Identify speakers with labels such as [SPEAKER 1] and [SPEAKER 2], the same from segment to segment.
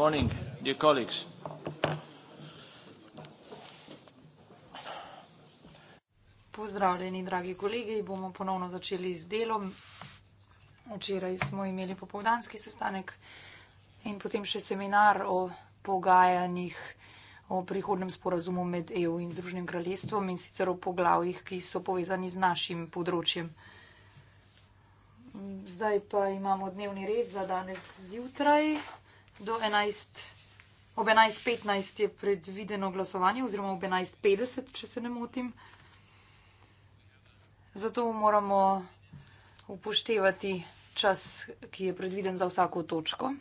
[SPEAKER 1] morning, dear colleagues.
[SPEAKER 2] Pozdravljeni, dragi kolegi. Bomo ponovno začeli z delom. Včeraj smo imeli popoldanski sestanek in potem še seminar o pogajanjih o prihodnem sporazumu med EU in Združenim kraljestvom in sicer o poglavjih, ki so povezani z našim področjem. Zdaj pa imamo dnevni red za danes zjutraj do 11. Ob 11.15 je predvideno glasovanje, oziroma ob 11.50, če se ne motim. Zato moramo upoštevati čas, ki je predviden za vsako točko.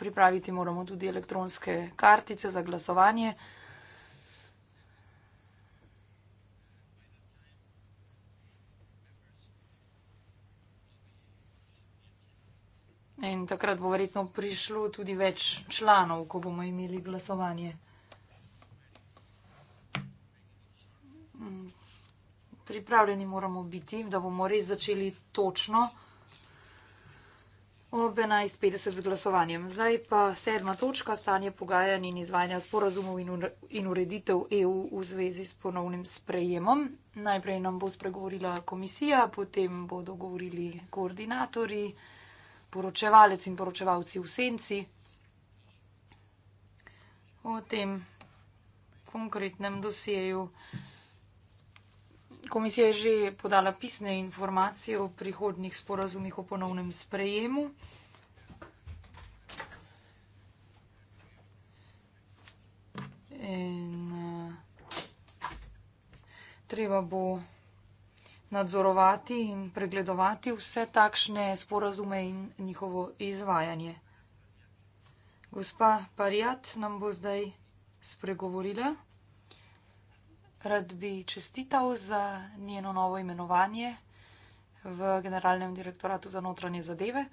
[SPEAKER 2] Pripraviti moramo tudi elektronske kartice za glasovanje. In takrat bo verjetno prišlo tudi več članov, ko bomo imeli glasovanje. Mm. Pripravljeni moramo biti, da bomo res začeli točno ob 11.50 z glasovanjem. Zdaj pa sedma točka, stanje pogajanj in izvajanja sporazumov in ureditev EU v zvezi s ponovnim sprejemom. Najprej nam bo spregovorila komisija, potem bodo govorili koordinatorji poročevalec in poročevalci v senci. O tem konkretnem dosjeju komisija je že podala pisne informacije o prihodnih sporazumih o ponovnem sprejemu. In, uh, treba bo nadzorovati in pregledovati vse takšne sporazume in njihovo izvajanje. Gospa Parijat nam bo zdaj spregovorila. Rad bi čestital za njeno novo imenovanje v Generalnem direktoratu za notranje zadeve.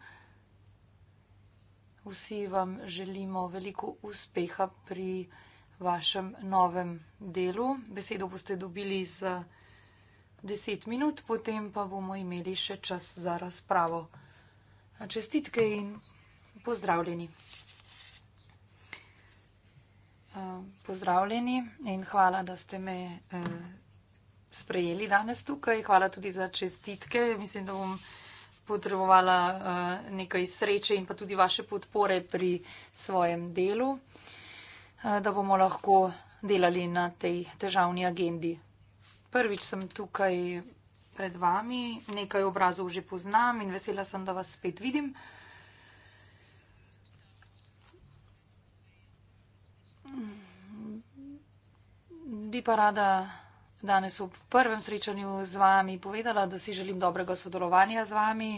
[SPEAKER 2] Vsi vam želimo veliko uspeha pri vašem novem delu. Besedo boste dobili za deset minut, potem pa bomo imeli še čas za razpravo. Čestitke in pozdravljeni. Eh, pozdravljeni in hvala, da ste me eh, sprejeli danes tukaj. Hvala tudi za čestitke. Mislim, da bom potrebovala eh, nekaj sreče in pa tudi vaše podpore pri svojem delu, da bomo lahko delali na tej težavni agendi prvič sem tukaj pred vami, nekaj obrazov že poznam in vesela sem, da vas spet vidim. Bi pa rada danes v prvem srečanju z vami povedala, da si želim dobrega sodelovanja z vami.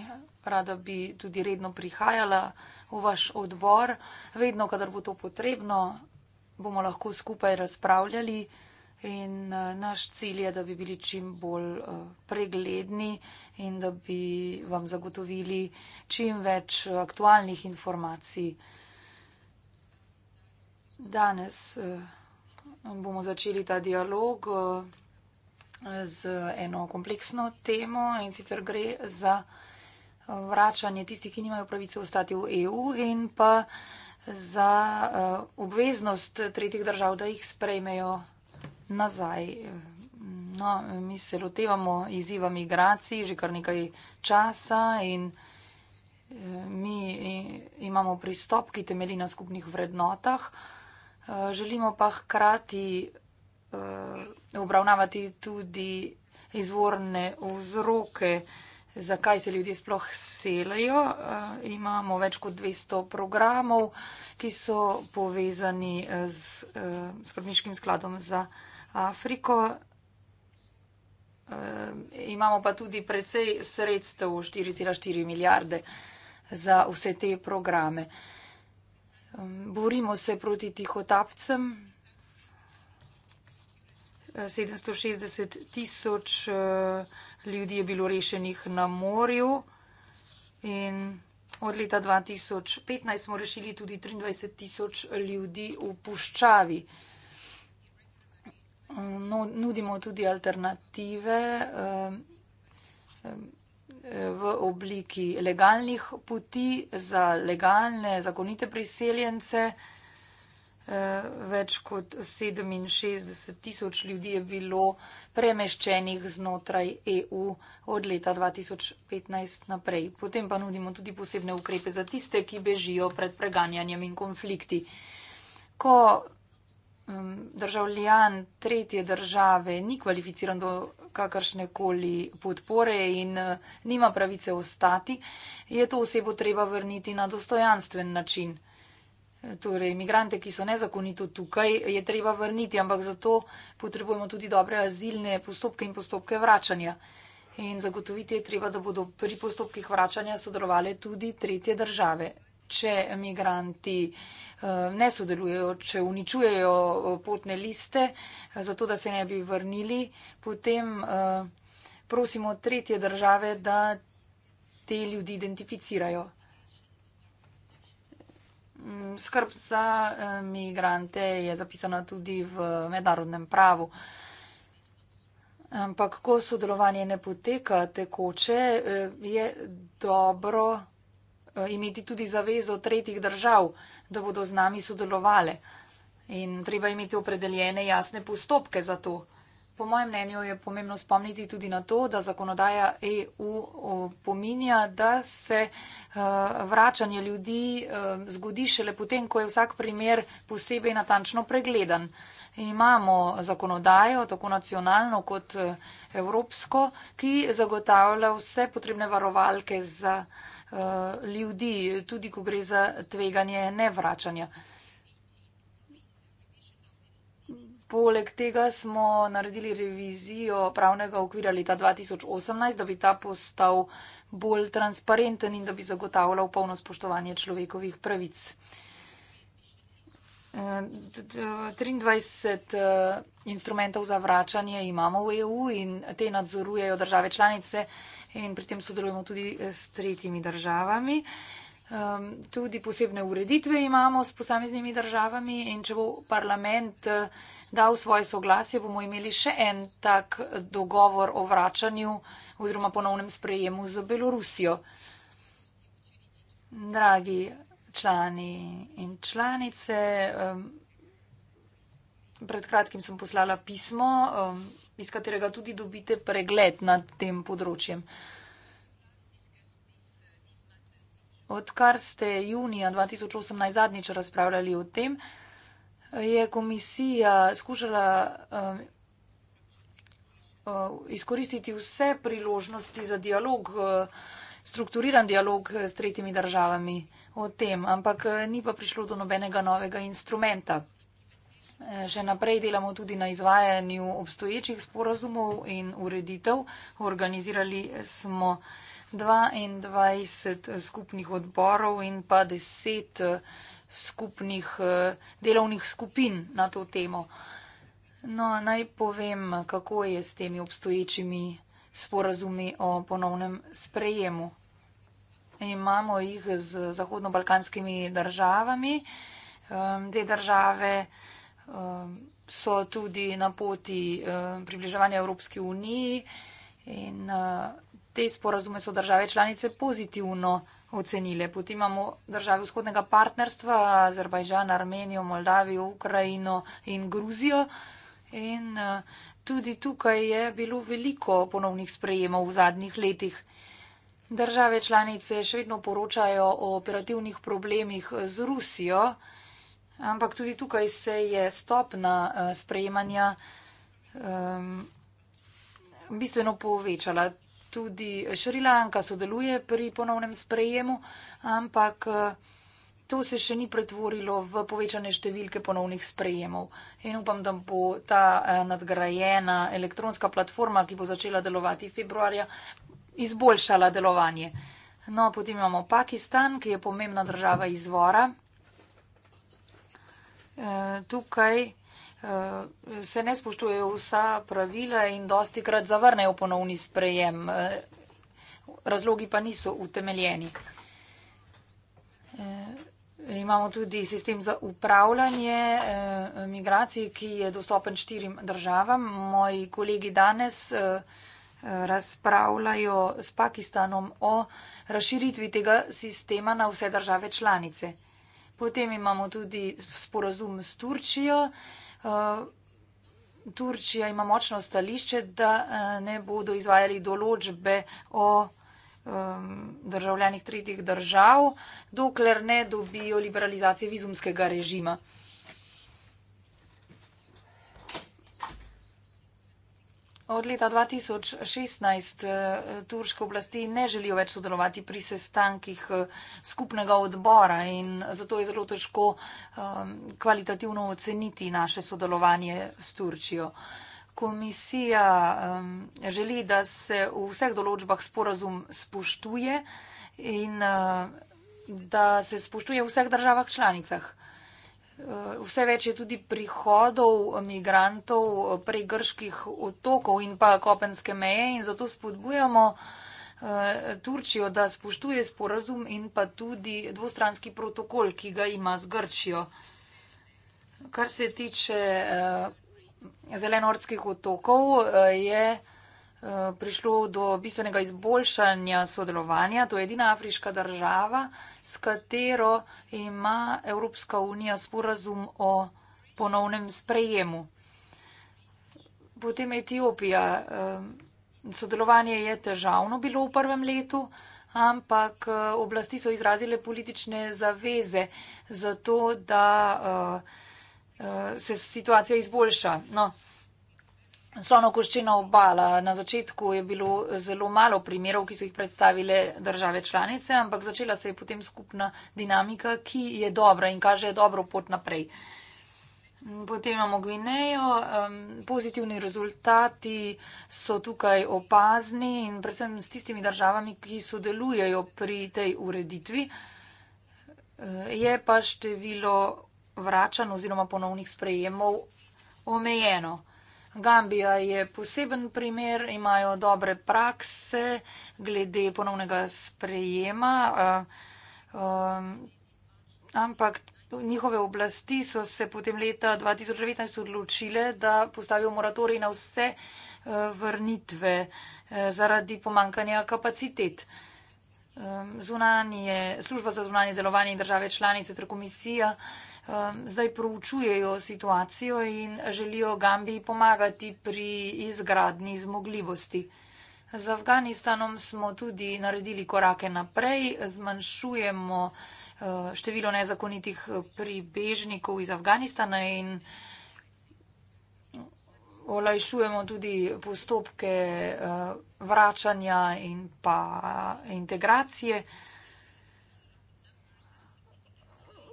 [SPEAKER 2] Rada bi tudi redno prihajala v vaš odbor. Vedno, kadar bo to potrebno, bomo lahko skupaj razpravljali in eh, naš cilj je, da bi bili čim bolj eh, pregledni in da bi vam zagotovili čim več eh, aktualnih informacij. Danes bomo začeli ta dialog z eno kompleksno temo in sicer gre za vračanje tistih, ki nimajo pravice ostati v EU in pa za obveznost tretjih držav, da jih sprejmejo nazaj. No, mi se lotevamo izziva migracij že kar nekaj časa in eh, mi eh, imamo pristop, ki temeli na skupnih vrednotah. Eh, želimo pa hkrati obravnavati tudi izvorne vzroke, zakaj se ljudje sploh selijo. Imamo več kot 200 programov, ki so povezani s skrbniškim skladom za. Afriko. Uh, imamo pa tudi precej sredstev, 4,4 milijarde za vse te programe. Um, borimo se proti tihotapcem. 760 eh, tisoč uh, ljudi je bilo rešenih na morju in od leta 2015 smo rešili tudi 23 tisoč ljudi v puščavi. Uh, No, nudimo tudi alternative eh, v obliki legalnih poti za legalne, zakonite priseljence. Eh, več kot 67 tisoč ljudi je bilo premeščenih znotraj EU od leta 2015 naprej. Potem pa nudimo tudi posebne ukrepe za tiste, ki bežijo pred preganjanjem in konflikti. Ko um, državljan tretje države ni kvalificiran do kakršne koli podpore in uh, nima pravice ostati, je to osebo treba vrniti na dostojanstven način. Torej, imigrante, ki so nezakonito tukaj, je treba vrniti, ampak zato potrebujemo tudi dobre azilne postopke in postopke vračanja. In zagotoviti je treba, da bodo pri postopkih vračanja sodelovali tudi tretje države če emigranti eh, ne sodelujejo, če uničujejo eh, potne liste, eh, zato da se ne bi vrnili, potem prosimo tretje države, da te ljudi identificirajo. Mm, skrb za migrante je zapisana tudi v mednarodnem pravu. Ampak, ko sodelovanje ne poteka tekoče, je dobro. Eh, imeti tudi zavezo tretjih držav, da bodo z nami sodelovali. In treba imeti opredeljene jasne postopke za to. Po mojem mnenju je pomembno spomniti tudi na to, da zakonodaja EU pominja, da se eh, vračanje ljudi eh, zgodi šele potem, ko je vsak primer posebej natančno pregledan. Imamo zakonodajo, tako nacionalno kot evropsko, ki zagotavlja vse potrebne varovalke za. Eh, ljudi, tudi ko gre za tveganje nevračanja. Poleg tega smo naredili revizijo pravnega okvira leta 2018, da bi ta postal bolj transparenten in da bi zagotavljal polno spoštovanje človekovih pravic. 23 eh, instrumentov za vračanje imamo v EU in te nadzorujejo države članice in pri tem sodelujemo tudi eh, s tretjimi državami. Um, tudi posebne ureditve imamo s posameznimi državami in če bo parlament eh, dal svoje soglasje, bomo imeli še en tak dogovor o vračanju oziroma ponovnem sprejemu z Belorusijo. Dragi člani in članice, um, pred kratkim sem poslala pismo. Um, iz katerega tudi dobite pregled nad tem področjem. Odkar ste junija 2018 zadnjič razpravljali o tem, je komisija skušala um, uh, izkoristiti vse priložnosti za dialog, uh, strukturiran dialog uh, s tretjimi državami o tem, ampak ni pa prišlo do nobenega novega instrumenta. Že naprej delamo tudi na izvajanju obstoječih sporozumov in ureditev. Organizirali smo 22 eh, skupnih odborov in pa 10 eh, skupnih eh, delovnih skupin na to temo. No, naj povem, kako je s temi obstoječimi sporozumi o ponovnem sprejemu. Imamo jih z zahodno-balkanskimi državami. Te države Um, so tudi na poti um, približevanja Evropski uniji in uh, te sporazume so države članice pozitivno ocenile. Potem imamo države vzhodnega partnerstva, Azerbajžan, Armenijo, Moldavijo, Ukrajino in Gruzijo. In uh, tudi tukaj je bilo veliko ponovnih sprejemov v zadnjih letih. Države članice še vedno poročajo o operativnih problemih z Rusijo. Ampak tudi tukaj se je stopna eh, sprejemanja um, bistveno povečala. Tudi Šrilanka sodeluje pri ponovnem sprejemu, ampak eh, to se še ni pretvorilo v povečane številke ponovnih sprejemov. In upam, da bo ta eh, nadgrajena elektronska platforma, ki bo začela delovati februarja, izboljšala delovanje. No, potem imamo Pakistan, ki je pomembna država izvora tukaj eh, se ne spoštujejo vsa pravila in dosti krat zavrnejo ponovni sprejem. Eh, razlogi pa niso utemeljeni. Eh, imamo tudi sistem za upravljanje migracij, ki je dostopen štirim državam. Moji kolegi danes razpravljajo s Pakistanom o razširitvi tega sistema na vse države članice. Potem imamo tudi sporozum s Turčijo. Eh, Turčija ima močno stališče, da eh, ne bodo izvajali določbe o državljanih tretjih držav, dokler ne dobijo liberalizacije vizumskega režima. Od leta 2016 eh, turške oblasti ne želijo več sodelovati pri sestankih eh, skupnega odbora in zato je zelo težko ehm, kvalitativno oceniti naše sodelovanje s Turčijo. Komisija ehm, želi, da se v vseh določbah sporazum spoštuje in eh, da se spoštuje v vseh državah članicah. Vse več je tudi prihodov migrantov prej grških otokov in pa kopenske meje in zato spodbujamo eh, Turčijo, da spoštuje sporazum in pa tudi dvostranski protokol, ki ga ima z Grčijo. Kar se tiče eh, zelenorskih otokov, eh, je. Eh, prišlo do bistvenega izboljšanja sodelovanja. To je edina afriška država, s katero ima Evropska unija sporazum o ponovnem sprejemu. Potem Etiopija. Eh, sodelovanje je težavno bilo v prvem letu, ampak eh, oblasti so izrazile politične zaveze za to, da se situacija izboljša. No, Slovno koščina obala. Na začetku je bilo zelo malo primerov, ki so jih predstavile države članice, ampak začela se je potem skupna dinamika, ki je dobra in kaže dobro pot naprej. Potem imamo Gvinejo. Pozitivni rezultati so tukaj opazni in predvsem s tistimi državami, ki sodelujejo pri tej ureditvi. Je pa število vračanj oziroma ponovnih sprejemov omejeno. Gambija je poseben primer, imajo dobre prakse glede ponovnega sprejema, eh, um, ampak njihove oblasti so se potem leta 2019 odločile, da postavijo moratorij na vse eh, vrnitve eh, zaradi pomankanja kapacitet. Zunanje, služba za zunanje delovanje države članice ter komisija zdaj proučujejo situacijo in želijo Gambiji pomagati pri izgradni zmogljivosti. Z Afganistanom smo tudi naredili korake naprej, zmanjšujemo e, število nezakonitih pribežnikov iz Afganistana in olajšujemo tudi postopke e, vračanja in pa integracije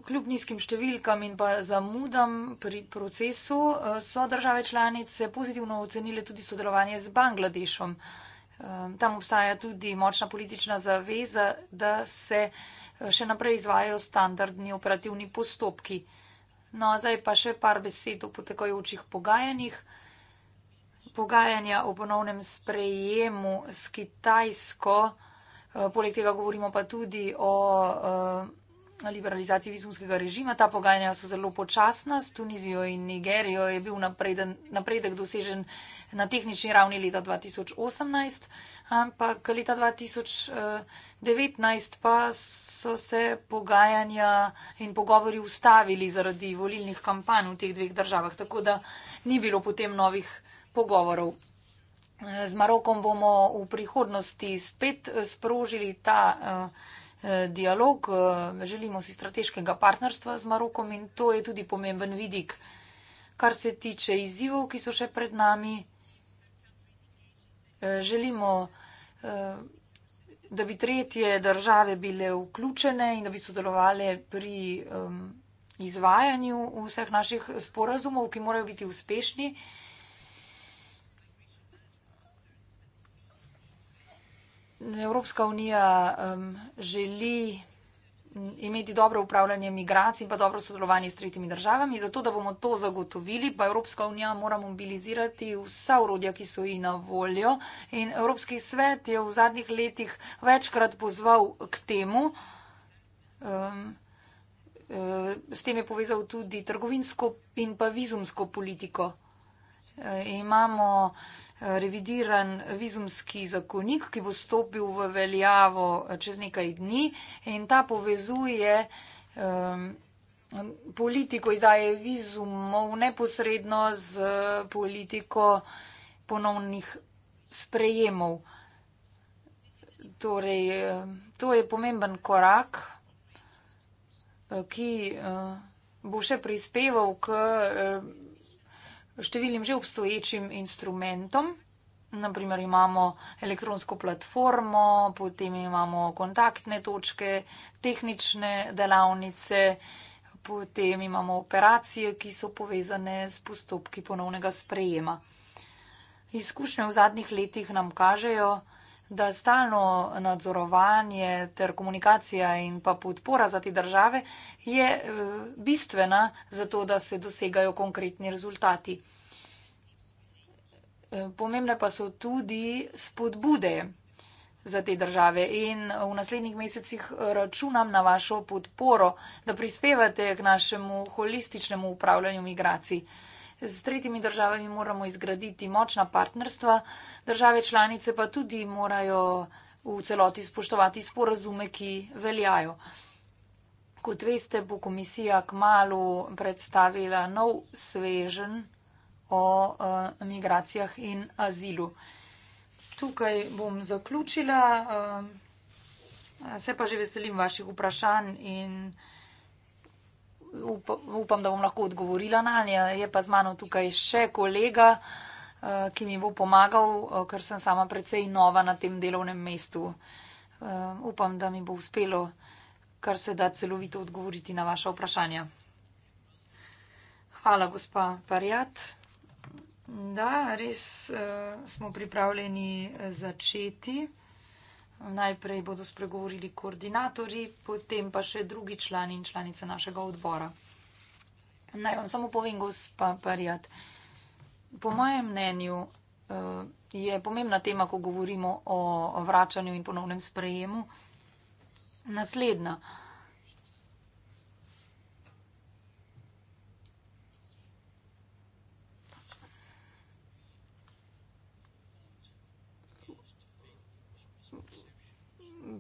[SPEAKER 2] kljub nizkim številkam in pa zamudam pri procesu eh, so države članice pozitivno ocenile tudi sodelovanje z Bangladešom. Eh, tam obstaja tudi močna politična zaveza, da se eh, še naprej izvajajo standardni operativni postopki. No, zdaj pa še par besed o potekajočih pogajanjih. Pogajanja o ponovnem sprejemu s Kitajsko, poleg tega govorimo pa tudi o liberalizaciji vizumskega režima. Ta pogajanja so zelo počasna. S Tunizijo in Nigerijo je bil napreden, napredek dosežen na tehnični ravni leta 2018, ampak leta 2019 pa so se pogajanja in pogovori ustavili zaradi volilnih kampanj v teh dveh državah, tako da ni bilo potem novih pogovorov. Z Marokom bomo v prihodnosti spet sprožili ta uh, Eh, dialog, eh, želimo si strateškega partnerstva z Marokom in to je tudi pomemben vidik, kar se tiče izzivov, ki so še pred nami. Eh, želimo, da bi tretje države bile vključene in da bi sodelovali pri izvajanju vseh naših sporazumov, ki morajo biti uspešni. Evropska unija um, želi imeti dobro upravljanje migracij in pa dobro sodelovanje s tretjimi državami. Zato, da bomo to zagotovili, pa Evropska unija mora mobilizirati vsa urodja, ki so ji na voljo. In Evropski svet je v zadnjih letih večkrat pozval k temu. Um, S tem je povezal tudi trgovinsko in pa vizumsko politiko. Eh, imamo revidiran vizumski zakonik, ki bo stopil v veljavo eh, čez nekaj dni in ta povezuje um, politiko izdaje vizumov neposredno z eh, politiko ponovnih sprejemov. Torej, eh, to je pomemben korak, ki bo še prispeval k številnim že obstoječim instrumentom. Naprimer imamo elektronsko platformo, potem imamo kontaktne točke, tehnične delavnice, potem imamo operacije, ki so povezane s postopki ponovnega sprejema. Izkušnje v zadnjih letih nam kažejo, da stalno nadzorovanje ter komunikacija in pa podpora za te države je eh, bistvena za to, da se dosegajo konkretni rezultati. Eh, pomembne pa so tudi spodbude za te države in v naslednjih mesecih računam na vašo podporo, da prispevate k našemu holističnemu upravljanju migracij. Z tretjimi državami moramo izgraditi močna partnerstva, države članice pa tudi morajo v celoti spoštovati sporazume, ki veljajo. Kot veste, bo komisija k malu predstavila nov svežen o uh, migracijah in azilu. Tukaj bom zaključila, uh, se pa že veselim vaših vprašanj in vprašanj upam, upam, da bom lahko odgovorila na nje. Je pa z mano tukaj še kolega, eh, ki mi bo pomagal, eh, ker sem sama precej nova na tem delovnem mestu. Eh, upam, da mi bo uspelo kar se da celovito odgovoriti na vaše vprašanje. Hvala, gospa Parjat. Da, res uh, smo pripravljeni začeti. Najprej bodo spregovorili koordinatorji, potem pa še drugi člani in članice našega odbora. Naj vam samo povem, gospa Parijat, po mojem mnenju eh, je pomembna tema, ko govorimo o vračanju in ponovnem sprejemu, naslednja.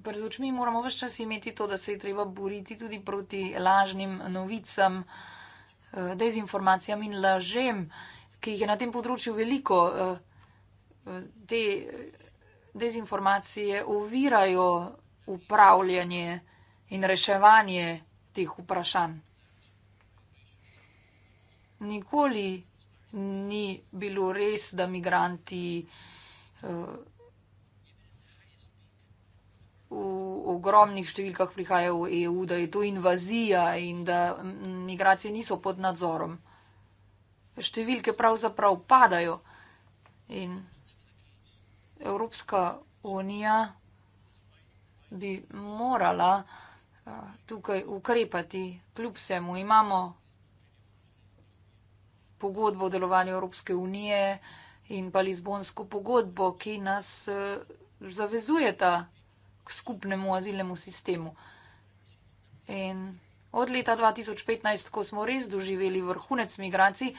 [SPEAKER 2] pred očmi moramo vse čas imeti to, da se je treba boriti tudi proti lažnim novicam, eh, dezinformacijam in lažem, ki jih je na tem področju veliko. Eh, eh, te dezinformacije ovirajo upravljanje in reševanje teh vprašanj. Nikoli ni bilo res, da migranti v ogromnih številkah prihaja v EU, da je to invazija in da migracije niso pod nadzorom. Številke pravzaprav padajo in Evropska unija bi morala tukaj ukrepati. Kljub vsemu imamo pogodbo o delovanju Evropske unije in pa Lizbonsko pogodbo, ki nas e, zavezujeta k skupnemu azilnemu sistemu. In od leta 2015, ko smo res doživeli vrhunec migracij,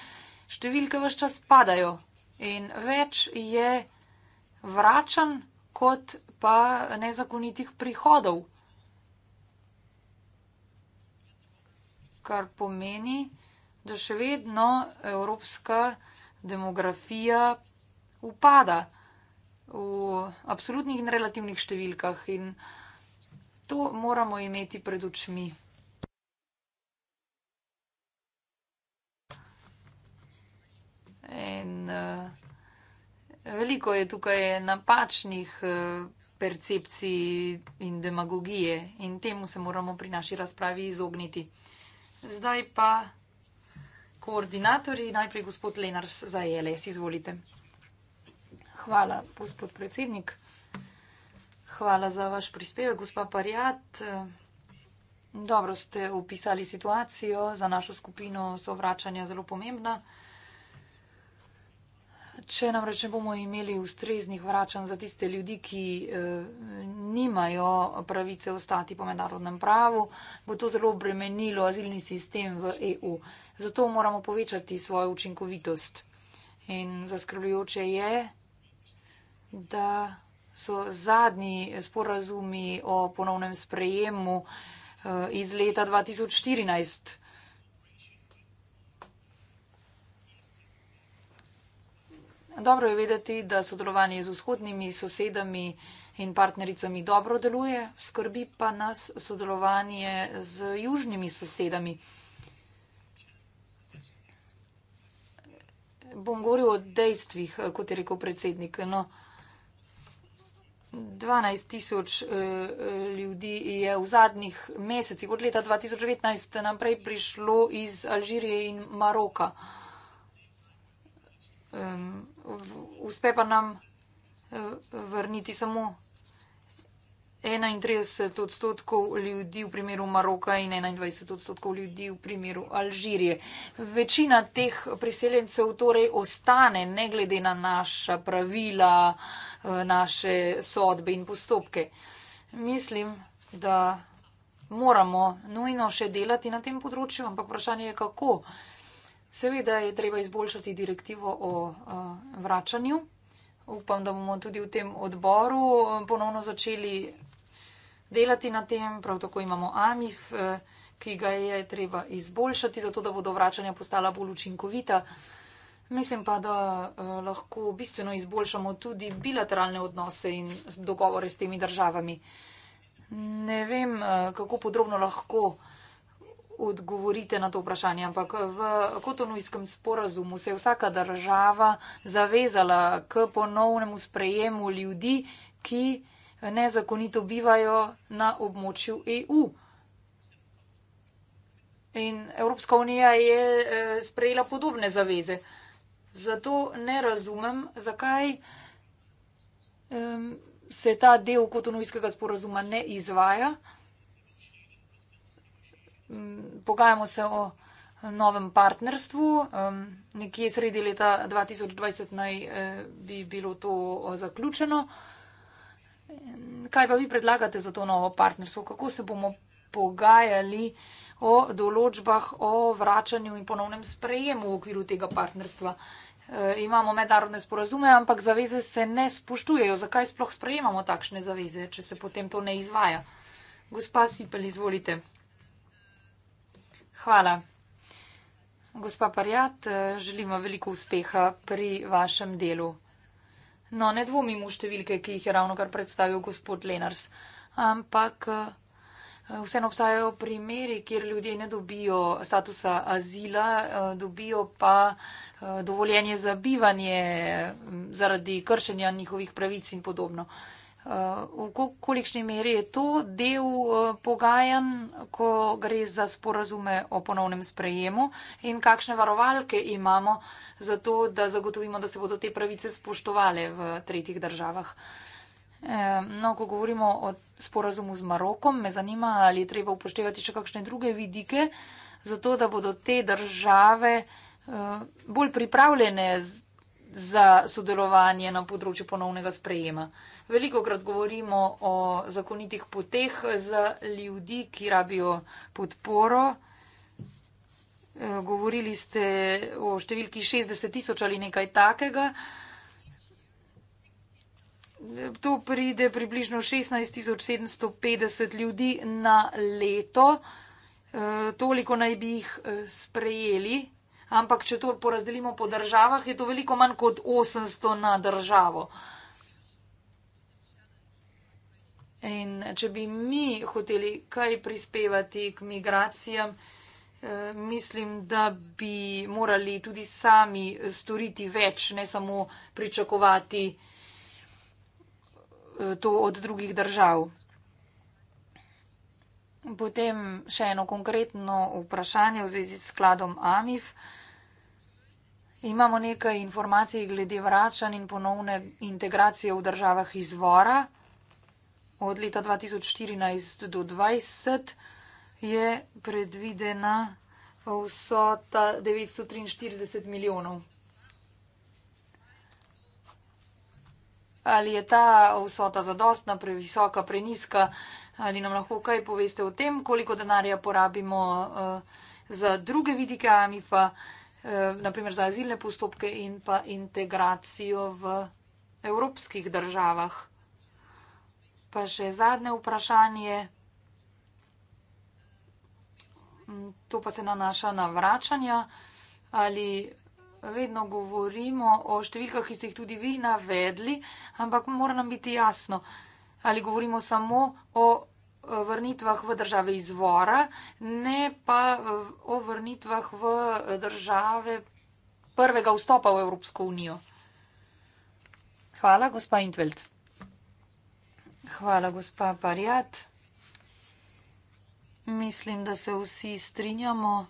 [SPEAKER 2] številke vse čas padajo in več je vračan kot pa nezakonitih prihodov. Kar pomeni, da še vedno evropska demografija upada v absolutnih in relativnih številkah in to moramo imeti pred očmi. In eh, veliko je tukaj napačnih eh, percepcij in demagogije in temu se moramo pri naši razpravi izogniti. Zdaj pa koordinatorji, najprej gospod Lenars za ELS, izvolite. Hvala, gospod predsednik. Hvala za vaš prispevek, gospa Parijat. Dobro ste opisali situacijo, za našo skupino so vračanja zelo pomembna. Če namreč ne bomo imeli ustreznih vračanj za tiste ljudi, ki eh, nimajo pravice ostati po mednarodnem pravu, bo to zelo bremenilo azilni sistem v EU. Zato moramo povečati svojo učinkovitost. In zaskrbljujoče je, da so zadnji sporazumi o ponovnem sprejemu eh, iz leta 2014. Dobro je vedeti, da sodelovanje z vzhodnimi sosedami in partnericami dobro deluje, skrbi pa nas sodelovanje z južnimi sosedami. Bom govoril o dejstvih, eh, kot je rekel predsednik. No, 12 tisoč uh, ljudi je v zadnjih mesecih od leta 2019 naprej prišlo iz Alžirije in Maroka. Um, v, uspe pa nam uh, vrniti samo 31 odstotkov ljudi v primeru Maroka in 21 odstotkov ljudi v primeru Alžirije. Večina teh priseljencev torej ostane, ne glede na naša pravila, eh, naše sodbe in postopke. Mislim, da moramo nujno še delati na tem področju, ampak vprašanje je kako. Seveda je treba izboljšati direktivo o eh, vračanju. Upam, da bomo tudi v tem odboru eh, ponovno začeli delati na tem, prav tako imamo AMIF, eh, ki ga je treba izboljšati, zato da bodo vračanja postala bolj učinkovita. Mislim pa, da eh, lahko bistveno izboljšamo tudi bilateralne odnose in dogovore s temi državami. Ne vem, eh, kako podrobno lahko odgovorite na to vprašanje, ampak v kotonujskem sporazumu se je vsaka država zavezala k ponovnemu sprejemu ljudi, ki nezakonito bivajo na območju EU. In Evropska unija je eh, sprejela podobne zaveze. Zato ne razumem, zakaj se ta del kotonovijskega sporazuma ne izvaja. Pogajamo se o novem partnerstvu. Nekje sredi leta 2020 naj eh, bi bilo to eh, zaključeno. Kaj pa vi predlagate za to novo partnerstvo? Kako se bomo pogajali o določbah o vračanju in ponovnem sprejemu v okviru tega partnerstva? E, imamo mednarodne sporazume, ampak zaveze se ne spoštujejo. Zakaj sploh sprejemamo takšne zaveze, če se potem to ne izvaja? Gospa Sipel, izvolite. Hvala. Gospa Parjat, e, želimo veliko uspeha pri vašem delu. No, ne dvomim v številke, ki jih je ravno kar predstavil gospod Lenars. Ampak eh, vseeno obstajajo primeri, kjer ljudje ne dobijo statusa azila, eh, dobijo pa eh, dovoljenje za bivanje zaradi kršenja njihovih pravic in podobno. Eh, v kolikšni meri je to del eh, pogajanj, ko gre za sporazume o ponovnem sprejemu in kakšne varovalke imamo za to, da zagotovimo, da se bodo te pravice spoštovale v tretjih državah. Eh, no, ko govorimo o sporazumu z Marokom, me zanima, ali je treba upoštevati še kakšne druge vidike, zato da bodo te države bolj pripravljene za sodelovanje na področju ponovnega sprejema. Veliko krat govorimo o zakonitih poteh za ljudi, ki rabijo podporo. E, govorili ste o številki 60 tisoč ali nekaj takega. To pride približno 16750 ljudi na leto. E, toliko naj bi jih e, sprejeli. Ampak, če to porazdelimo po državah, je to veliko manj kot 800 na državo. In če bi mi hoteli kaj prispevati k migracijam, eh, mislim, da bi morali tudi sami storiti več, ne samo pričakovati eh, to od drugih držav. Potem še eno konkretno vprašanje v zvezi s skladom AMIF. Imamo nekaj informacij glede vračanj in ponovne integracije v državah izvora od leta 2014 do 2020 je predvidena vsota 943 milijonov. Ali je ta vsota zadostna, previsoka, preniska? Ali nam lahko kaj poveste o tem, koliko denarja porabimo uh, za druge vidike AMIF-a, uh, eh, naprimer za azilne postopke in pa integracijo v evropskih državah? Pa še zadnje vprašanje. To pa se nanaša na vračanja. Ali vedno govorimo o številkah, ki ste jih tudi vi navedli, ampak mora nam biti jasno, ali govorimo samo o eh, vrnitvah v države izvora, ne pa eh, o vrnitvah v države prvega vstopa v Evropsko unijo. Hvala, gospa Intveld. Hvala, gospa Parjat. Mislim, da se vsi strinjamo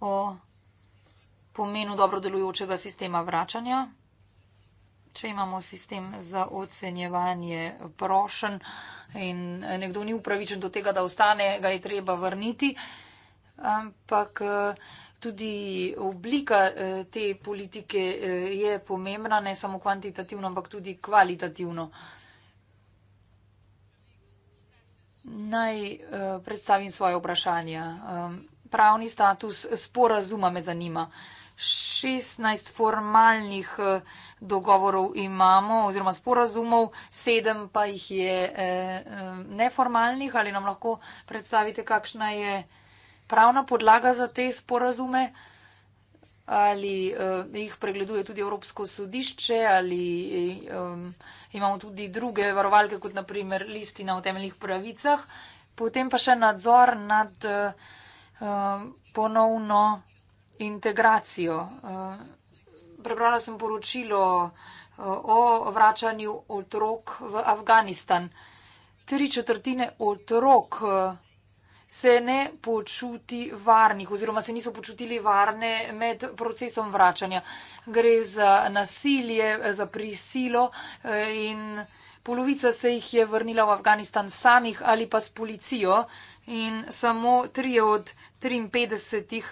[SPEAKER 2] o pomenu dobro delujočega sistema vračanja. Če imamo sistem za ocenjevanje prošen in nekdo ni upravičen do tega, da ostane, ga je treba vrniti. Ampak tudi oblika te politike je pomembna, ne samo kvantitativno, ampak tudi kvalitativno. Naj eh, predstavim svoje vprašanje. Pravni status sporazuma me zanima. 16 formalnih eh, dogovorov imamo oziroma sporazumov, sedem pa jih je eh, neformalnih. Ali nam lahko predstavite, kakšna je pravna podlaga za te sporazume? ali uh, jih pregleduje tudi Evropsko sodišče, ali um, imamo tudi druge varovalke, kot naprimer listina o temeljnih pravicah, potem pa še nadzor nad uh, ponovno integracijo. Uh, prebrala sem poročilo uh, o vračanju otrok v Afganistan. Tri četrtine otrok. Uh, se ne počuti varnih oziroma se niso počutili varne med procesom vračanja. Gre za nasilje, za prisilo eh, in polovica se jih je vrnila v Afganistan samih ali pa s policijo in samo tri od 53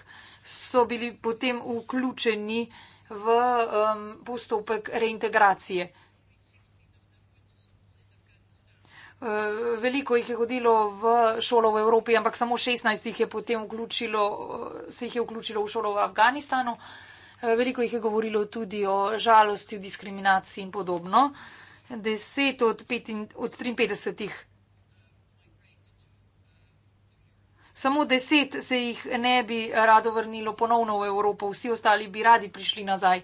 [SPEAKER 2] so bili potem vključeni v um, postopek reintegracije. Eh, veliko jih je hodilo v šolo v Evropi, ampak samo 16 jih je potem vključilo, eh, se jih je vključilo v šolo v Afganistanu. Eh, veliko jih je govorilo tudi o žalosti, o diskriminaciji in podobno. 10 od, 5, od 53. Samo 10 se jih ne bi rado vrnilo ponovno v Evropo, vsi ostali bi radi prišli nazaj. Uh,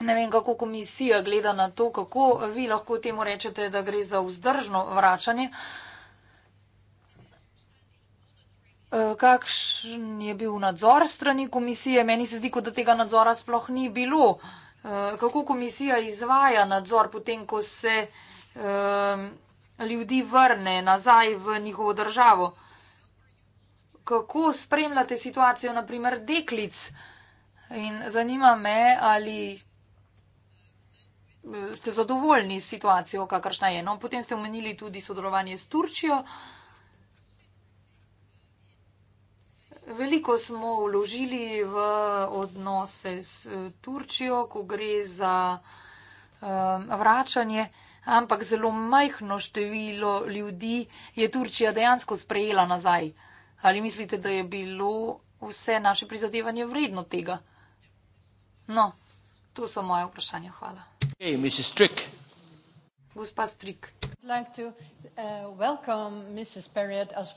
[SPEAKER 2] Ne vem, kako komisija gleda na to, kako vi lahko temu rečete, da gre za vzdržno vračanje. E, kakšen je bil nadzor strani komisije? Meni se zdi, kot da tega nadzora sploh ni bilo. E, kako komisija izvaja nadzor potem, ko se ljudi vrne nazaj v njihovo državo? Kako spremljate situacijo, naprimer, deklic? In zanima me, ali ste zadovoljni s situacijo, kakršna je. No, potem ste omenili tudi sodelovanje s Turčijo. Veliko smo vložili v odnose s eh, Turčijo, ko gre za um, vračanje, ampak zelo majhno število ljudi je Turčija dejansko sprejela nazaj. Ali mislite, da je bilo vse naše prizadevanje vredno tega? No, to so moje vprašanje. Hvala.
[SPEAKER 1] Okay, Mrs. Strick.
[SPEAKER 2] Gospa Strick. Like to, uh, Mrs. As...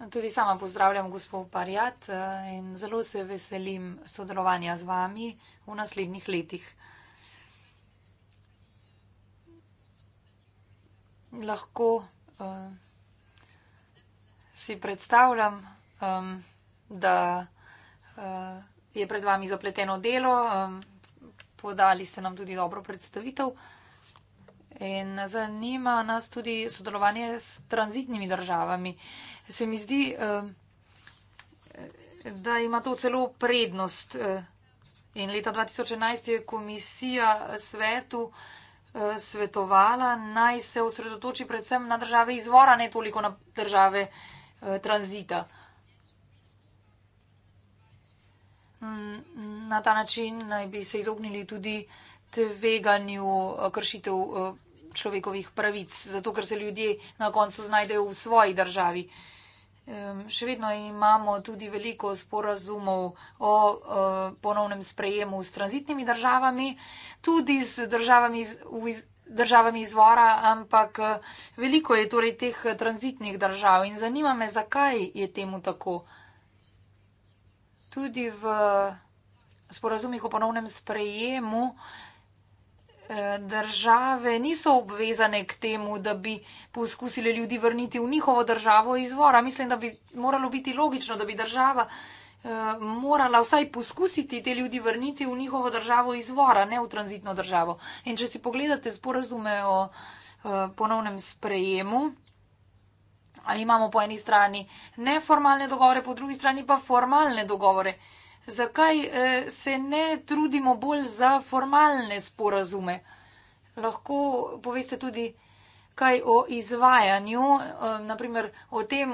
[SPEAKER 2] No, tudi sama pozdravljam gospo Parijat uh, in zelo se veselim sodelovanja z vami v naslednjih letih. Lahko uh, si predstavljam, um, da uh, je pred vami zapleteno delo. Um, podali ste nam tudi dobro predstavitev. In zanima nas tudi sodelovanje s tranzitnimi državami. Se mi zdi, eh, eh, da ima to celo prednost. Eh, in leta 2011 je komisija svetu svetovala naj se osredotoči predvsem na države izvora, ne toliko na države tranzita. Mm, na ta način naj bi se izognili tudi tveganju eh, kršitev eh, človekovih pravic, zato ker se ljudje na koncu znajdejo v svoji državi. Še vedno imamo tudi veliko sporazumov o eh, ponovnem sprejemu s tranzitnimi državami, tudi s državami, iz, državami izvora, ampak veliko je torej teh tranzitnih držav in zanima me, zakaj je temu tako tudi v sporazumih o ponovnem sprejemu eh, države niso obvezane k temu, da bi poskusile ljudi vrniti v njihovo državo izvora. Mislim, da bi moralo biti logično, da bi država eh, morala vsaj poskusiti te ljudi vrniti v njihovo državo izvora, ne v tranzitno državo. In če si pogledate sporazume o eh, ponovnem sprejemu, ali imamo po eni strani neformalne dogovore, po drugi strani pa formalne dogovore. Zakaj eh, se ne trudimo bolj za formalne sporazume? Lahko poveste tudi kaj o izvajanju, eh, naprimer o tem,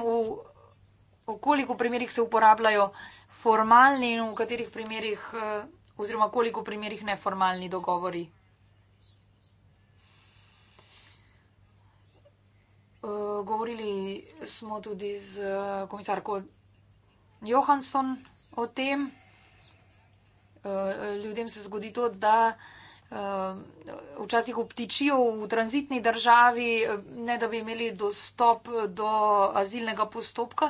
[SPEAKER 2] v koliko primerih se uporabljajo formalni in v katerih primerih eh, oziroma koliko primerih neformalni dogovori. Eh, govorili smo tudi z eh, komisarko Johansson o tem. Eh, ljudem se zgodi to, da včasih obtičijo v tranzitni državi, ne da bi imeli dostop do azilnega postopka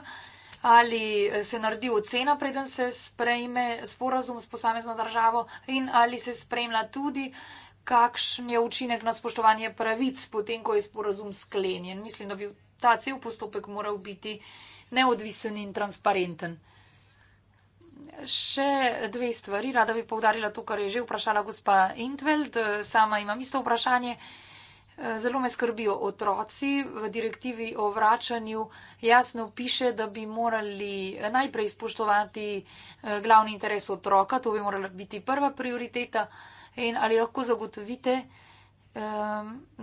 [SPEAKER 2] ali se naredi ocena, preden se sprejme sporazum s posamezno državo in ali se spremlja tudi uh, kakšen je učinek na spoštovanje pravic, potem ko je sporazum sklenjen. Mislim, da bi ta cel postopek moral biti neodvisen in transparenten. Še dve stvari. Rada bi povdarila to, kar je že vprašala gospa Intveld. Sama imam isto vprašanje. Zelo me skrbijo otroci. V direktivi o vračanju jasno piše, da bi morali najprej spoštovati eh, glavni interes otroka. To bi morala biti prva prioriteta in ali lahko zagotovite,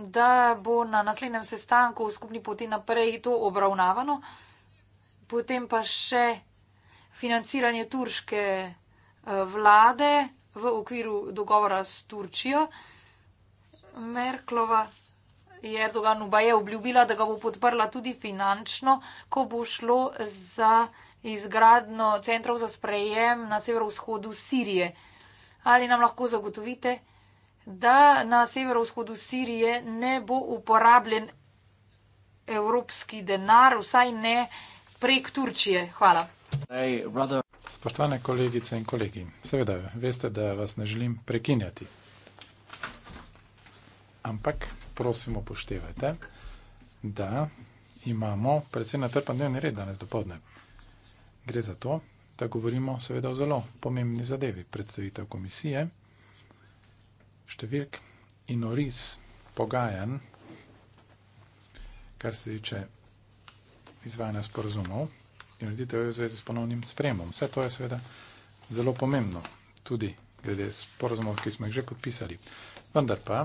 [SPEAKER 2] da bo na naslednjem sestanku v skupni poti naprej to obravnavano, potem pa še financiranje turške e, vlade v okviru dogovora s Turčijo. Merklova je Erdoganu baje obljubila, da ga bo podprla tudi finančno, ko bo šlo za izgradno centrov za sprejem na severovzhodu Sirije ali nam lahko zagotovite, da na severovzhodu Sirije ne bo uporabljen evropski denar, vsaj ne prek Turčije. Hvala.
[SPEAKER 1] Hey, Spoštovane kolegice in kolegi, seveda veste, da vas ne želim prekinjati. Ampak prosim upoštevajte, da imamo predvsej natrpan dnevni red danes dopoledne. Gre za to, da govorimo seveda o zelo pomembni zadevi predstavitev komisije, številk in oris pogajanj, kar se tiče izvajanja sporozumov in roditev v zvezi s ponovnim spremom. Vse to je seveda zelo pomembno, tudi glede sporozumov, ki smo jih že podpisali. Vendar pa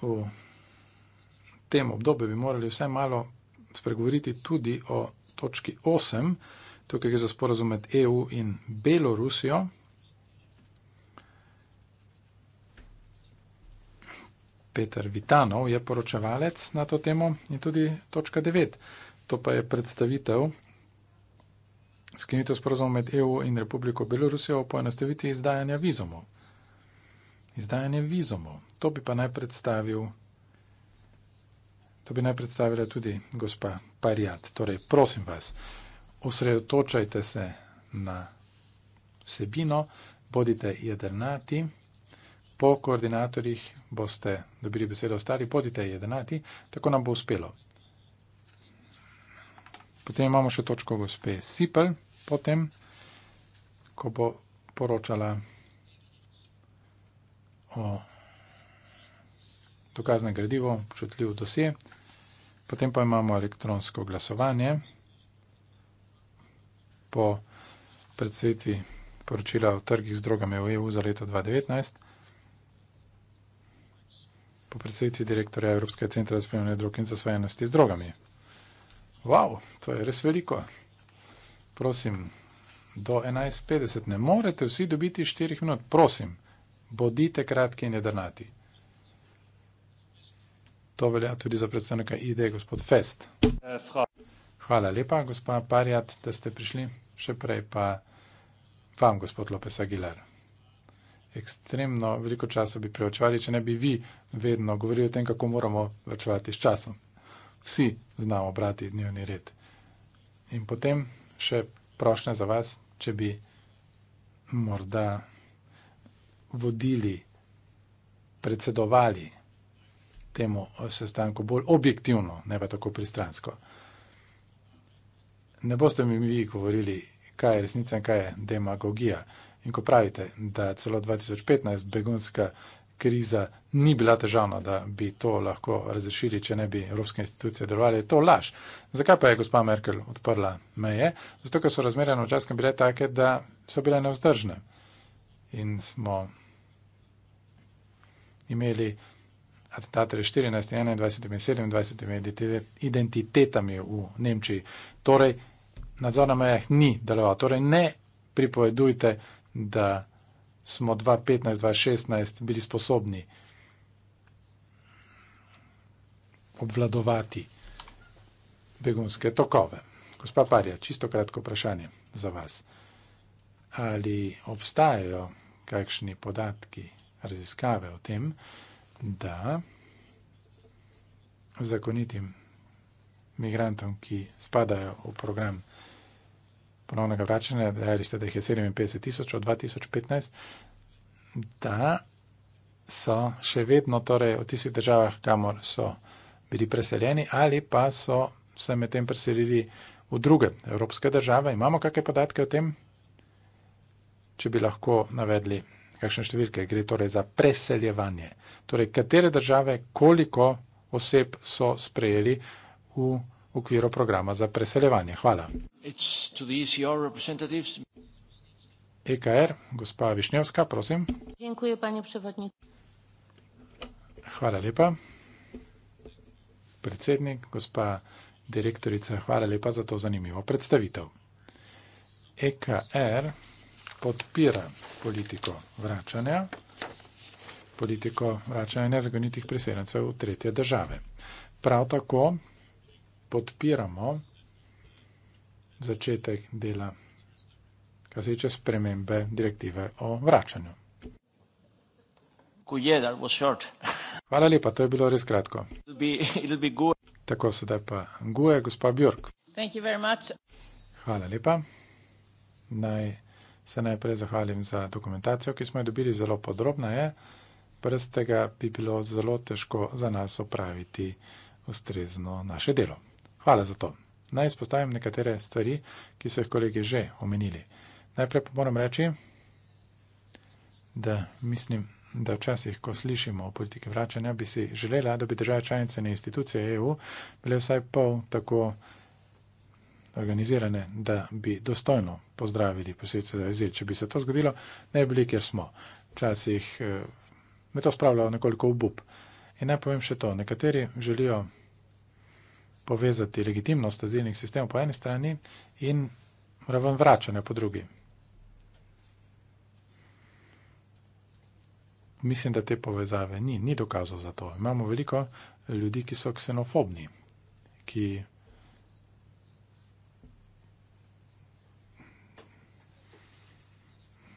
[SPEAKER 1] v tem obdobju bi morali vse malo spregovoriti tudi o točki 8, tukaj gre za sporazum med EU in Belorusijo. Peter Vitanov je poročevalec na to temo in tudi točka 9. To pa je predstavitev sklenitev sporazuma med EU in Republiko Belorusijo o poenostavitvi izdajanja vizumov. Izdajanje vizumov. To bi pa naj predstavil To bi naj predstavila tudi gospa Parijat. Torej, prosim vas, osredotočajte se na vsebino, bodite jedrnati. Po koordinatorjih boste dobili besedo ostali, bodite jedrnati, tako nam bo uspelo. Potem imamo še točko gospe Sipel, potem, ko bo poročala o dokazne gradivo, občutljiv dosje. Potem pa imamo elektronsko glasovanje po predsvetvi poročila o trgih z drogami v EU za leto 2019, po predsvetvi direktorja Evropskega centra za spremljanje drog in zasvojenosti z drogami. Wow, to je res veliko. Prosim, do 11.50 ne morete vsi dobiti 4 minut. Prosim, bodite kratki in jedrnati. To velja tudi za predstavnika ID, gospod Fest. Hvala lepa, gospa Parjat, da ste prišli. Še prej pa vam, gospod Lopes Aguilar. Ekstremno veliko časa bi preočvali, če ne bi vi vedno govorili o tem, kako moramo vrčevati s časom. Vsi znamo brati dnevni red. In potem še prošnja za vas, če bi morda vodili, predsedovali temu eh, sestanku bolj objektivno, ne pa tako pristransko. Ne boste mi vi govorili, kaj je resnica in kaj je demagogija. In ko pravite, da celo 2015 begunska kriza ni bila težavna, da bi to lahko razrešili, če ne bi evropske institucije delovali, je to laž. Zakaj pa je gospa Merkel odprla meje? Zato, ker so razmere na včasem bile take, da so bile nevzdržne. In smo imeli atentatorje 14, 21 in 27 identitetami v Nemčiji. Torej, nadzor na mejah ni deloval. Torej, ne pripovedujte, da smo 2015, 2016 bili sposobni obvladovati begunske tokove. Gospa Parja, čisto kratko vprašanje za vas. Ali obstajajo kakšni podatki, raziskave o tem, da zakonitim migrantom, ki spadajo v program ponovnega vračanja, da je 57 tisoč od 2015, da so še vedno torej, v tistih državah, kamor so bili preseljeni ali pa so se medtem preselili v druge evropske države. Imamo kakšne podatke o tem, če bi lahko navedli? kakšne številke, gre torej za preseljevanje. Torej, katere države, koliko oseb so sprejeli v okviru programa za preseljevanje. Hvala. EKR, e er, gospa Višnjevska, prosim. Hvala lepa. Predsednik, gospa direktorica, hvala lepa za to zanimivo predstavitev. EKR, podpira politiko vračanja, politiko vračanja nezakonitih priseljencev v tretje države. Prav tako podpiramo začetek dela, kar se tiče spremembe direktive o vračanju. Hvala lepa, to je bilo res kratko. It'll be, it'll be Tako sedaj pa Guje, gospa Björk. Hvala lepa. Naj se najprej zahvalim za dokumentacijo, ki smo jo dobili, zelo podrobna je, brez tega bi bilo zelo težko za nas opraviti ustrezno naše delo. Hvala za to. Naj izpostavim nekatere stvari, ki so jih kolegi že omenili. Najprej pa moram reči, da mislim, da včasih, ko slišimo o politiki vračanja, bi si želela, da bi države članice in institucije EU bile vsaj pol tako organizirane, da bi dostojno pozdravili posebce za jezir. Če bi se to zgodilo, ne bi bili, kjer smo. Včasih eh, me to spravlja nekoliko v bub. In naj povem še to. Nekateri želijo povezati legitimnost azilnih sistemov po eni strani in raven vračanja po drugi. Mislim, da te povezave ni, ni dokazov za to. Imamo veliko ljudi, ki so ksenofobni, ki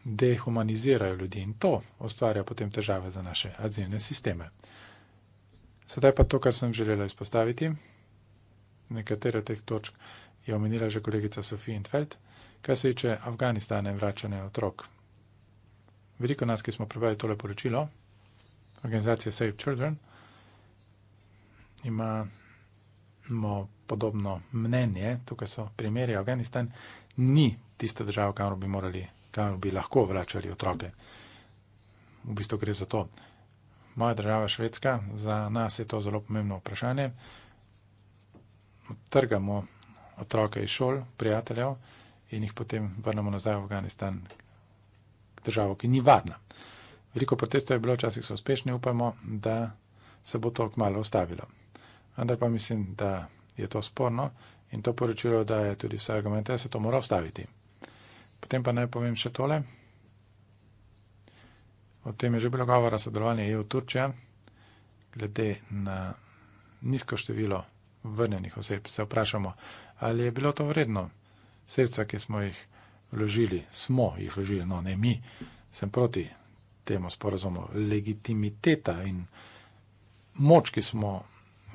[SPEAKER 1] dehumanizirajo ljudi in to ustvarja potem težave za naše azilne sisteme. Sedaj pa to, kar sem želela izpostaviti. Nekatere teh točk je omenila že kolegica Sofija Intfeld, kar se tiče Afganistana in vračanja otrok. Veliko nas, ki smo prebrali tole poročilo, organizacija Save Children, imamo podobno mnenje, tukaj so primeri, Afganistan ni tista država, kamor bi morali kamor bi lahko vračali otroke. V bistvu gre za to. Moja država Švedska, za nas je to zelo pomembno vprašanje. Trgamo otroke iz šol, prijateljev in jih potem vrnemo nazaj v Afganistan, k državo, ki ni varna. Veliko protestov je bilo, včasih so uspešni, upamo, da se bo to kmalo ustavilo. Vendar pa mislim, da je to sporno in to poročilo daje tudi vse argumente, da se to mora ustaviti. Potem pa naj povem še tole. O tem je že bilo govora sodelovanje EU-Turčija, glede na nizko število vrnenih oseb. Se vprašamo, ali je bilo to vredno? Sredstva, ki smo jih vložili, smo jih vložili, no ne mi, sem proti temu sporazumu. Legitimiteta in moč, ki smo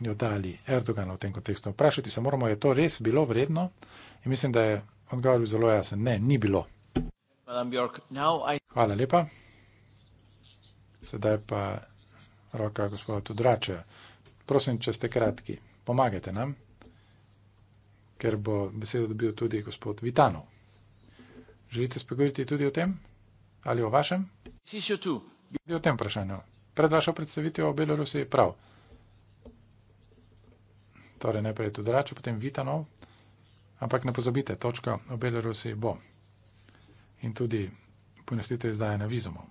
[SPEAKER 1] jo dali Erdoganu v tem kontekstu, vprašati se moramo, je to res bilo vredno? In mislim, da je Odgovor je zelo jasen. Ne, ni bilo. Hvala lepa. Sedaj pa roka gospoda Tudrača. Prosim, če ste kratki, pomagajte nam, ker bo besedo dobil tudi gospod Vitanov. Želite spregovoriti tudi o tem? Ali o vašem? Tudi o tem vprašanju. Pred vašo predstavitvijo o Belorusiji prav. Torej najprej Tudrača, potem Vitanov. Ampak ne pozabite, točka v Belorusi bo in tudi ponestitev izdaje na vizumo.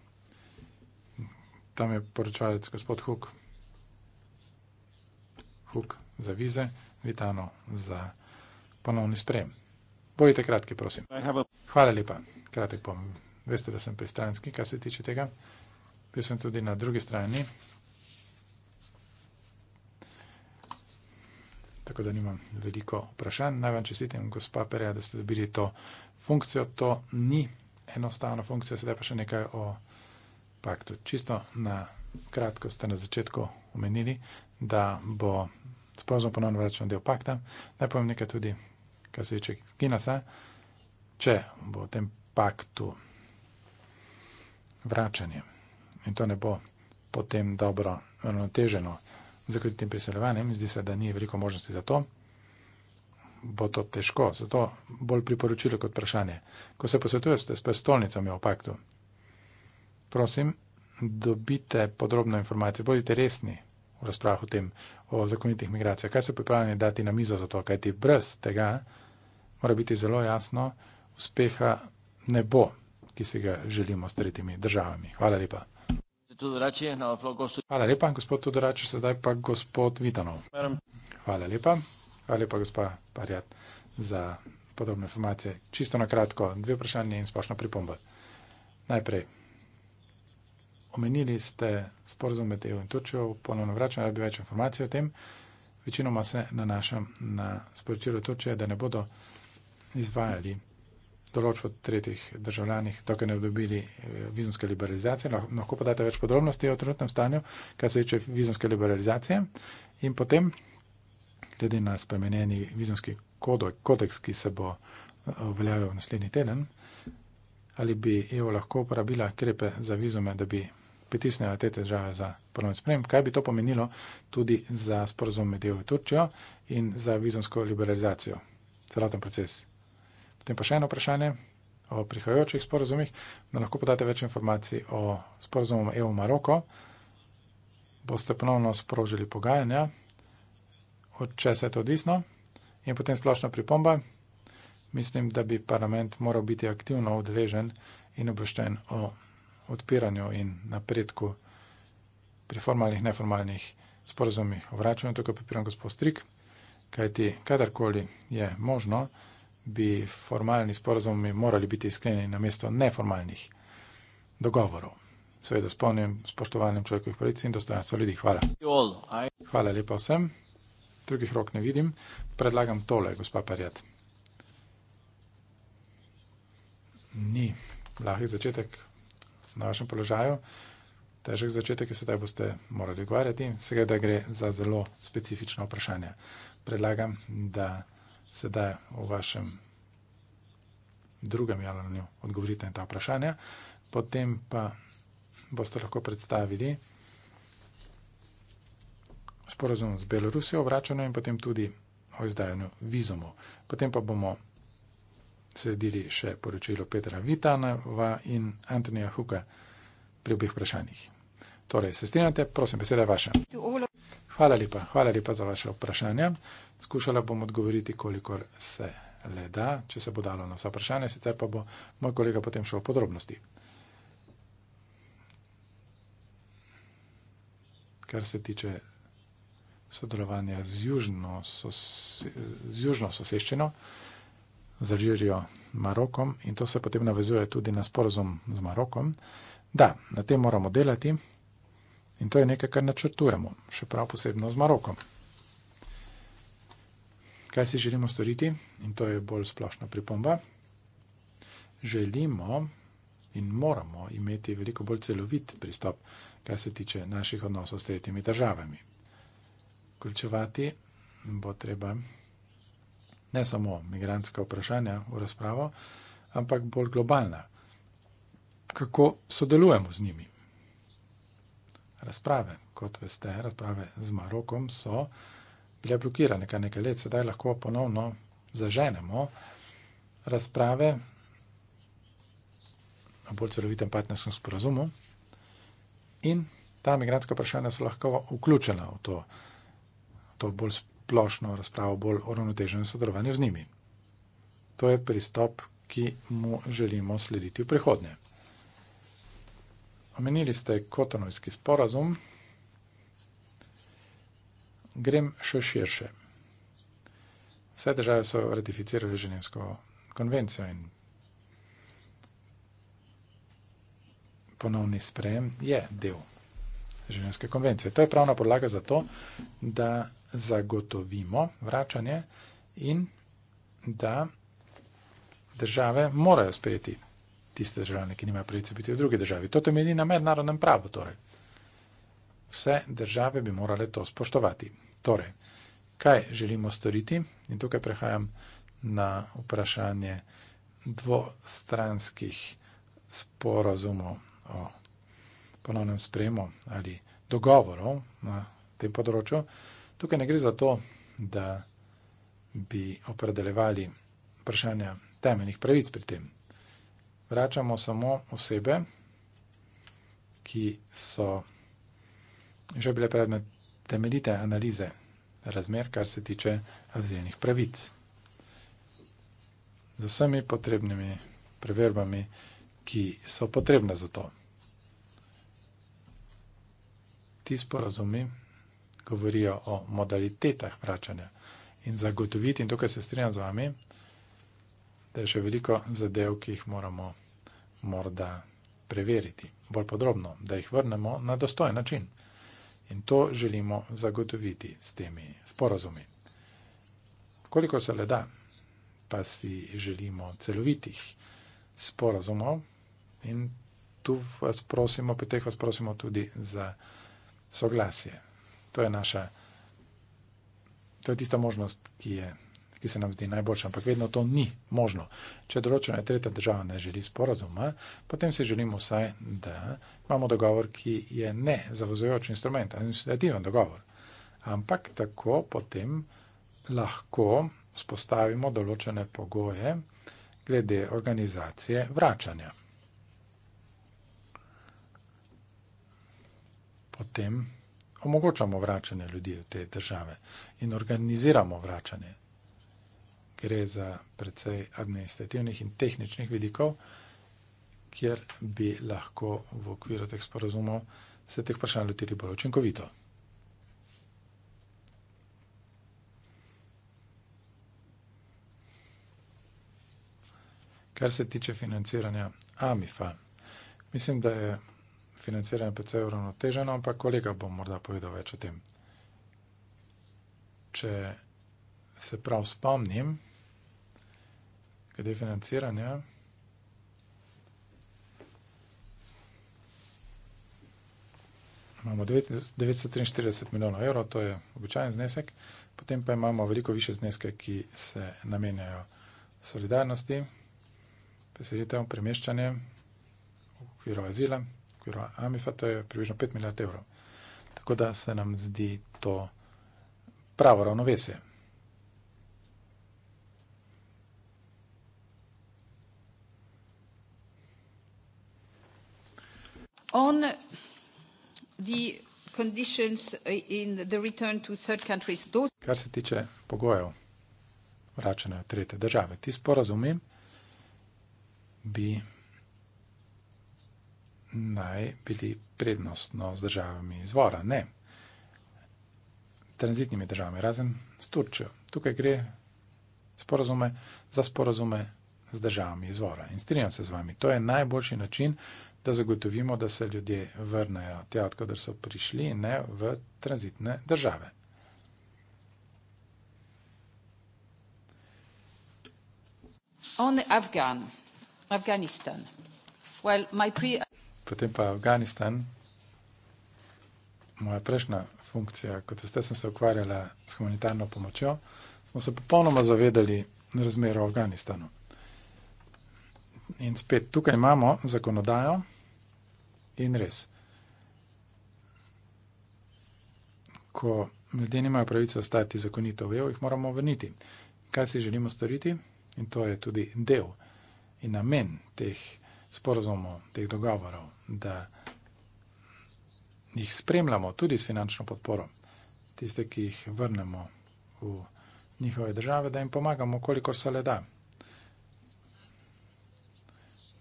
[SPEAKER 1] Tam je poročalec gospod Huk. Huk za vize, Vitano za ponovni sprejem. Bojite kratki, prosim. Hvala lepa, kratek pomen. Veste, da sem pristranski, kar se tiče tega. Bil sem tudi na drugi strani. tako da nimam veliko vprašanj. Naj vam čestitam, gospa Pereja, da ste dobili to funkcijo. To ni enostavna funkcija, sedaj pa še nekaj o paktu. Čisto na kratko ste na začetku omenili, da bo sporozum ponovno vračen del pakta. Naj povem nekaj tudi, kar se tiče Kinasa. Če bo v tem paktu vračanje in to ne bo potem dobro ravnoteženo. No, zakritim priseljevanjem, zdi se, da ni veliko možnosti za to, bo to težko. Zato bolj priporočilo kot vprašanje. Ko se posvetujete s prestolnicami o paktu, prosim, dobite podrobno informacijo, bodite resni v razpravah o tem, o zakonitih migracijah, kaj so pripravljeni dati na mizo za to, kajti brez tega mora biti zelo jasno, uspeha ne bo, ki si ga želimo s tretjimi državami. Hvala lepa. Hvala lepa, gospod Tudorač, sedaj pa gospod Vitanov. Hvala lepa, hvala lepa, gospod Parjat, za podobne informacije. Čisto na kratko, dve vprašanje in splošna pripomba. Najprej, omenili ste sporozum med EU in Turčijo, ponovno vračam, da bi več informacij o tem. Večinoma se nanašam na sporočilo Turčije, da ne bodo izvajali. Hm določb o tretjih državljanih, to, ker ne dobili eh, vizumske liberalizacije. Lahko, lahko pa date več podrobnosti o trenutnem stanju, kar se tiče vizumske liberalizacije. In potem, glede na spremenjeni vizumski kodeks, ki se bo eh, uveljavil naslednji teden, ali bi EU lahko uporabila krepe za vizume, da bi pritisnila te države za ponovni sprejem, kaj bi to pomenilo tudi za sporozum med EU in Turčijo in za vizumsko liberalizacijo, celoten proces. Potem pa še eno vprašanje o prihajajočih sporozumih. Da lahko podate več informacij o sporozumu EU-Maroko, boste ponovno sprožili pogajanja, od česa je to odvisno. In potem splošna pripomba. Mislim, da bi parlament moral biti aktivno odvežen in obveščen o odpiranju in napredku pri formalnih, neformalnih sporozumih. Vračam tukaj papirom gospod Strik, kajti kadarkoli je možno, bi formalni sporozumi morali biti sklenjeni na mesto neformalnih dogovorov. Seveda s polnim spoštovanjem človekovih pravic in dostojanstva ljudi. Hvala. Hvala lepa vsem. Drugih rok ne vidim. Predlagam tole, gospa Parjat. Ni lahki začetek na vašem položaju. Težek začetek je, sedaj boste morali odgovarjati. Seveda gre za zelo specifično vprašanje. Predlagam, da sedaj v vašem drugem javljanju odgovorite na ta vprašanja, potem pa boste lahko predstavili sporozum z Belorusijo o vračanju in potem tudi o izdajanju vizumov. Potem pa bomo sledili še poročilo Petra Vitanova in Antonija Huka pri obih vprašanjih. Torej, se strinjate, prosim, beseda je vaša. Hvala lepa, hvala lepa za vaše vprašanje. Skušala bom odgovoriti, kolikor se le da, če se bo dalo na vsa vprašanja, sicer pa bo moj kolega potem šel v podrobnosti. Kar se tiče sodelovanja z južno, sos, z južno soseščino, z Alžirijo, Marokom in to se potem navezuje tudi na sporozum z Marokom. Da, na tem moramo delati in to je nekaj, kar načrtujemo, še prav posebno z Marokom kaj si želimo storiti, in to je bolj splošna pripomba. Želimo in moramo imeti veliko bolj celovit pristop, kaj se tiče naših odnosov s tretjimi državami. Vključevati bo treba ne samo migranska vprašanja v razpravo, ampak bolj globalna, kako sodelujemo z njimi. Razprave, kot veste, razprave z Marokom so bile blokirane kar nekaj let, sedaj lahko ponovno zaženemo razprave o bolj celovitem partnerskem sporazumu in ta migranska vprašanja so lahko vključena v to, v to bolj splošno razpravo, bolj uravnoteženo sodelovanje z njimi. To je pristop, ki mu želimo slediti v prihodnje. Omenili ste Kotonovski sporazum grem še širše. Vse države so ratificirale Ženevsko konvencijo in ponovni sprejem je del Ženevske konvencije. To je pravna podlaga za to, da zagotovimo vračanje in da države morajo sprejeti tiste državne, ki nimajo pravice biti v drugi državi. To temelji na mednarodnem pravu. Torej vse države bi morale to spoštovati. Torej, kaj želimo storiti? In tukaj prehajam na vprašanje dvostranskih sporozumov o ponovnem spremu ali dogovorov na tem področju. Tukaj ne gre za to, da bi opredeljevali vprašanja temeljnih pravic pri tem. Vračamo samo osebe, ki so že bile predmet temeljite analize razmer, kar se tiče azilnih pravic. Z vsemi potrebnimi preverbami, ki so potrebne za to. Ti sporazumi govorijo o modalitetah vračanja in zagotoviti, in tukaj se strinjam z vami, da je še veliko zadev, ki jih moramo morda preveriti bolj podrobno, da jih vrnemo na dostojen način. In to želimo zagotoviti s temi sporazumi. Koliko se le da, pa si želimo celovitih sporazumov, in tu vas prosimo, pri teh vas prosimo tudi za soglasje. To je naša, to je tista možnost, ki je ki se nam zdi najboljša, ampak vedno to ni možno. Če določena tretja država ne želi sporazuma, potem si želimo vsaj, da imamo dogovor, ki je ne zavozojoč instrument, administrativen dogovor. Ampak tako potem lahko spostavimo določene pogoje glede organizacije vračanja. Potem omogočamo vračanje ljudi v te države in organiziramo vračanje gre za precej administrativnih in tehničnih vidikov, kjer bi lahko v okviru teh sporozumov se teh vprašanj lotili bolj učinkovito. Kar se tiče financiranja AMIFA, mislim, da je financiranje PC uravnoteženo, ampak kolega bo morda povedal več o tem. Če se prav spomnim, glede financiranja. Imamo 943 milijonov evrov, to je običajen znesek, potem pa imamo veliko više zneske, ki se namenjajo solidarnosti, preselitev, premeščanje v okviru azila, v okviru AMIFA, to je približno 5 milijard evrov. Tako da se nam zdi to pravo ravnovesje.
[SPEAKER 3] On the conditions uh, in the return to third countries, those...
[SPEAKER 1] Kar se tiče pogojev vračanja v trete države, ti sporazumi bi naj bili prednostno z državami izvora. Ne. Tranzitnimi državami, razen s Turčjo. Tukaj gre sporazume za sporazume z državami izvora. In strinjam se z vami. To je najboljši način, da zagotovimo, da se ljudje vrnejo tja, odkuder so prišli, in ne v tranzitne države.
[SPEAKER 3] On Afgan, Afganistan. Well, pre...
[SPEAKER 1] Potem pa Afganistan, moja prejšnja funkcija, kot ste se ukvarjala s humanitarno pomočjo, smo se popolnoma zavedali razmer v Afganistanu. In spet tukaj imamo zakonodajo, In res. Ko ljudje nimajo pravice ostati zakonito vev, jih moramo vrniti. Kaj si želimo storiti? In to je tudi del in namen teh sporozumov, teh dogovorov, da jih spremljamo tudi s finančno podporo, tiste, ki jih vrnemo v njihove države, da jim pomagamo, kolikor se le da,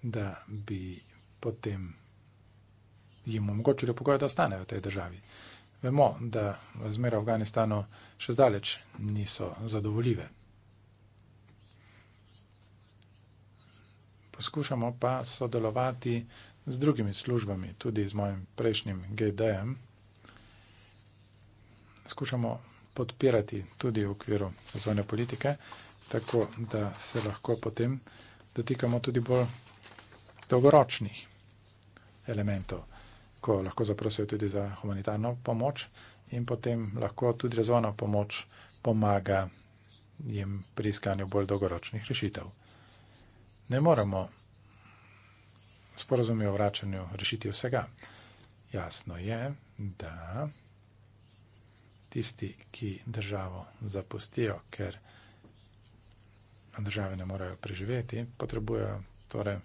[SPEAKER 1] da bi potem jim omogočili pogoje, da ostanejo v tej državi. Vemo, da razmere v Afganistanu še zdaleč niso zadovoljive. Poskušamo pa sodelovati z drugimi službami, tudi z mojim prejšnjim GDM. Skušamo podpirati tudi v okviru razvojne politike, tako da se lahko potem dotikamo tudi bolj dolgoročnih elementov ko lahko zaprosijo tudi za humanitarno pomoč in potem lahko tudi razvojna pomoč pomaga jim pri iskanju bolj dolgoročnih rešitev. Ne moremo sporozumijo o vračanju rešiti vsega. Jasno je, da tisti, ki državo zapustijo, ker države ne morejo preživeti, potrebujejo torej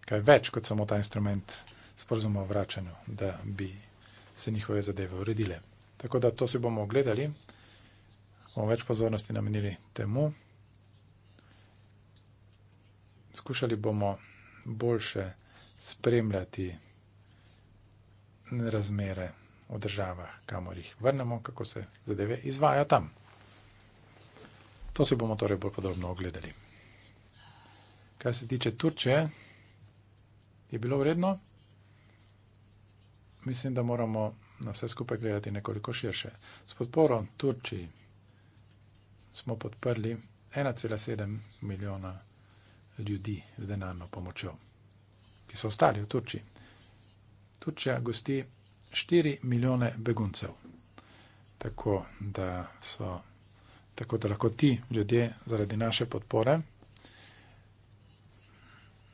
[SPEAKER 1] kaj več kot samo ta instrument sporozuma o vračanju, da bi se njihove zadeve uredile. Tako da to si bomo ogledali, bomo več pozornosti namenili temu. Skušali bomo boljše spremljati razmere v državah, kamor jih vrnemo, kako se zadeve izvaja tam. To si bomo torej bolj podrobno ogledali. Kar se tiče Turčije, je bilo vredno mislim, da moramo na vse skupaj gledati nekoliko širše. S podporo Turčiji smo podprli 1,7 milijona ljudi z denarno pomočjo, ki so ostali v Turčiji. Turčija gosti 4 milijone beguncev, tako da, so, tako da lahko ti ljudje zaradi naše podpore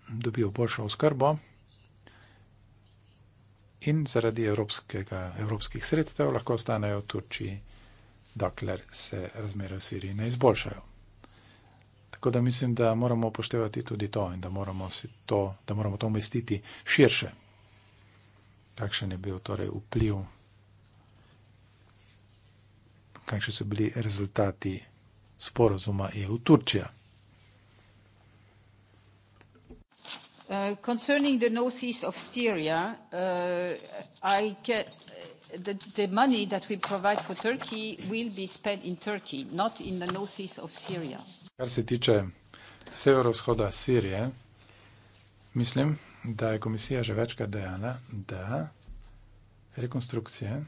[SPEAKER 1] dobijo boljšo oskrbo in zaradi evropskih sredstev lahko ostanejo v Turčiji, dokler se razmere v Siriji ne izboljšajo. Tako da mislim, da moramo upoštevati tudi to in da moramo, to, da moramo to umestiti širše. Kakšen je bil torej vpliv, kakšni so bili rezultati sporozuma EU-Turčija.
[SPEAKER 3] Uh, concerning the northeast of styria uh, the money that we provide for turkey will be spent in turkey not in the northeast of syria
[SPEAKER 1] kar se tiče severovzhoda sirije mislim da je komisija že večkrat dejala da rekonstrukcije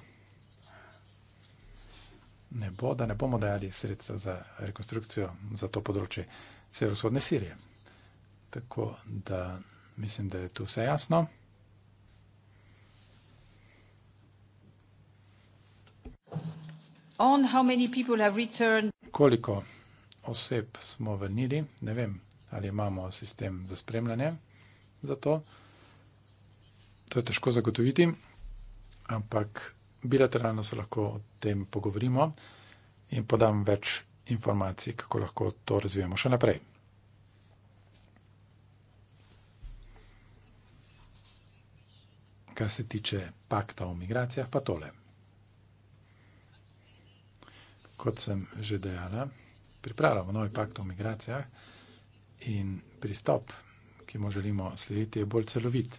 [SPEAKER 1] ne bo, da ne bomo dajali sredstva za rekonstrukcijo za to področje severovzhodne Sirije. Tako da mislim, da je tu vse jasno. Koliko oseb smo vrnili? Ne vem, ali imamo sistem za spremljanje za to. To je težko zagotoviti, ampak bilateralno se lahko o tem pogovorimo in podam več informacij, kako lahko to razvijemo še naprej. kar se tiče pakta o migracijah, pa tole. Kot sem že dejala, pripravljamo novi pakt o migracijah in pristop, ki mu želimo slediti, je bolj celovit.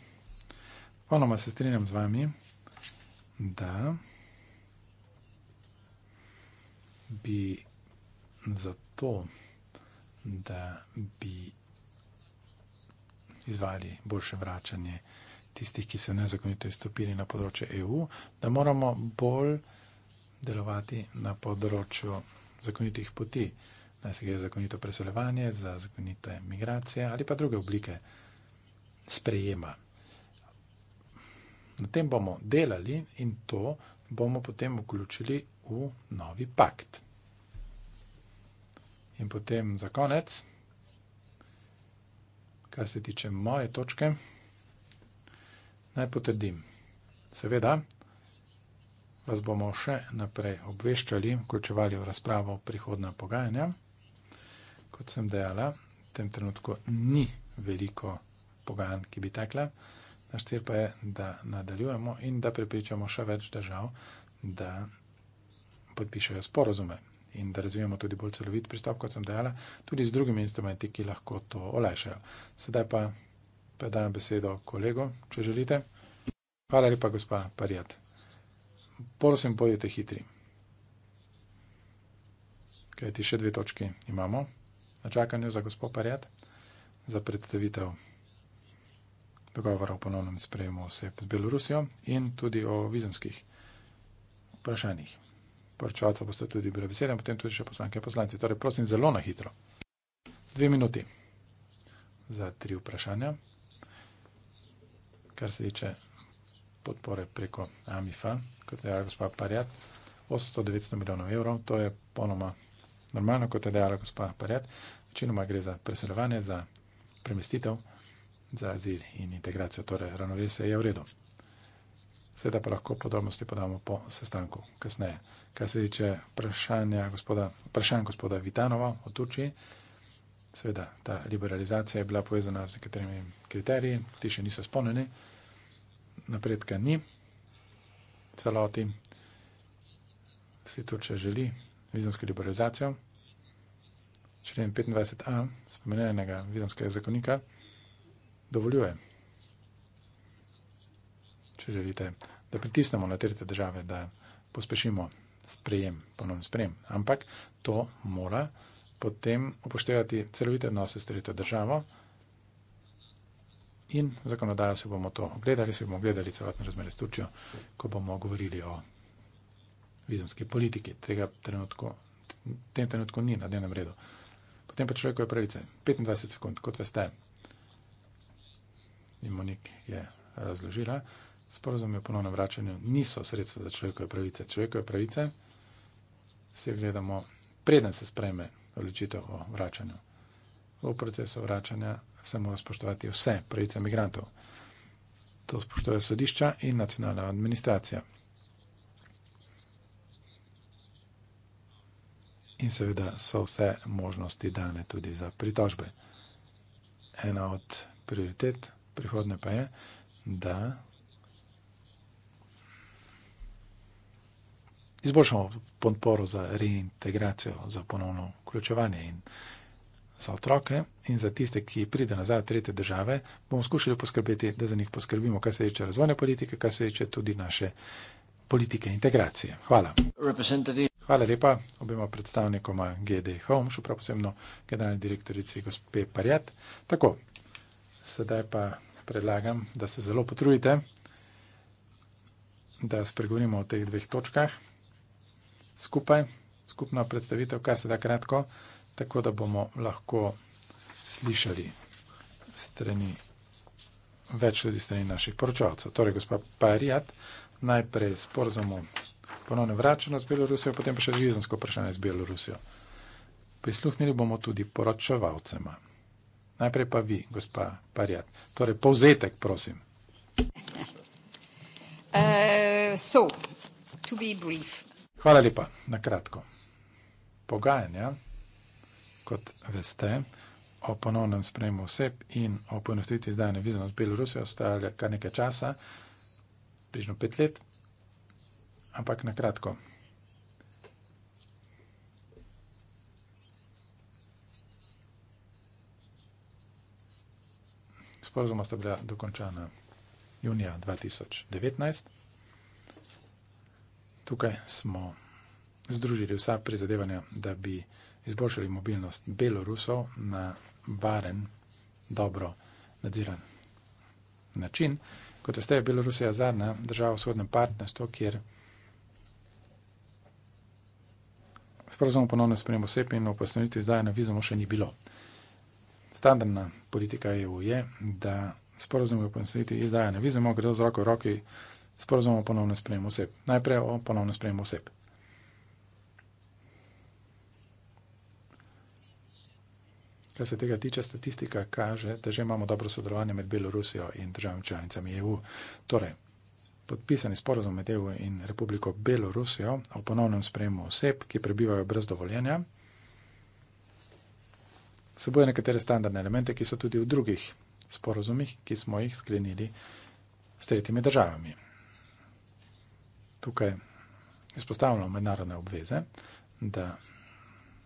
[SPEAKER 1] Ponoma se strinjam z vami, da bi zato, da bi izvali boljše vračanje tistih, ki so nezakonito izstopili na področje EU, da moramo bolj delovati na področju zakonitih poti, da se gre za zakonito preseljevanje, za zakonite migracije ali pa druge oblike sprejema. Na tem bomo delali in to bomo potem vključili v novi pakt. In potem za konec, kar se tiče moje točke. Naj potrdim. Seveda, vas bomo še naprej obveščali, vključevali v razpravo o prihodna pogajanja. Kot sem dejala, v tem trenutku ni veliko pogajanj, ki bi tekle. Naš cilj pa je, da nadaljujemo in da prepričamo še več držav, da podpišajo sporozume in da razvijemo tudi bolj celovit pristop, kot sem dejala, tudi z drugimi instrumenti, ki lahko to olajšajo. Sedaj pa predajam besedo kolegu, če želite. Hvala lepa, gospa Parijat. Prosim, pojete hitri. Kaj ti še dve točki imamo na čakanju za gospod Parijat, za predstavitev dogovora o ponovnem sprejemu oseb z Belorusijo in tudi o vizumskih vprašanjih. Poročevalca boste tudi bila beseda in potem tudi še poslanke in poslanci. Torej, prosim, zelo na hitro. Dve minuti za tri vprašanja kar se tiče podpore preko AMIF-a, kot je dejala gospa Parjat, 800-900 milijonov evrov, to je ponoma normalno, kot je dejala gospa Parjat. Večinoma gre za preseljevanje, za premestitev, za azil in integracijo, torej ravnovesje je v redu. Sveda pa lahko podrobnosti podamo po sestanku kasneje. Kar se tiče vprašanja gospoda, vprašanj gospoda Vitanova od Turčije, Sveda, ta liberalizacija je bila povezana z nekaterimi kriteriji, ti še niso spomnjeni, napredka ni, celoti si to, če želi, vizonsko liberalizacijo. Člen 25a spomenjenega vizonskega zakonika dovoljuje, če želite, da pritisnemo na tretje države, da pospešimo sprejem, ponovno sprejem, ampak to mora potem upoštevati celovite odnose s tretjo državo in zakonodajo si bomo to ogledali, si bomo ogledali celotne razmere s Turčijo, ko bomo govorili o vizumski politiki. Tega trenutku, tem trenutku ni na dnevnem redu. Potem pa človekove pravice. 25 sekund, kot veste. In Monik je eh, razložila. Sporozum je ponovno vračanju. Niso sredstva za človekove pravice. Človekove pravice se gledamo preden se spremeni odločitev o vračanju. V procesu vračanja se mora spoštovati vse pravice imigrantov. To spoštuje sodišča in nacionalna administracija. In seveda so vse možnosti dane tudi za pritožbe. Ena od prioritet prihodne pa je, da izboljšamo podporo za reintegracijo, za ponovno vključevanje in za otroke in za tiste, ki pride nazaj v tretje države, bomo skušali poskrbeti, da za njih poskrbimo, kaj se reče razvojne politike, kaj se reče tudi naše politike integracije. Hvala. Hvala lepa obema predstavnikoma GD Home, še prav posebno generalni direktorici gospe Parjat. Tako, sedaj pa predlagam, da se zelo potrudite, da spregovorimo o teh dveh točkah skupaj, skupna predstavitev, kar se da kratko, tako da bomo lahko slišali strani, več ljudi strani naših poročavcev. Torej, gospa Parijat, najprej sporozum o ponovnem vračanju z Belorusijo, potem pa še vizonsko vprašanje z Belorusijo. Prisluhnili bomo tudi poročavcema. Najprej pa vi, gospa Parijat. Torej, povzetek, prosim.
[SPEAKER 3] Uh, so, to be brief.
[SPEAKER 1] Hvala lepa, na kratko. Pogajanja, kot veste, o ponovnem sprejemu oseb in o poenostavitvi izdajanja vizum od Belorusije ostaja kar nekaj časa, približno pet let, ampak na kratko. Sporozuma sta bila dokončana junija 2019. Tukaj smo združili vsa prizadevanja, da bi izboljšali mobilnost Belorusov na varen, dobro nadziran način. Kot veste, je Belorusija zadnja država v vzhodnem partnerstvu, kjer sporozum ponovno sprejem oseb in opostavitev izdajanja vizumov še ni bilo. Standardna politika EU je, da sporozum o opostavitvi izdajanja vizumov gre z roko v roki sporozum o ponovnem sprejemu oseb. Najprej o ponovnem sprejemu oseb. Kar se tega tiče, statistika kaže, da že imamo dobro sodelovanje med Belorusijo in državami članicami EU. Torej, podpisani sporozum med EU in Republiko Belorusijo o ponovnem sprejemu oseb, ki prebivajo brez dovoljenja, seboj nekatere standardne elemente, ki so tudi v drugih sporozumih, ki smo jih sklenili s tretjimi državami tukaj izpostavljamo mednarodne obveze, da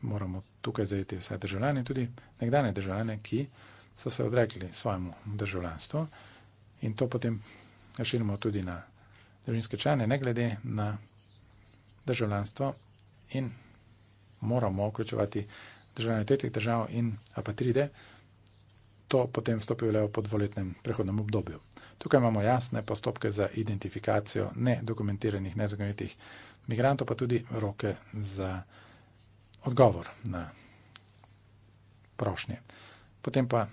[SPEAKER 1] moramo tukaj zajeti vse državljane, tudi nekdane državljane, ki so se odrekli svojemu državljanstvu in to potem širimo tudi na državljanske člane, ne glede na državljanstvo in moramo vključevati državljane tretjih držav in apatride, to potem stopi le v podvoletnem prehodnem obdobju. Tukaj imamo jasne postopke za identifikacijo nedokumentiranih, nezakonitih migrantov, pa tudi roke za odgovor na prošnje. Potem pa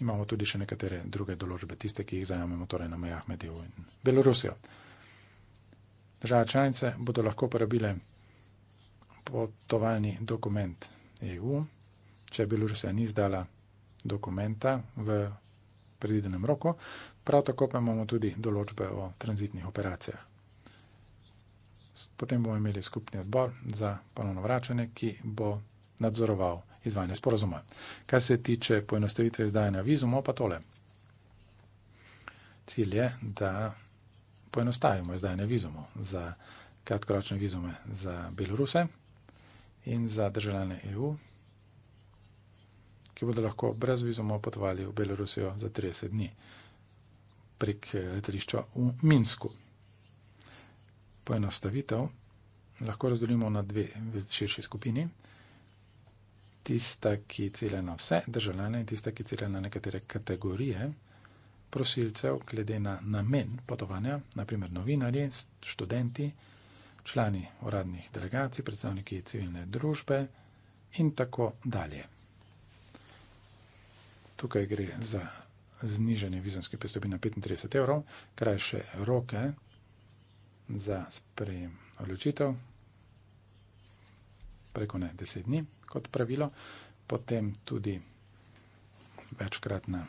[SPEAKER 1] imamo tudi še nekatere druge določbe, tiste, ki jih zajamemo torej na mejah med EU in Belorusijo. Države članice bodo lahko uporabile potovalni dokument EU, če Belorusija ni izdala dokumenta v predvidenem roku, Prav tako pa imamo tudi določbe o tranzitnih operacijah. Potem bomo imeli skupni odbor za ponovno vračanje, ki bo nadzoroval izvajanje sporozuma. Kar se tiče poenostavitve izdajanja vizumov, pa tole. Cilj je, da poenostavimo izdajanje vizumov za kratkoročne vizume za Beloruse in za državljane EU, ki bodo lahko brez vizumov potovali v Belorusijo za 30 dni prek eh, letališča v Minsku. Poenostavitev lahko razdelimo na dve širši skupini. Tista, ki cilja na vse državljane in tista, ki cilja na nekatere kategorije prosilcev, glede na namen potovanja, naprimer novinarji, študenti, člani uradnih delegacij, predstavniki civilne družbe in tako dalje. Tukaj gre za znižanje vizumske pristopine na 35 evrov, krajše roke za sprejem odločitev, preko ne 10 dni, kot pravilo, potem tudi večkratna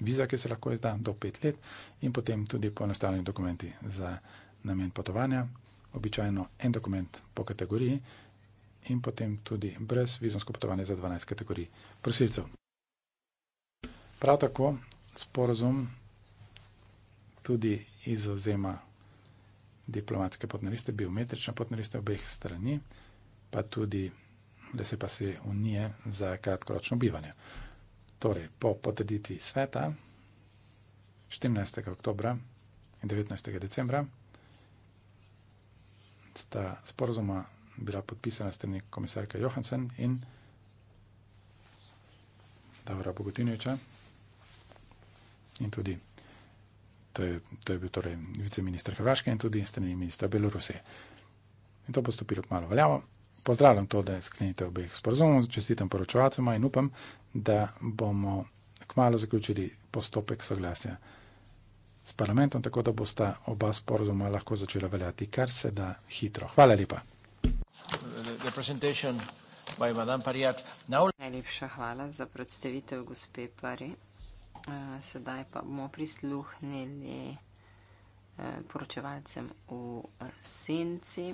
[SPEAKER 1] viza, ki se lahko izda do 5 let, in potem tudi poenostavljeni dokumenti za namen potovanja, običajno en dokument po kategoriji. In potem tudi brez vizumsko potovanje za 12 kategorij prosilcev. Prav tako sporozum tudi izuzema diplomatske potnariste, biometrične potnariste obeh strani, pa tudi, da se pa se unije za kratkoročno bivanje. Torej, po potreditvi sveta 14. oktobra in 19. decembra sta sporozuma bila podpisana strani komisarka Johansen in Davora Bogotinoviča, in tudi to je, to je bil torej viceministr Hrvaške in tudi strani ministra Belorusije. In to bo stopilo k malo veljavo. Pozdravljam to, da je sklenite obeh sporozumov, čestitam poročovacima in upam, da bomo k malo zaključili postopek soglasja s parlamentom, tako da bosta oba sporozuma lahko začela veljati kar se da hitro. Hvala lepa.
[SPEAKER 3] Najlepša hvala za predstavitev gospe Pari. Eh, sedaj pa bomo prisluhnili eh, poročevalcem v eh, senci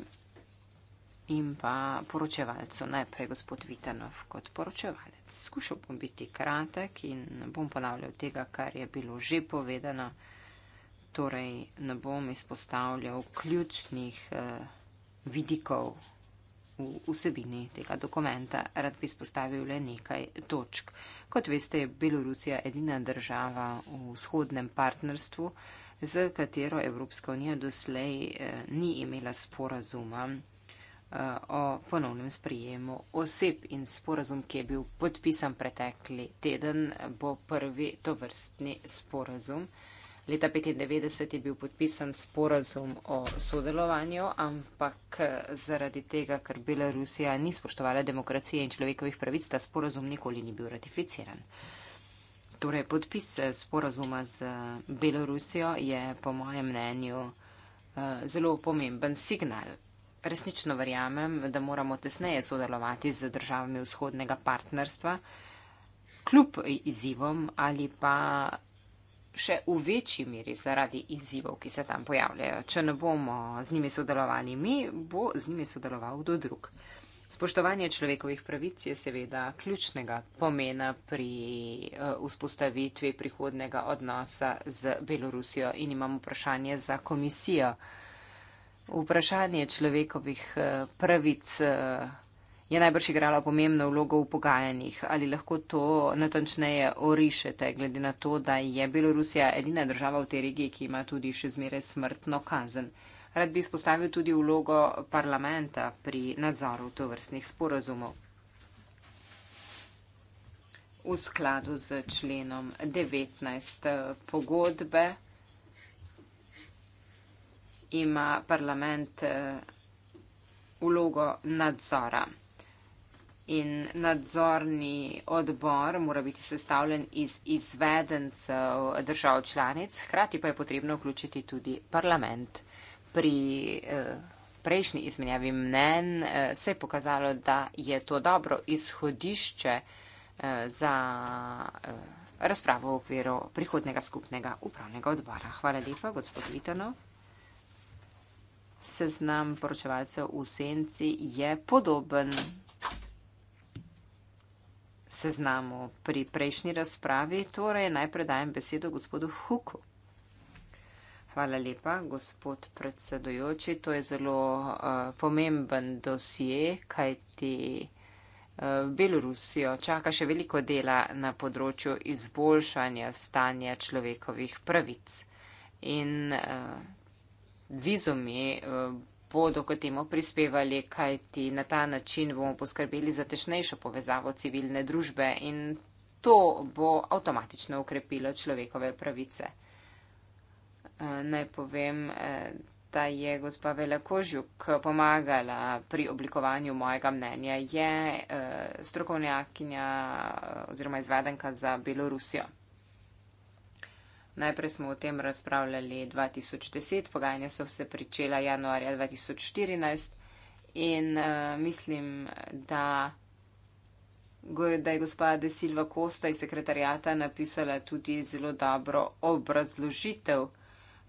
[SPEAKER 3] in pa poročevalcu, najprej gospod Vitanov kot poročevalec. Skušal bom biti kratek in bom ponavljal tega, kar je bilo že povedano, torej ne bom izpostavljal ključnih vidikov v vsebini tega dokumenta rad bi spostavil le nekaj točk. Kot veste, je Belorusija edina država v vzhodnem partnerstvu, z katero Evropska unija doslej eh, ni imela sporazuma eh, o ponovnem sprijemu oseb in sporazum, ki je bil podpisan pretekli teden, bo prvi to vrstni sporazum. Leta 1995 je bil podpisan sporazum o sodelovanju, ampak zaradi tega, ker Belorusija ni spoštovala demokracije in človekovih pravic, ta sporazum nikoli ni bil ratificiran. Torej, podpis sporazuma z Belorusijo je po mojem mnenju eh, zelo pomemben signal. Resnično verjamem, da moramo tesneje sodelovati z državami vzhodnega partnerstva, kljub izzivom ali pa še v večji meri zaradi izzivov, ki se tam pojavljajo. Če ne bomo z njimi sodelovali mi, bo z njimi sodeloval kdo drug. Spoštovanje človekovih pravic je seveda ključnega pomena pri eh, vzpostavitvi prihodnega odnosa z Belorusijo in imam vprašanje za komisijo. Vprašanje človekovih eh, pravic, eh, je najbrž igrala pomembno vlogo v pogajanjih. Ali lahko to natančneje orišete, glede na to, da je Belorusija edina država v tej regiji, ki ima tudi še zmeraj smrtno kazen? Rad bi izpostavil tudi vlogo parlamenta pri nadzoru tovrstnih sporazumov. V skladu z členom 19 pogodbe ima parlament eh, vlogo nadzora in nadzorni odbor mora biti sestavljen iz izvedencev držav članic, hkrati pa je potrebno vključiti tudi parlament. Pri eh, prejšnji izmenjavi mnen eh, se je pokazalo, da je to dobro izhodišče eh, za razpravo v okviru prihodnega skupnega upravnega odbora. Hvala lepa, gospod Litanov. Seznam poročevalcev v senci je podoben seznamu pri prejšnji razpravi. Torej, najprej dajem besedo gospodu Huku. Hvala lepa, gospod predsedujoči. To je zelo uh, pomemben dosje, kajti uh, Belorusijo čaka še veliko dela na področju izboljšanja stanja človekovih pravic. In uh, vizumi uh, bodo k temu prispevali, kajti na ta način bomo poskrbeli za tešnejšo povezavo civilne družbe in to bo avtomatično ukrepilo človekove pravice. Eh, naj povem, eh, da je gospa Vela Kožjuk pomagala pri oblikovanju mojega mnenja. Je eh, strokovnjakinja oziroma izvedenka za Belorusijo. Najprej smo o tem razpravljali 2010, pogajanja so se pričela januarja 2014 in uh, mislim, da, da je gospa De Silva Kosta iz sekretarijata napisala tudi zelo dobro obrazložitev.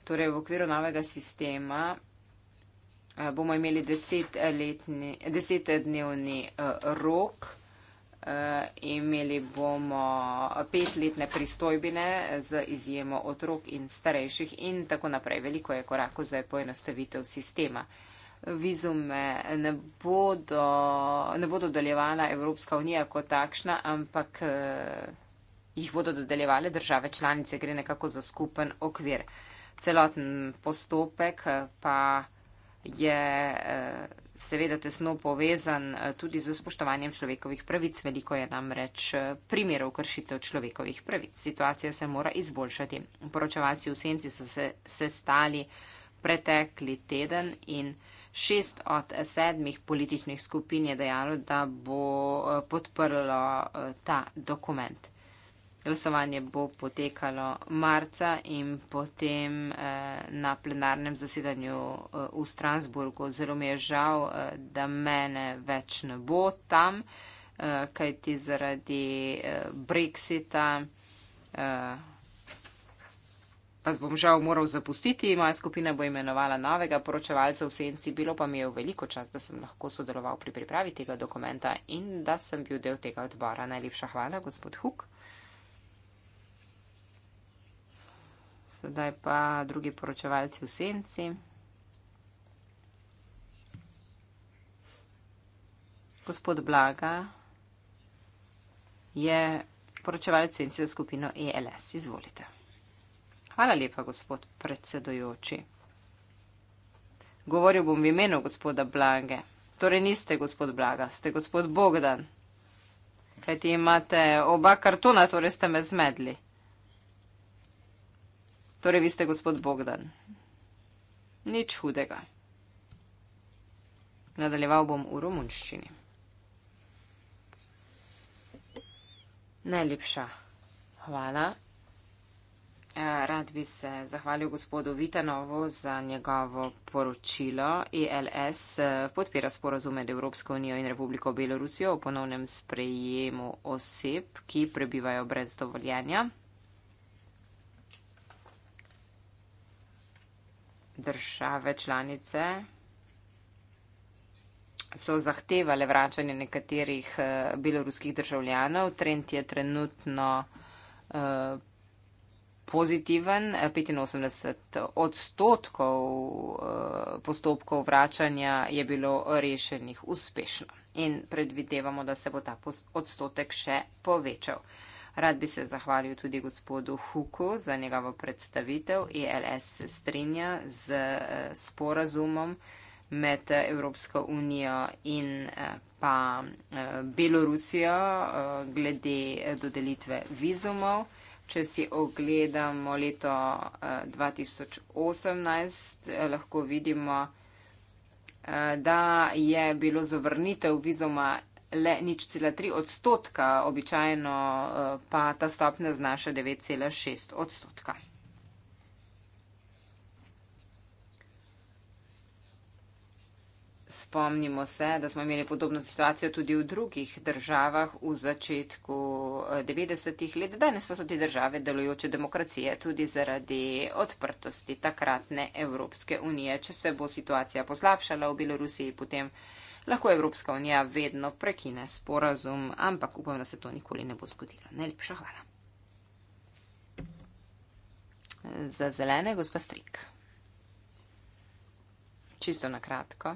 [SPEAKER 3] Torej, v okviru novega sistema uh, bomo imeli desetdnevni deset uh, rok. Eh, imeli bomo petletne pristojbine z izjemo otrok in starejših in tako naprej. Veliko je korakov za poenostavitev sistema. Vizume ne bodo, ne bodo doljevala Evropska unija kot takšna, ampak eh, jih bodo dodeljevale države članice, gre nekako za skupen okvir. Celoten postopek eh, pa je. Eh, seveda tesno povezan eh, tudi z spoštovanjem človekovih pravic. Veliko je namreč eh, primerov kršitev človekovih pravic. Situacija se mora izboljšati. Poročevalci v Senci so se, se stali pretekli teden in šest od sedmih političnih skupin je dejalo, da bo eh, podprlo ta dokument glasovanje bo potekalo marca in potem eh, na plenarnem zasedanju eh, v Strasburgu. Zelo mi je žal, eh, da mene več ne bo tam, kajti zaradi Brexita. Pa bom žal moral zapustiti, moja skupina bo imenovala novega poročevalca v senci, bilo pa mi je v veliko čas, da sem lahko sodeloval pri pripravi tega dokumenta in da sem bil del tega odbora. Najlepša hvala, gospod Huk. sedaj pa drugi poročevalci v senci. Gospod Blaga je poročevalec senci za skupino ELS. Izvolite. Hvala lepa, gospod predsedujoči. Govoril bom v imenu gospoda Blage. Torej niste gospod Blaga, ste gospod Bogdan. Kaj ti imate oba kartona, torej ste me zmedli. Torej, vi ste gospod Bogdan. Nič hudega. Nadaljeval bom v romunščini. Najlepša hvala. E, rad bi se zahvalil gospodu Vitanovu za njegovo poročilo. ILS e e, podpira sporozume med Evropsko unijo in Republiko Belorusijo o ponovnem sprejemu oseb, ki prebivajo brez dovoljenja. države članice so zahtevale vračanje nekaterih uh, beloruskih državljanov. Trend je trenutno uh, pozitiven. 85 odstotkov uh, postopkov vračanja je bilo rešenih uspešno. In predvidevamo, da se bo ta odstotek še povečal. Uh, Rad bi se zahvalil tudi gospodu Huku za njegovo predstavitev. ILS e se strinja z eh, sporazumom med eh, Evropsko unijo in eh, pa Belorusijo glede dodelitve vizumov. Če si ogledamo leto 2018, lahko vidimo, da je bilo zavrnitev vizuma le nič cela tri odstotka, običajno eh, pa ta stopnja znaša 9,6 odstotka. Spomnimo se, da smo imeli podobno situacijo tudi v drugih državah v začetku 90-ih eh, let. Danes pa so te države delujoče demokracije tudi zaradi odprtosti takratne Evropske unije. Če se bo situacija poslabšala v Belorusiji, potem lahko Evropska unija vedno prekine sporazum, ampak upam, da se to nikoli ne bo zgodilo. Najlepša hvala. Za zelene, gospa Strik. Čisto na kratko.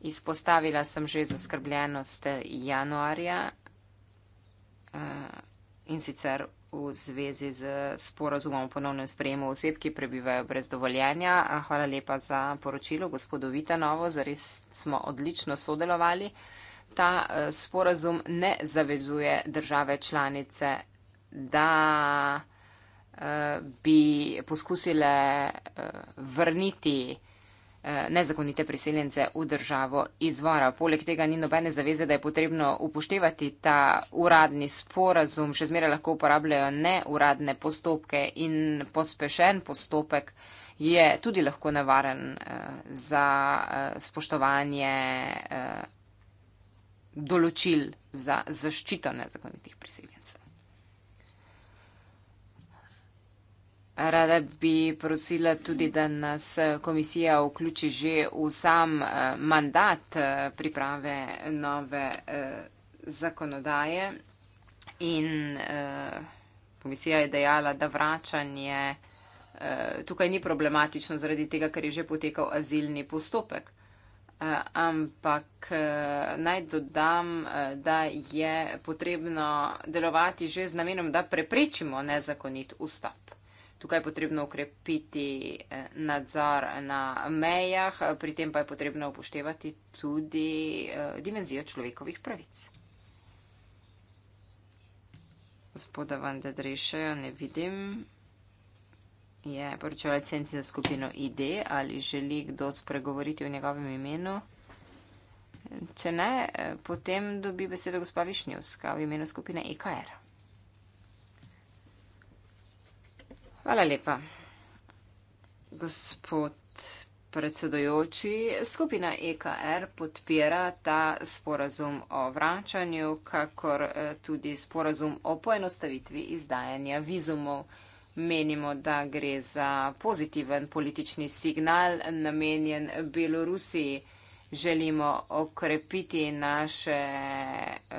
[SPEAKER 3] Izpostavila sem že zaskrbljenost januarja eh, in sicer v zvezi z sporazumom o ponovnem sprejemu oseb, ki prebivajo brez dovoljenja. Hvala lepa za poročilo, gospodu Vitanovo, zares smo odlično sodelovali. Ta e, sporazum ne zavezuje države članice, da e, bi poskusile e, vrniti nezakonite priseljence v državo izvora. Poleg tega ni nobene zaveze, da je potrebno upoštevati ta uradni sporazum. Še zmeraj lahko uporabljajo neuradne postopke in pospešen postopek je tudi lahko nevaren eh, za eh, spoštovanje eh, določil za zaščito nezakonitih priseljencev. Rada bi prosila tudi, da nas eh, komisija vključi že v sam eh, mandat eh, priprave nove zakonodaje in komisija je dejala, da vračanje tukaj ni problematično zaradi tega, ker je že potekal azilni postopek. Ampak naj dodam, da je potrebno delovati že z namenom, da preprečimo nezakonit vstop tukaj je potrebno ukrepiti eh, nadzor na mejah, pri tem pa je potrebno upoštevati tudi eh, dimenzijo človekovih pravic. Gospoda Van de Drešejo ne vidim. Je poročala licenci za skupino ID ali želi kdo spregovoriti o njegovem imenu? Če ne, eh, potem dobi besedo gospa Višnjevska v imenu skupine EKR. Hvala lepa. Gospod predsedojoči, skupina EKR podpira ta sporazum o vračanju, kakor eh, tudi sporazum o poenostavitvi izdajanja vizumov. Menimo, da gre za pozitiven politični signal namenjen Belorusiji želimo okrepiti naše uh,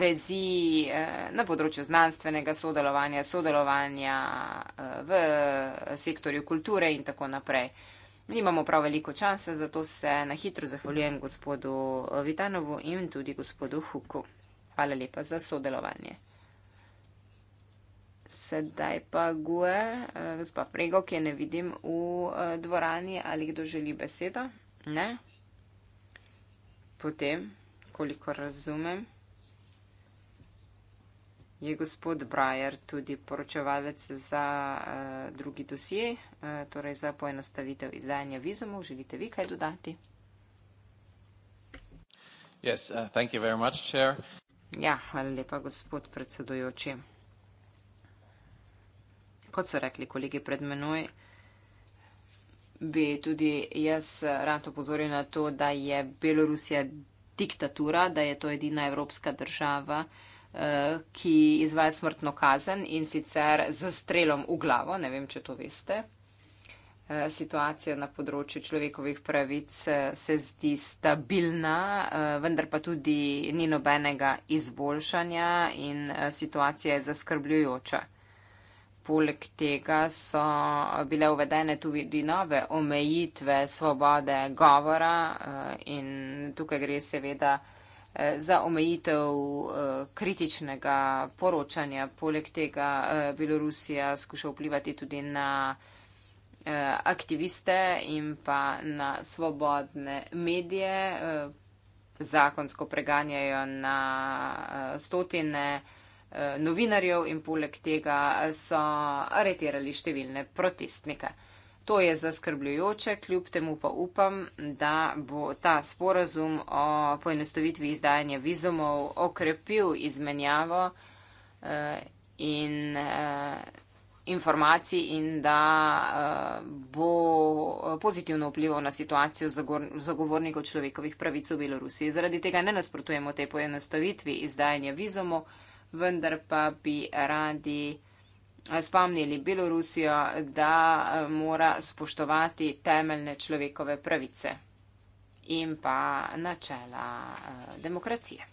[SPEAKER 3] vezi uh, na področju znanstvenega sodelovanja, sodelovanja uh, v sektorju kulture in tako naprej. Nimamo prav veliko časa, zato se na hitro zahvaljujem gospodu Vitanovu in tudi gospodu Huku. Hvala lepa za sodelovanje. Sedaj pa Gue, gospod Prego, ki je ne vidim v dvorani, ali kdo želi besedo? Ne. Potem, koliko razumem, je gospod Brajer tudi poročevalec za uh, drugi dosje, uh, torej za poenostavitev izdajanja vizumov. Želite vi kaj dodati?
[SPEAKER 1] Yes, uh, much,
[SPEAKER 3] ja, hvala lepa, gospod predsedujoči. Kot so rekli kolegi pred menoj, bi tudi jaz rad opozoril na to, da je Belorusija diktatura, da je to edina evropska država, eh, ki izvaja smrtno kazen in sicer z strelom v glavo, ne vem, če to veste. Eh, situacija na področju človekovih pravic eh, se zdi stabilna, vendar pa tudi ni nobenega izboljšanja in situacija je zaskrbljujoča. Poleg tega so bile uvedene tudi nove omejitve svobode govora eh, in tukaj gre seveda eh, za omejitev eh, kritičnega poročanja. Poleg tega Belorusija skuša vplivati tudi na aktiviste in pa na svobodne medije. Zakonsko preganjajo na stotine novinarjev in poleg tega so aretirali številne protestnike. To je zaskrbljujoče, kljub temu pa upam, da bo ta sporazum o poenostavitvi izdajanja vizumov okrepil izmenjavo eh, in eh, informacij in da eh, bo pozitivno vplival na situacijo zagovornikov človekovih pravic v Belorusiji. Zaradi tega ne nasprotujemo tej poenostavitvi izdajanja vizumov vendar pa bi radi eh, spomnili Belorusijo, da eh, mora spoštovati temeljne človekove pravice in pa načela eh, demokracije.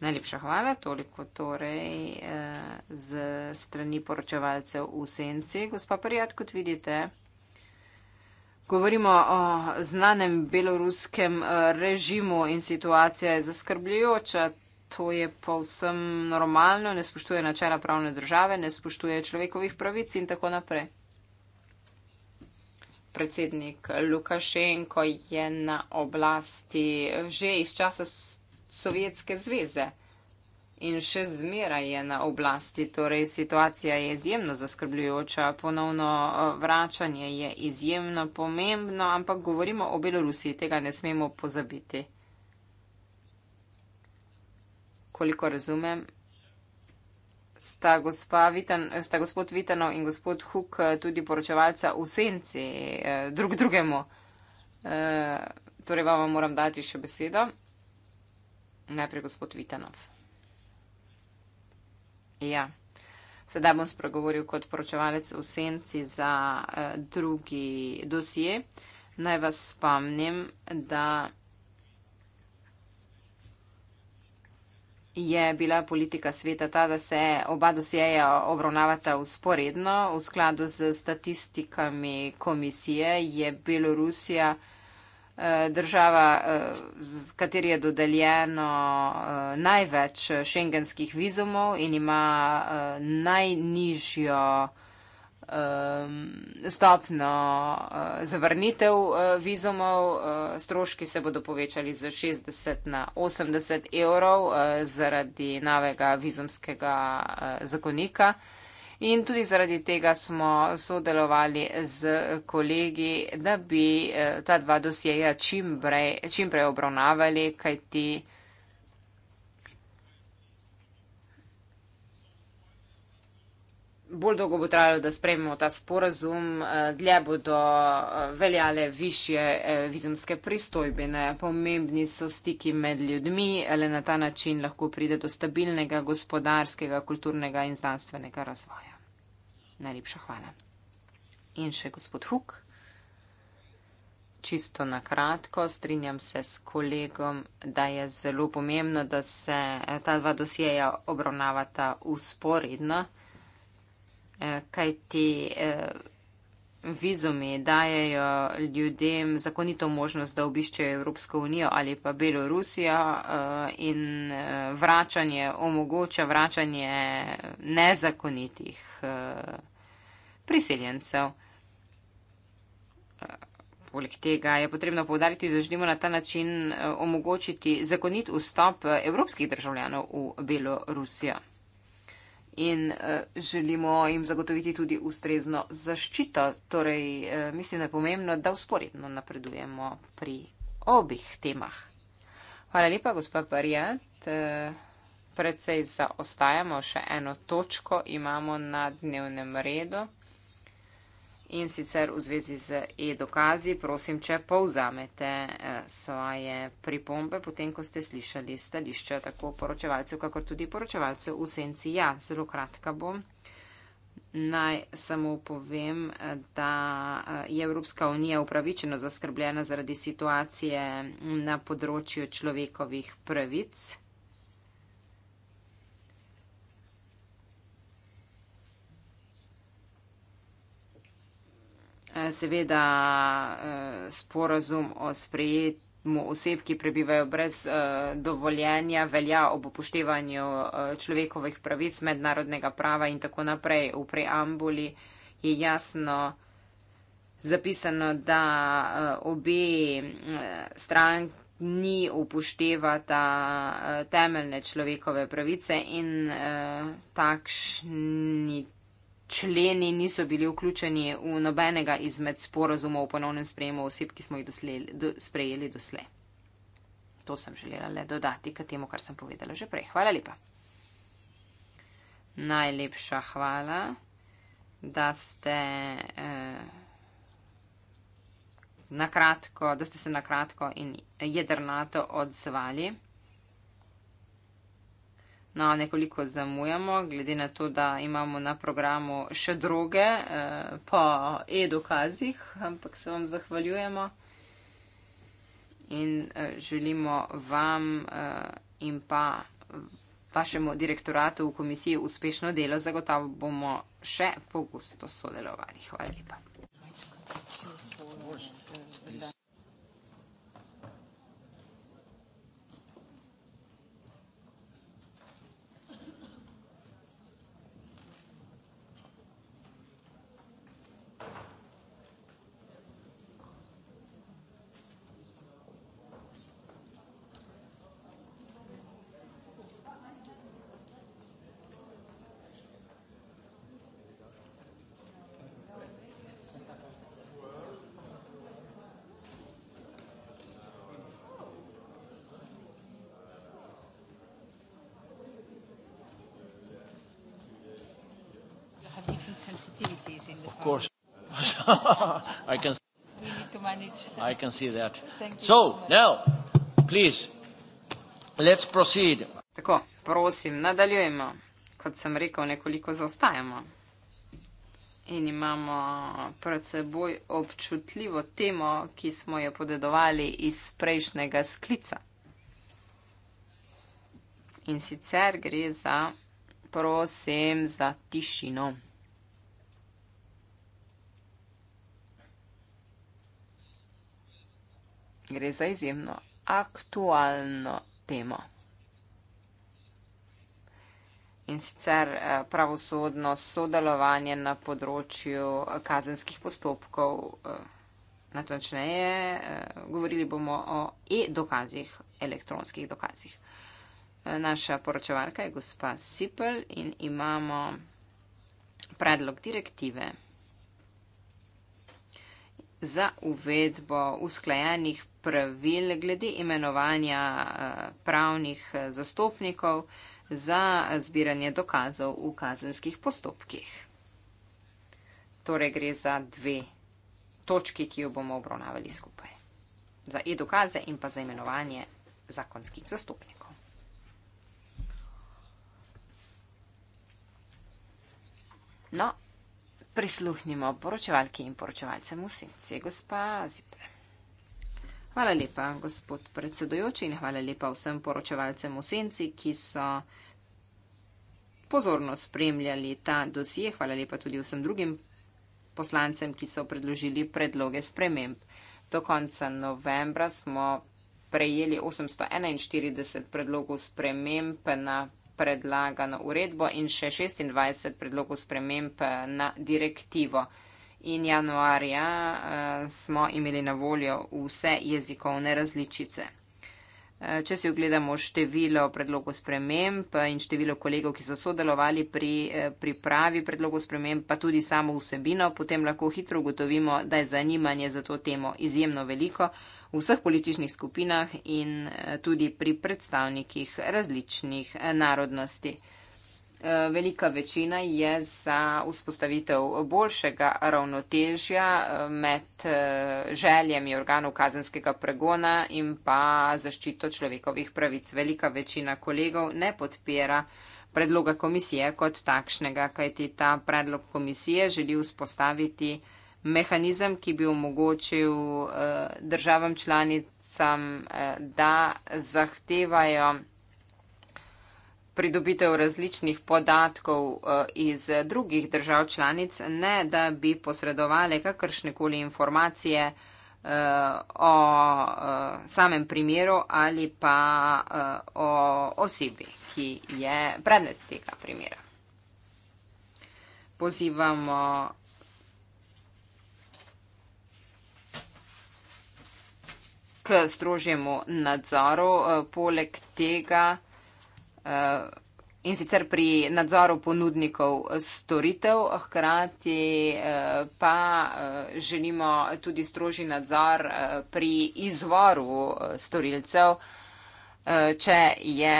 [SPEAKER 3] Najlepša hvala, toliko torej z strani poročevalcev v senci. Gospa Parijat, kot vidite, govorimo o znanem beloruskem režimu in situacija je zaskrbljujoča, to je povsem normalno, ne spoštuje načela pravne države, ne spoštuje človekovih pravic in tako naprej. Predsednik Lukašenko je na oblasti že iz časa Sovjetske zveze in še zmera je na oblasti. Torej, situacija je izjemno zaskrbljujoča, ponovno eh, vračanje je izjemno pomembno, ampak govorimo o Belorusiji, tega ne smemo pozabiti koliko razumem, sta, Vitan, sta gospod Vitano in gospod Huk eh, tudi poročevalca v senci eh, drug drugemu. Eh, torej, vama moram dati še besedo. Najprej gospod Vitanov. Ja. Sedaj bom spregovoril kot poročevalec v senci za eh, drugi dosije. Naj vas spomnim, da je bila politika sveta ta, da se oba dosjeja obravnavata usporedno. V skladu z statistikami komisije je Belorusija eh, država, eh, z kateri je dodeljeno eh, največ šengenskih vizumov in ima najnižjo. Um, stopno uh, zavrnitev uh, vizumov. Uh, stroški se bodo povečali z 60 na 80 evrov zaradi novega vizumskega zakonika. In tudi zaradi tega smo sodelovali z kolegi, da bi ta dva dosjeja čim prej obravnavali, kajti bolj dolgo bo trajalo, da sprejmemo ta sporazum, eh, dlje bodo eh, veljale više eh, vizumske pristojbine. Pomembni so stiki med ljudmi, le na ta način lahko pride do stabilnega gospodarskega, kulturnega in znanstvenega razvoja. Najlepša hvala. In še gospod Huk. Čisto na kratko, strinjam se s kolegom, da je zelo pomembno, da se ta dva dosjeja obravnavata usporedno. Eh, kajti eh, vizumi dajajo ljudem zakonito možnost, da obiščejo Evropsko unijo ali pa Belorusijo eh, in vračanje omogoča vračanje nezakonitih priseljencev. Poleg tega je potrebno povdariti, da želimo na ta način omogočiti zakonit vstop evropskih državljanov v Belorusijo in uh, želimo jim zagotoviti tudi ustrezno zaščito. Torej, uh, mislim, da je pomembno, da usporedno napredujemo pri obih temah. Hvala lepa, gospa Parijat. Uh, eh, predsej zaostajamo, še eno točko imamo na dnevnem redu in sicer v zvezi z e-dokazi, prosim, če povzamete eh, svoje pripombe, potem ko ste slišali stališče tako poročevalcev, kakor tudi poročevalcev v senci. Ja, zelo kratka bom. Naj samo povem, da eh, je Evropska unija upravičeno zaskrbljena zaradi situacije na področju človekovih pravic. seveda eh, sporazum o sprejeti. Oseb, ki prebivajo brez uh, dovoljenja, velja ob upoštevanju uh, človekovih pravic, mednarodnega prava in tako naprej. V preambuli je jasno zapisano, da uh, obe uh, strani upoštevata uh, temeljne človekove pravice in uh, takšni členi niso bili vključeni v nobenega izmed sporazumov o ponovnem sprejemu oseb, ki smo jih dosle, do, sprejeli doslej. To sem želela le dodati k temu, kar sem povedala že prej. Hvala lepa. Najlepša hvala, da ste, eh, na kratko, da ste se na kratko in jedrnato odzvali. No, nekoliko zamujamo, glede na to, da imamo na programu še druge eh, po e-dokazih, ampak se vam zahvaljujemo in eh, želimo vam eh, in pa vašemu direktoratu v komisiji uspešno delo. Zagotovo bomo še pogosto sodelovali. Hvala lepa. sensitivities in the Of course. I can see. need to manage. That. I can see that. Thank you so, so now, please, let's proceed. Tako, prosim, nadaljujemo. Kot sem rekel, nekoliko zaostajamo. In imamo pred seboj občutljivo temo, ki smo jo podedovali iz prejšnjega sklica. In sicer gre za, prosim, za tišino. gre za izjemno aktualno temo. In sicer eh, pravosodno sodelovanje na področju kazenskih postopkov, eh, natančneje, eh, govorili bomo o e-dokazih, elektronskih dokazih. Naša poročevalka je gospa Sipel in imamo predlog direktive za uvedbo usklajenih pravil glede imenovanja eh, pravnih eh, zastopnikov za zbiranje dokazov v kazenskih postopkih. Torej gre za dve točki, ki jo bomo obravnavali skupaj. Za e-dokaze in pa za imenovanje zakonskih zastopnikov. No, prisluhnimo poročevalki in poročevalcem v senci, gospa Zipre. Hvala lepa, gospod predsedojoči, in hvala lepa vsem poročevalcem v senci, ki so pozorno spremljali ta dosije. Hvala lepa tudi vsem drugim poslancem, ki so predložili predloge sprememb. Do konca novembra smo prejeli 841 predlogov sprememb na predlagano uredbo in še 26 predlogov sprememb eh, na direktivo. In januarja eh, smo imeli na voljo vse jezikovne različice. Eh, če si ogledamo število predlogov sprememb eh, in število kolegov, ki so sodelovali pri eh, pripravi predlogov sprememb, pa tudi samo vsebino, potem lahko hitro ugotovimo, da je zanimanje za to temo izjemno veliko v vseh političnih skupinah in tudi pri predstavnikih različnih narodnosti. Velika večina je za vzpostavitev boljšega ravnotežja eh, med eh, željem organov kazenskega pregona in pa zaščito človekovih pravic. Velika večina kolegov ne podpira predloga komisije kot takšnega, kajti ta predlog komisije želi vzpostaviti mehanizem, ki bi omogočil eh, državam članicam, da zahtevajo pridobitev različnih podatkov eh, iz drugih držav članic, ne da bi posredovali kakršnekoli informacije eh, o eh, samem primeru ali pa o osebi, ki je predmet tega primera. Pozivamo k strožjemu nadzoru, poleg tega, Eh, in sicer pri nadzoru ponudnikov storitev, hkrati eh, pa eh, želimo tudi stroži nadzor pri izvoru storilcev, če je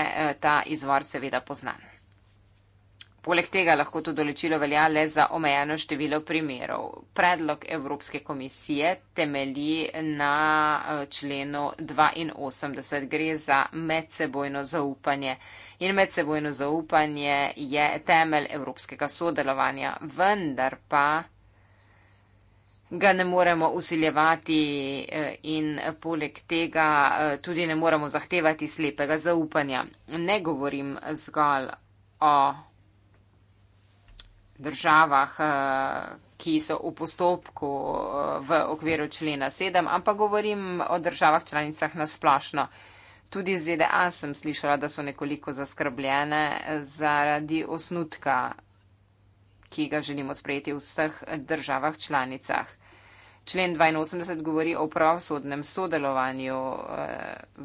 [SPEAKER 3] ta izvor seveda poznan. Poleg tega lahko to določilo velja le za omejeno število primerov. Predlog Evropske komisije temelji na eh, členu 82, gre za medsebojno zaupanje. In medsebojno zaupanje je temelj evropskega sodelovanja, vendar pa ga ne moremo usiljevati eh, in poleg tega eh, tudi ne moremo zahtevati slepega zaupanja. Ne govorim zgolj o državah, eh, ki so v postopku eh, v okviru člena 7, ampak govorim o državah članicah nasplošno. Tudi iz ZDA sem slišala, da so nekoliko zaskrbljene eh, zaradi osnutka, ki ga želimo sprejeti v vseh državah članicah. Člen 82 govori o pravosodnem sodelovanju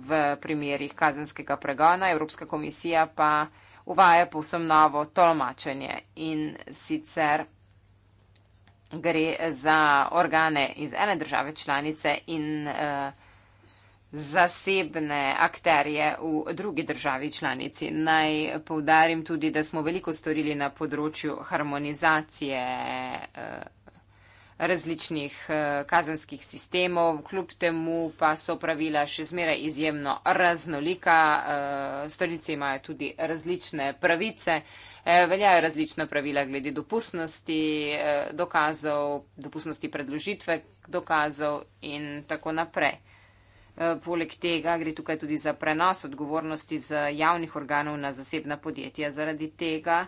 [SPEAKER 3] v primerjih kazenskega pregona, Evropska komisija pa uvaja povsem novo tolmačenje in sicer gre za organe iz ene države članice in uh, zasebne akterje v drugi državi članici. Naj povdarim tudi, da smo veliko storili na področju harmonizacije. Uh, različnih eh, kazenskih sistemov, kljub temu pa so pravila še zmeraj izjemno raznolika. Eh, storilci imajo tudi različne pravice, eh, veljajo različna pravila glede dopustnosti dokazov, dopustnosti predložitve dokazov in tako naprej. Poleg tega gre tukaj tudi za prenos odgovornosti z javnih organov na zasebna podjetja. Zaradi tega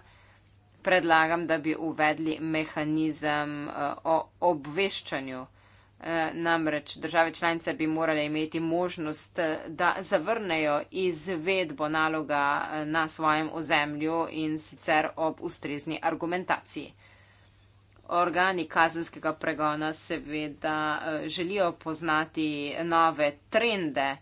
[SPEAKER 3] predlagam, da bi uvedli mehanizem eh, o obveščanju. Eh, namreč države članice bi morale imeti možnost, eh, da zavrnejo izvedbo naloga na svojem ozemlju in sicer ob ustrezni argumentaciji. Organi kazenskega pregona seveda želijo poznati nove trende.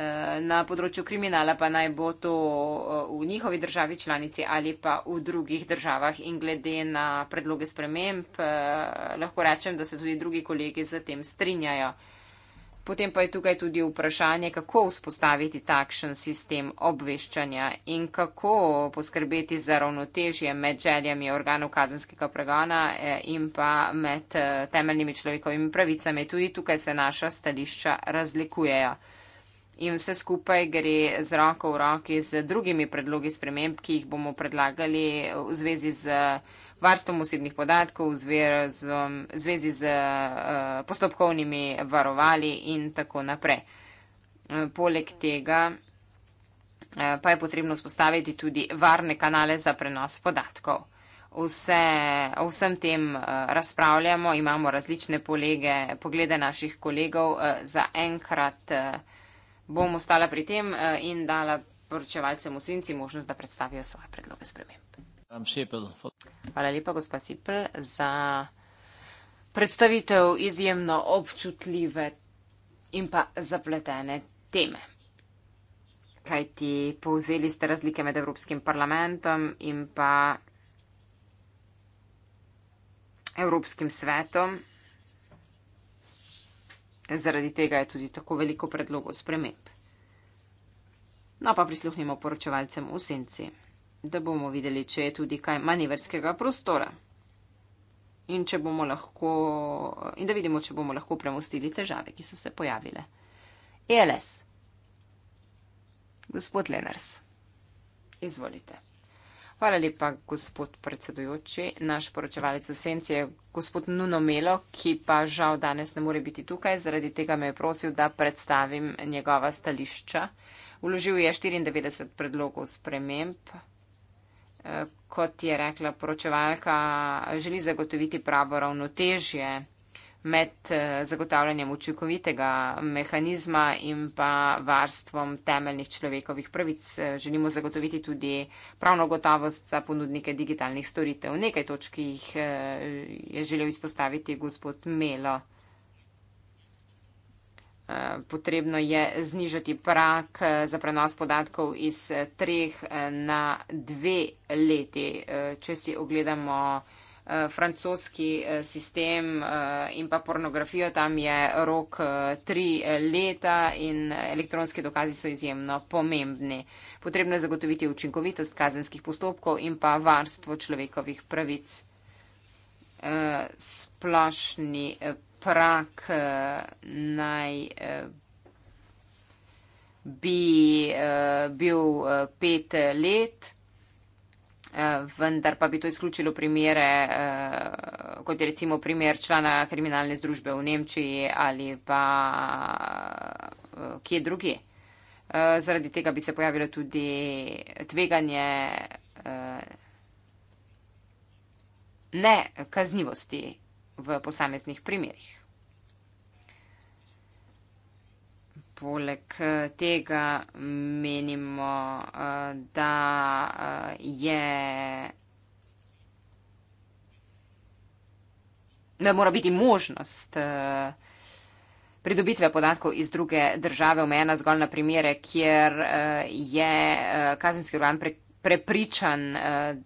[SPEAKER 3] Eh, na področju kriminala, pa naj bo to eh, v njihovi državi članici ali pa v drugih državah. In glede na predloge sprememb, eh, lahko rečem, da se tudi drugi kolegi z tem strinjajo. Potem pa je tukaj tudi vprašanje, kako vzpostaviti takšen sistem obveščanja in kako poskrbeti za ravnotežje med željami organov kazenskega pregona in pa med temeljnimi človekovimi pravicami. Tudi tukaj se naša stališča razlikujejo in vse skupaj gre z roko v roki z drugimi predlogi sprememb, ki jih bomo predlagali v zvezi z varstvom osebnih podatkov, v zvezi z eh, postopkovnimi varovali in tako naprej. Eh, poleg tega eh, pa je potrebno spostaviti tudi varne kanale za prenos podatkov. Vse, o vsem tem razpravljamo, imamo različne polege, poglede naših kolegov. Za enkrat bom ostala pri tem eh, in dala poročevalcem v senci možnost, da predstavijo svoje predloge sprememb. Hvala lepa, gospa Sipl, za predstavitev izjemno občutljive in pa zapletene teme. Kaj ti povzeli ste razlike med Evropskim parlamentom in pa Evropskim svetom? Zaradi tega je tudi tako veliko predlogov sprememb. No pa prisluhnimo poročevalcem v senci, da bomo videli, če je tudi kaj manjverskega prostora. In, lahko, in da vidimo, če bomo lahko premostili težave, ki so se pojavile. ELS. Gospod Lenars, izvolite. Hvala lepa, gospod predsedujoči. Naš poročevalec v senci je gospod Nuno Melo, ki pa žal danes ne more biti tukaj, zaradi tega me je prosil, da predstavim njegova stališča. Uložil je 94 predlogov sprememb. Eh, kot je rekla poročevalka, želi zagotoviti pravo ravnotežje med eh, zagotavljanjem učinkovitega mehanizma in pa varstvom temeljnih človekovih pravic eh, želimo zagotoviti tudi pravno gotovost za ponudnike digitalnih storitev. Nekaj točk jih eh, je želel izpostaviti gospod Melo. Potrebno je znižati prak za prenos podatkov iz treh na dve leti. Če si ogledamo Eh, francoski eh, sistem eh, in pa pornografijo. Tam je rok tri leta in elektronski dokazi so izjemno pomembni. Potrebno je zagotoviti učinkovitost kazenskih postopkov in pa varstvo človekovih pravic. Splošni prak naj bi bil pet let. Eh, vendar pa bi to izključilo primere, eh, kot je recimo primer člana kriminalne združbe v Nemčiji ali pa eh, kje druge. Zaradi tega bi se pojavilo tudi tveganje ne kaznivosti v posameznih primerjih. poleg eh, tega menimo, eh, da eh, je. Da mora biti možnost uh, pridobitve podatkov iz druge države omejena zgolj na primere, kjer uh, je uh, kazenski organ pre, prepričan, uh,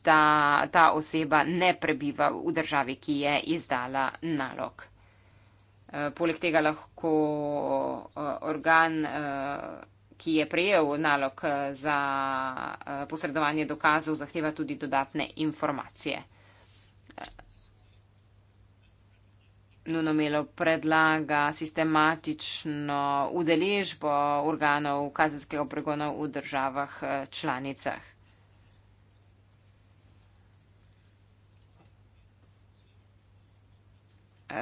[SPEAKER 3] da ta oseba ne prebiva v državi, ki je izdala nalog. Eh, poleg tega lahko eh, organ, eh, ki je prejel nalog za posredovanje dokazov, zahteva tudi dodatne informacije. Nuno Melo predlaga sistematično udeležbo organov kazenskega pregona v državah članicah.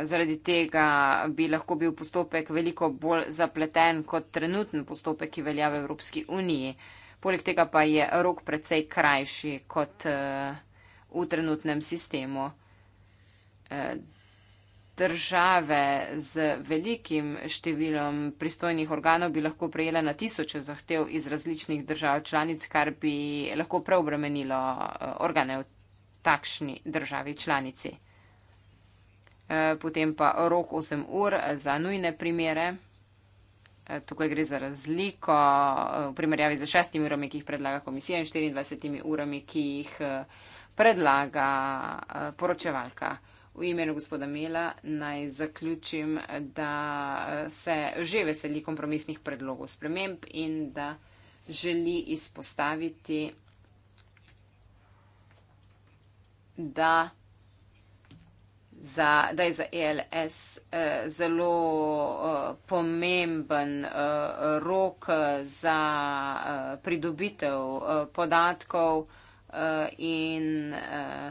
[SPEAKER 3] Zaradi tega bi lahko bil postopek veliko bolj zapleten kot trenutni postopek, ki velja v Evropski uniji. Poleg tega pa je rok precej krajši kot eh, v trenutnem sistemu. Eh, države z velikim številom pristojnih organov bi lahko prejela na tisoče zahtev iz različnih držav članic, kar bi lahko preobremenilo eh, organe v takšni državi članici. Eh, potem pa rok 8 ur za nujne primere. Eh, tukaj gre za razliko eh, v primerjavi z 6 urami, ki jih predlaga komisija in 24 urami, ki jih predlaga poročevalka. V imenu gospoda Mela naj zaključim, da se že veseli kompromisnih predlogov sprememb in da želi izpostaviti, da za, da je za ELS eh, zelo eh, pomemben eh, rok eh, za eh, pridobitev eh, podatkov eh, in eh,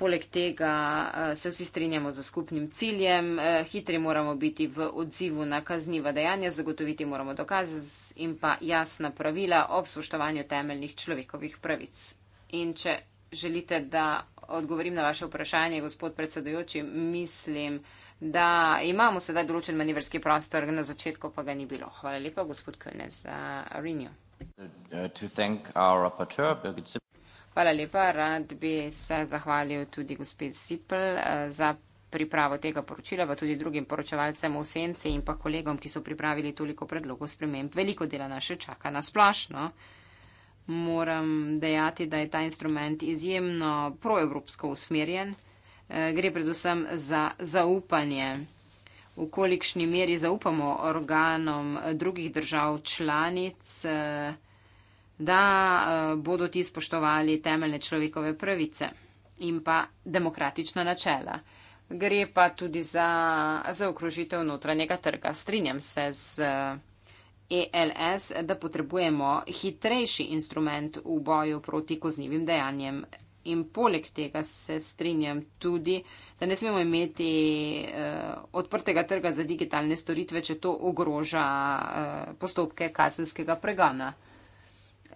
[SPEAKER 3] poleg tega eh, se vsi strinjamo za skupnim ciljem. Eh, hitri moramo biti v odzivu na kazniva dejanja, zagotoviti moramo dokaz in pa jasna pravila ob spoštovanju temeljnih človekovih pravic. In če želite, da odgovorim na vaše vprašanje, gospod predsedujoči, mislim, da imamo sedaj določen manevrski prostor, na začetku pa ga ni bilo. Hvala lepa, gospod Kojnes, za Renew. Hvala lepa, rad bi se zahvalil tudi gospod Sipl eh, za pripravo tega poročila, pa tudi drugim poročevalcem v senci in pa kolegom, ki so pripravili toliko predlogov sprememb. Veliko dela naše čaka na splošno moram dejati, da je ta instrument izjemno proevropsko usmerjen. Eh, gre predvsem za zaupanje, v kolikšni meri zaupamo organom eh, drugih držav članic, eh, da bodo ti spoštovali temeljne človekove pravice in pa demokratična načela. Gre pa tudi za zaokrožitev notranjega trga. Strinjam se z ELS, da potrebujemo hitrejši instrument v boju proti koznivim dejanjem. In poleg tega se strinjam tudi, da ne smemo imeti uh, odprtega trga za digitalne storitve, če to ogroža uh, postopke kazenskega pregana.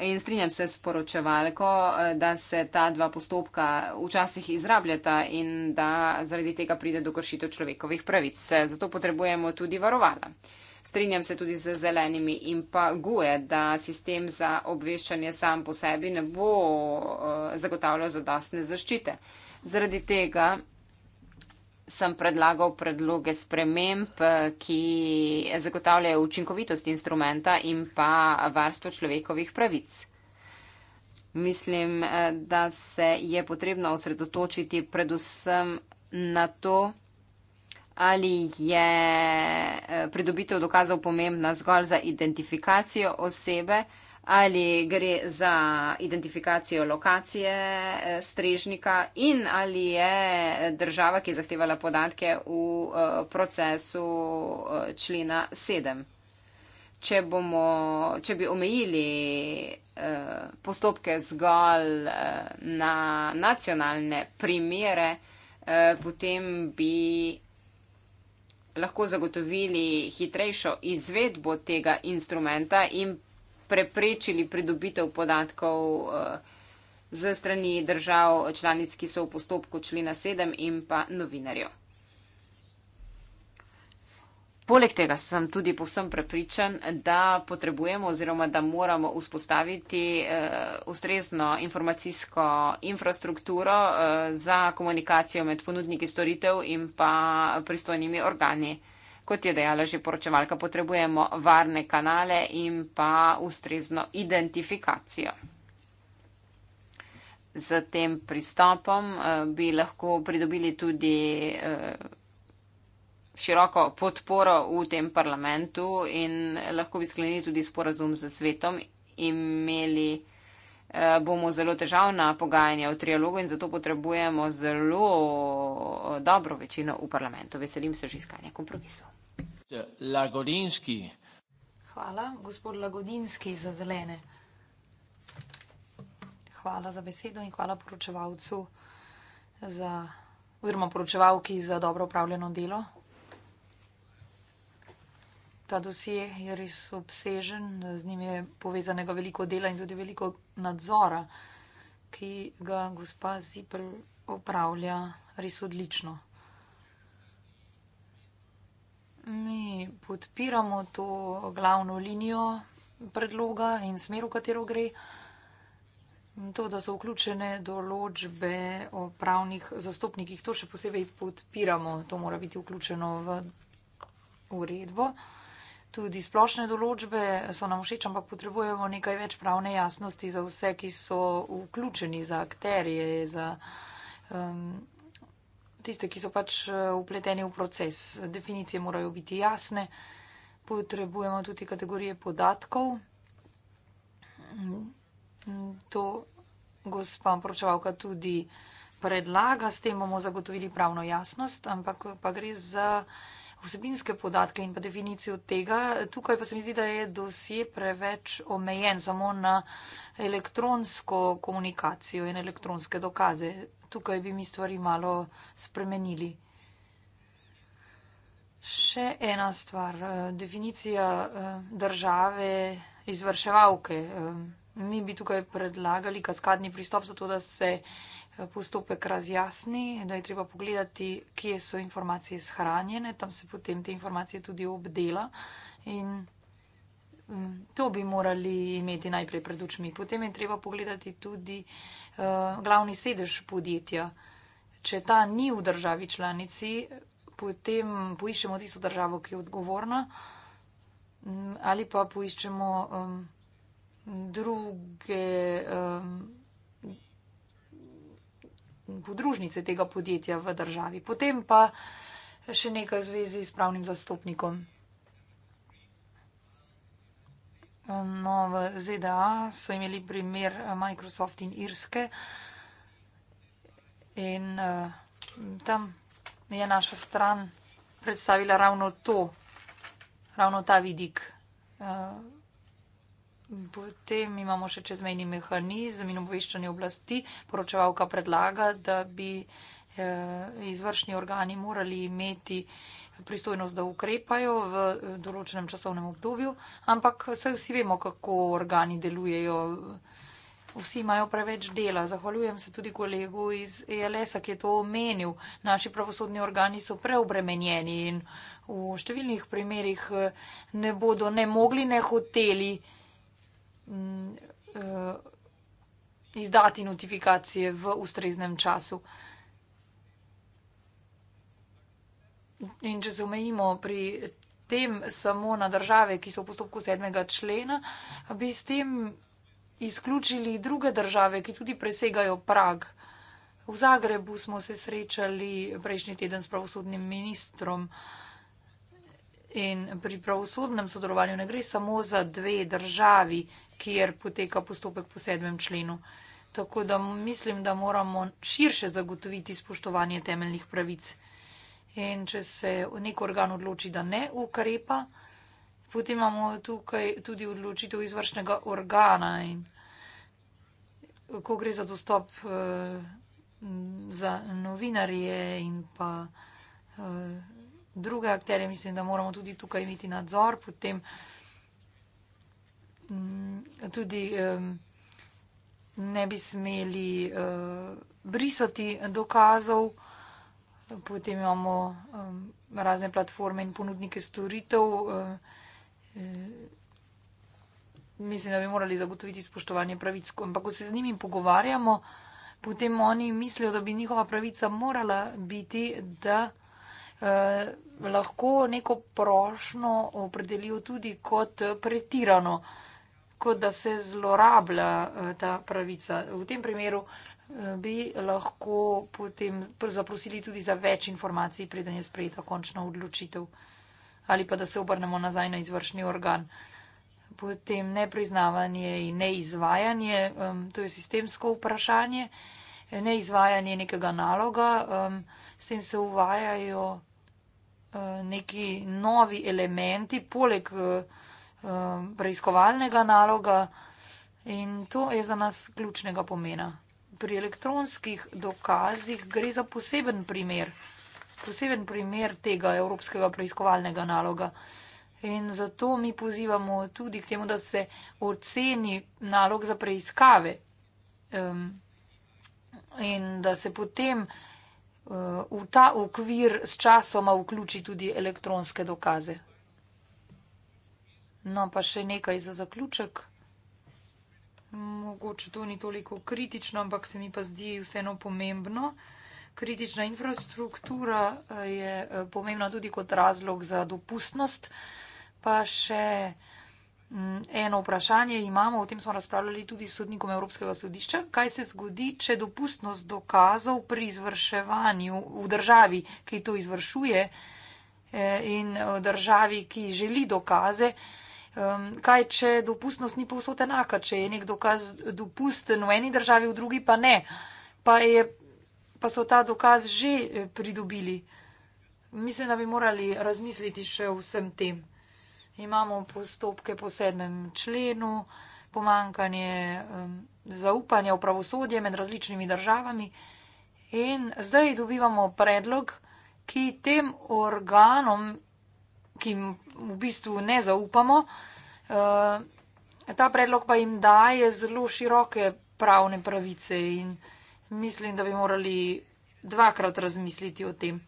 [SPEAKER 3] In strinjam se s poročevalko, eh, da se ta dva postopka včasih izrabljata in da zaradi tega pride do kršitev človekovih pravic. Zato potrebujemo tudi varovala. Uh, Strinjam se tudi z zelenimi in pa guje, da sistem za obveščanje sam po sebi ne bo eh, zagotavljal zadostne zaščite. Zaradi tega sem predlagal predloge sprememb, eh, ki zagotavljajo učinkovitost instrumenta in pa varstvo človekovih pravic. Mislim, eh, da se je potrebno osredotočiti predvsem na to, ali je eh, pridobitev dokazov pomembna zgolj za identifikacijo osebe, ali gre za identifikacijo lokacije eh, strežnika in ali je država, ki je zahtevala podatke v eh, procesu člena 7. Če, bomo, če bi omejili postopke zgolj na nacionalne primere, potem bi lahko zagotovili hitrejšo izvedbo tega instrumenta in preprečili pridobitev podatkov eh, z strani držav članic, ki so v postopku člena 7 in pa novinarjev. Poleg tega sem tudi povsem prepričan, da potrebujemo oziroma da moramo vzpostaviti uh, ustrezno informacijsko infrastrukturo uh, za komunikacijo med ponudniki storitev in pa pristojnimi organi. Kot je dejala že poročevalka, potrebujemo varne kanale in pa ustrezno identifikacijo. Z tem pristopom uh, bi lahko pridobili tudi. Uh, široko podporo v tem parlamentu in lahko bi sklenili tudi sporazum z svetom. Imeli eh, bomo zelo težavna pogajanja v trialogu in zato potrebujemo zelo eh, dobro večino v parlamentu. Veselim se že iskanja kompromisov.
[SPEAKER 1] Lagodinski.
[SPEAKER 2] Hvala, gospod Lagodinski za zelene. Hvala za besedo in hvala poročevalcu za, oziroma poročevalki za dobro upravljeno delo ta dosje je res obsežen, z njim je povezanega veliko dela in tudi veliko nadzora, ki ga gospa Zipr opravlja res odlično. Mi podpiramo to glavno linijo predloga in smer, v katero gre. To, da so vključene določbe o pravnih zastopnikih, to še posebej podpiramo, to mora biti vključeno v uredbo tudi splošne določbe so nam všeč, ampak potrebujemo nekaj več pravne jasnosti za vse, ki so vključeni, za akterje, za um, tiste, ki so pač upleteni uh, v proces. Definicije morajo biti jasne. Potrebujemo tudi kategorije podatkov. To gospa poročevalka tudi predlaga, s tem bomo zagotovili pravno jasnost, ampak pa gre za vsebinske podatke in pa definicijo tega. Tukaj pa se mi zdi, da je dosje preveč omejen samo na elektronsko komunikacijo in elektronske dokaze. Tukaj bi mi stvari malo spremenili. Še ena stvar, eh, definicija eh, države izvrševalke. Eh, mi bi tukaj predlagali kaskadni pristop, zato da se postopek razjasni, da je treba pogledati, kje so informacije shranjene, tam se potem te informacije tudi obdela in mm, to bi morali imeti najprej pred očmi. Potem je treba pogledati tudi eh, glavni sedež podjetja. Če ta ni v državi članici, potem poiščemo tisto državo, ki je odgovorna mm, ali pa poiščemo mm, druge podružnice tega podjetja v državi. Potem pa še nekaj v zvezi s pravnim zastopnikom. No, v ZDA so imeli primer Microsoft in Irske in uh, tam je naša stran predstavila ravno to, ravno ta vidik. Uh, Potem imamo še čezmejni mehanizem in obveščanje oblasti. Poročevalka predlaga, da bi eh, izvršni organi morali imeti pristojnost, da ukrepajo v eh, določenem časovnem obdobju, ampak vse vsi vemo, kako organi delujejo. Vsi imajo preveč dela. Zahvaljujem se tudi kolegu iz ELS-a, ki je to omenil. Naši pravosodni organi so preobremenjeni in v številnih primerjih eh, ne bodo ne mogli, ne hoteli uh, izdati notifikacije v ustreznem času. In če se omejimo pri tem samo na države, ki so v postopku sedmega člena, bi s tem izključili druge države, ki tudi presegajo prag. V Zagrebu smo se srečali prejšnji teden s pravosodnim ministrom in pri pravosodnem sodelovanju ne gre samo za dve državi, kjer poteka postopek po sedmem členu. Tako da mislim, da moramo širše zagotoviti spoštovanje temeljnih pravic. In če se nek organ odloči, da ne ukrepa, potem imamo tukaj tudi odločitev izvršnega organa in ko gre za dostop eh, za novinarje in pa eh, druge akterje, mislim, da moramo tudi tukaj imeti nadzor, potem Mm, tudi ne bi smeli eh, brisati dokazov. Potem imamo razne platforme in ponudnike storitev. Eh, eh, mislim, da bi morali zagotoviti spoštovanje pravic, ampak ko se z njimi pogovarjamo, potem oni mislijo, da bi njihova pravica morala biti, da eh, lahko neko prošno opredelijo tudi kot pretirano. Eh, kot da se zlorablja eh, ta pravica. V tem primeru eh, bi lahko potem zaprosili tudi za več informacij, preden je sprejeta končna odločitev ali pa da se obrnemo nazaj na izvršni organ. Potem nepriznavanje in neizvajanje, to je sistemsko vprašanje, neizvajanje nekega naloga, s tem se uvajajo eh, neki novi elementi, poleg Um, preiskovalnega naloga in to je za nas ključnega pomena. Pri elektronskih dokazih gre za poseben primer, poseben primer tega evropskega preiskovalnega naloga. In zato mi pozivamo tudi k temu, da se oceni nalog za preiskave um, in da se potem uh, v ta okvir s časoma vključi tudi elektronske dokaze. No, pa še nekaj za zaključek. Mogoče to ni toliko kritično, ampak se mi pa zdi vseeno pomembno. Kritična infrastruktura eh, je eh, pomembna tudi kot razlog za dopustnost. Pa še mm, eno vprašanje imamo, o tem smo razpravljali tudi s sodnikom Evropskega sodišča. Kaj se zgodi, če dopustnost dokazov pri izvrševanju v državi, ki to izvršuje eh, in v državi, ki želi dokaze, Um, kaj, če dopustnost ni povsod enaka, če je nek dokaz dopusten v eni državi, v drugi pa ne, pa, je, pa so ta dokaz že eh, pridobili. Mislim, da bi morali razmisliti še o vsem tem. Imamo postopke po sedmem členu, pomankanje um, zaupanja v pravosodje med različnimi državami in zdaj dobivamo predlog, ki tem organom ki jim v bistvu ne zaupamo. Eh, ta predlog pa jim daje zelo široke pravne pravice in mislim, da bi morali dvakrat razmisliti o tem.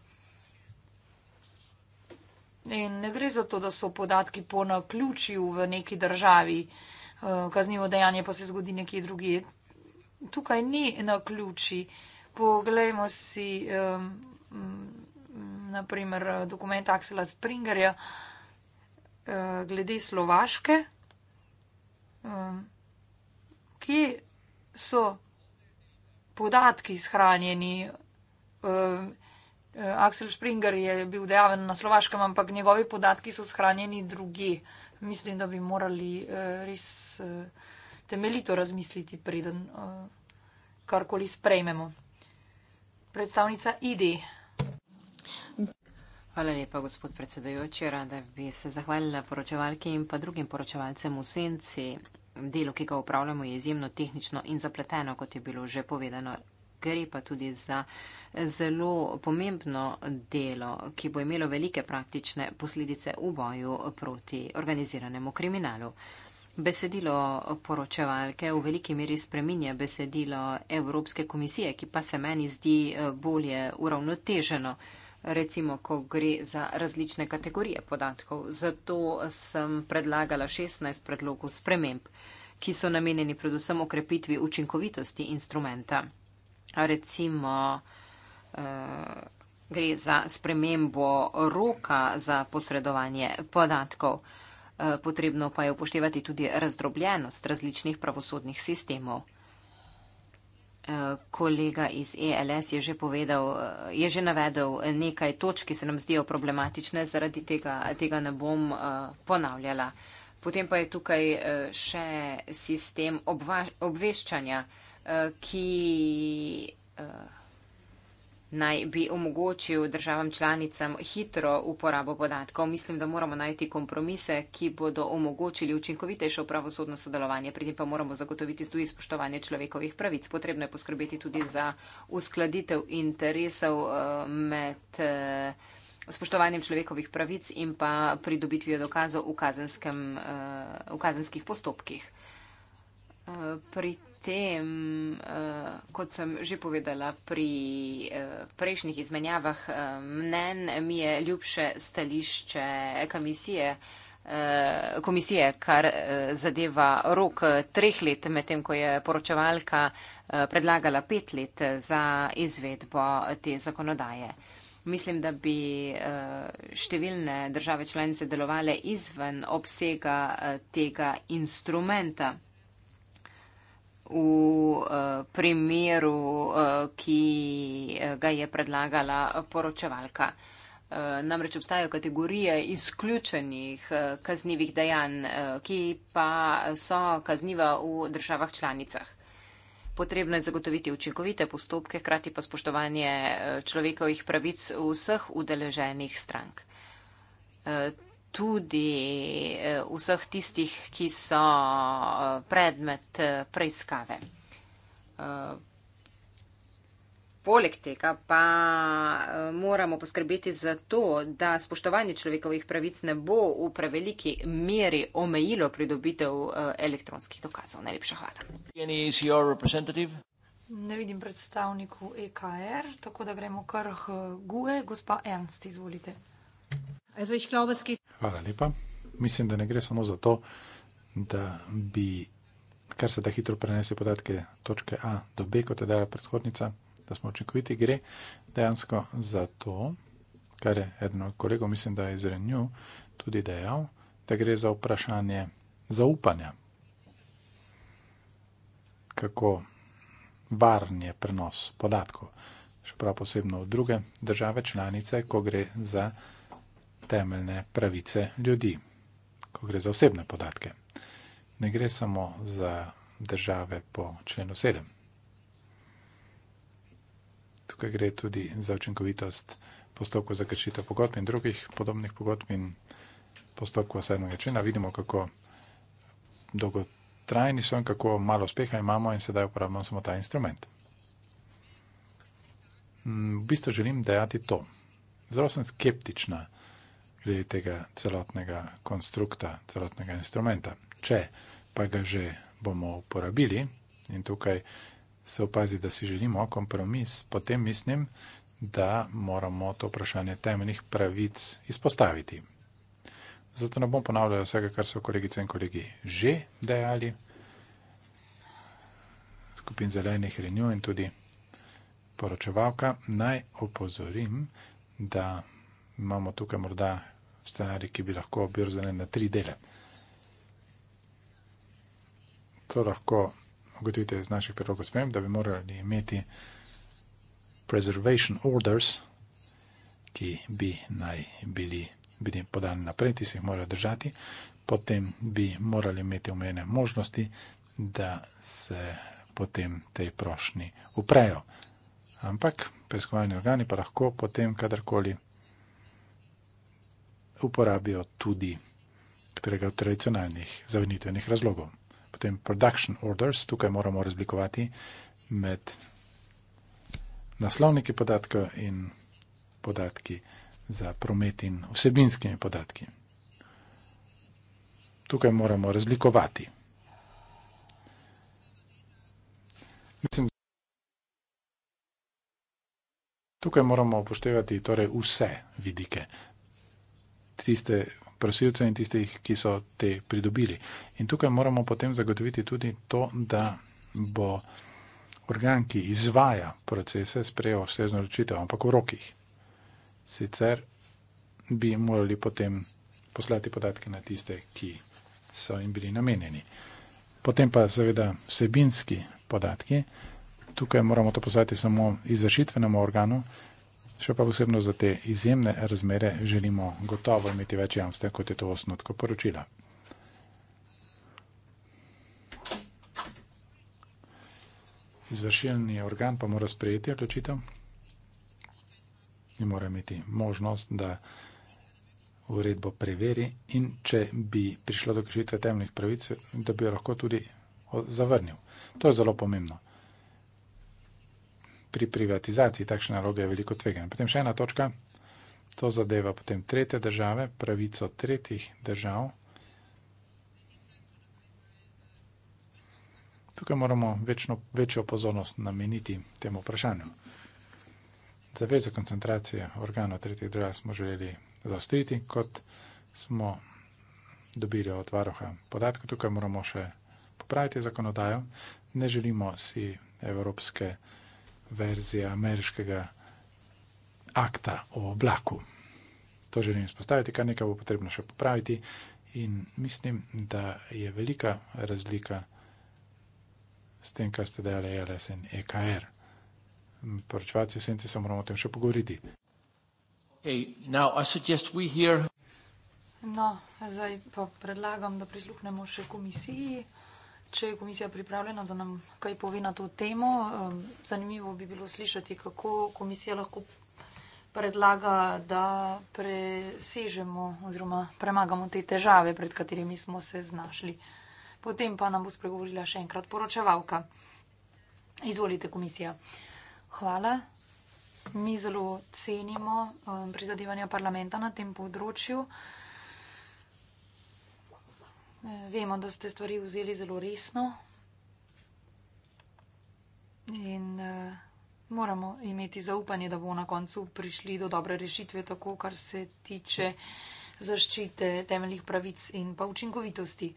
[SPEAKER 2] In ne gre za to, da so podatki po naključju v neki državi, eh, kaznivo dejanje pa se zgodi nekje drugje. Tukaj ni naključi. Poglejmo si. Um, naprimer eh, dokument Aksela Springerja eh, glede Slovaške, eh, kje so podatki shranjeni. Aksel Springer je bil dejaven na Slovaškem, ampak njegovi podatki so shranjeni druge. Mislim, da bi morali res temeljito razmisliti, preden karkoli sprejmemo. Predstavnica IDE.
[SPEAKER 3] Hvala lepa, gospod predsedujoči. Rada bi se zahvalila poročevalki in pa drugim poročevalcem v senci. Delo, ki ga upravljamo, je izjemno tehnično in zapleteno, kot je bilo že povedano. Gre pa tudi za zelo pomembno delo, ki bo imelo velike praktične posledice v boju proti organiziranemu kriminalu. Besedilo poročevalke v veliki meri spreminja besedilo Evropske komisije, ki pa se meni zdi eh, bolje uravnoteženo recimo, ko gre za različne kategorije podatkov. Zato sem predlagala 16 predlogov sprememb, ki so namenjeni predvsem okrepitvi učinkovitosti instrumenta. Recimo, eh, gre za spremembo roka za posredovanje podatkov. Eh, potrebno pa je upoštevati tudi razdrobljenost različnih pravosodnih sistemov. Eh, kolega iz ELS je že povedal, eh, je že navedel nekaj točk, ki se nam zdijo problematične, zaradi tega, tega ne bom eh, ponavljala. Potem pa je tukaj še sistem obva, obveščanja, ki naj bi omogočil državam članicam hitro uporabo podatkov. Mislim, da moramo najti kompromise, ki bodo omogočili učinkovitejše pravosodno sodelovanje. Pri tem pa moramo zagotoviti tudi spoštovanje človekovih pravic. Potrebno je poskrbeti tudi za uskladitev interesov eh, med eh, spoštovanjem človekovih pravic in pa pridobitvijo dokazov v, eh, v kazenskih postopkih. Pri tem, eh, kot sem že povedala pri eh, prejšnjih izmenjavah eh, mnen, mi je ljubše stališče komisije, komisije kar zadeva rok treh let, medtem ko je poročevalka predlagala pet let za izvedbo te zakonodaje. Mislim, da bi številne države članice delovale izven obsega tega instrumenta v eh, primeru, eh, ki eh, ga je predlagala poročevalka. Namreč obstajajo kategorije izključenih kaznjivih dejanj, ki pa so kazniva v državah članicah. Potrebno je zagotoviti učinkovite postopke, hkrati pa spoštovanje človekovih pravic vseh udeleženih strank tudi eh, vseh tistih, ki so eh, predmet eh, preiskave. Poleg tega pa moramo poskrbeti za to, da spoštovanje človekovih pravic ne bo v preveliki meri omejilo pridobitev elektronskih dokazov. Najlepša hvala. E
[SPEAKER 2] ne vidim predstavniku EKR, tako da gremo kar h GUE. Gospa Ernst, izvolite.
[SPEAKER 1] Hvala lepa. Mislim, da ne gre samo za to, da bi kar se da hitro prenesli podatke točke A do B, kot je dala predhodnica, da smo očinkoviti. Gre dejansko za to, kar je eden od kolegov, mislim, da je izred nju tudi dejal, da gre za vprašanje zaupanja, kako varn je prenos podatkov, še prav posebno v druge države članice, ko gre za zaupanje temeljne pravice ljudi, ko gre za osebne podatke. Ne gre samo za države po členu 7. Tukaj gre tudi za učinkovitost postopkov za kršitev pogodb in drugih podobnih pogodb in postopkov sedmega člena. Vidimo, kako dolgotrajni so in kako malo uspeha imamo in sedaj uporabljamo samo ta instrument. Mm, v bistvu želim dejati to. Zelo sem skeptična glede tega celotnega konstrukta, celotnega instrumenta. Če pa ga že bomo uporabili in tukaj se opazi, da si želimo kompromis, potem mislim, da moramo to vprašanje temeljnih pravic izpostaviti. Zato ne bom ponavljal vsega, kar so kolegice in kolegi že dejali, skupin zelenih renju in tudi poročevalka. Naj opozorim, da imamo tukaj morda scenarij, ki bi lahko obrzel na tri dele. To lahko ugotovite iz naših prerogov spremem, da bi morali imeti preservation orders, ki bi naj bili bili podani naprej, ti se jih morajo držati, potem bi morali imeti omejene možnosti, da se potem tej prošnji uprejo. Ampak preiskovalni organi pa lahko potem kadarkoli uporabijo tudi katerega od tradicionalnih zavinitvenih razlogov. Potem production orders, tukaj moramo razlikovati med naslovniki podatkov in podatki za promet in vsebinskimi podatki. Tukaj moramo razlikovati. Mislim, tukaj moramo upoštevati torej vse vidike tiste prosilce in tistih, ki so te pridobili. In tukaj moramo potem zagotoviti tudi to, da bo organ, ki izvaja procese, sprejel vse znoročitev, ampak v rokih. Sicer bi morali potem poslati podatke na tiste, ki so jim bili namenjeni. Potem pa seveda vsebinski podatki. Tukaj moramo to poslati samo izvršitvenemu organu, Še pa posebno za te izjemne razmere želimo gotovo imeti več jamstva, kot je to osnotko poročila. Izvršilni organ pa mora sprejeti odločitev in mora imeti možnost, da uredbo preveri in če bi prišlo do kršitve temeljnih pravic, da bi jo lahko tudi zavrnil. To je zelo pomembno pri privatizaciji takšne naloge je veliko tvegane. Potem še ena točka, to zadeva potem tretje države, pravico tretjih držav. Tukaj moramo večno, večjo pozornost nameniti temu vprašanju. Zaveze koncentracije organov tretjih držav smo želeli zaostriti, kot smo dobili od varoha podatkov. Tukaj moramo še popraviti zakonodajo. Ne želimo si evropske verzija ameriškega akta o oblaku. To želim izpostaviti, kar nekaj bo potrebno še popraviti, in mislim, da je velika razlika s tem, kar ste dejali LS in EKR. Poročevalci v senci se moramo o tem še pogovoriti. Okay, hear...
[SPEAKER 2] No, zdaj pa predlagam, da prisluhnemo še komisiji. Če je komisija pripravljena, da nam kaj pove na to temo, zanimivo bi bilo slišati, kako komisija lahko predlaga, da presežemo oziroma premagamo te težave, pred katerimi smo se znašli. Potem pa nam bo spregovorila še enkrat poročevalka. Izvolite, komisija. Hvala. Mi zelo cenimo prizadevanja parlamenta na tem področju. Vemo, da ste stvari vzeli zelo resno in uh, moramo imeti zaupanje, da bo na koncu prišli do dobre rešitve, tako kar se tiče zaščite temeljih pravic in pa učinkovitosti.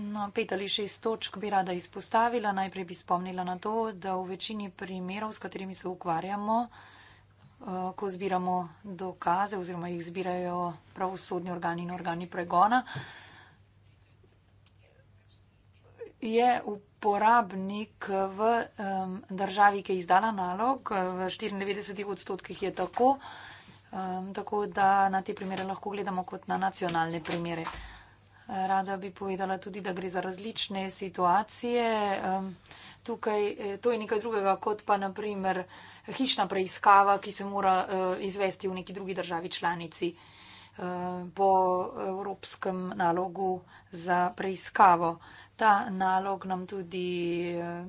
[SPEAKER 2] No, pet ali šest točk bi rada izpostavila. Najprej bi spomnila na to, da v večini primerov, s katerimi se ukvarjamo, eh, ko zbiramo dokaze oziroma jih zbirajo pravosodni organi in organi pregona, je uporabnik v um, državi, ki je izdala nalog, v 94 odstotkih je tako, um, tako da na te primere lahko gledamo kot na nacionalne primere. Rada bi povedala tudi, da gre za različne situacije. Um, tukaj e, to je nekaj drugega kot pa naprimer hišna preiskava, ki se mora uh, izvesti v neki drugi državi članici uh, po evropskem nalogu za preiskavo. Uh, ta nalog nam tudi eh,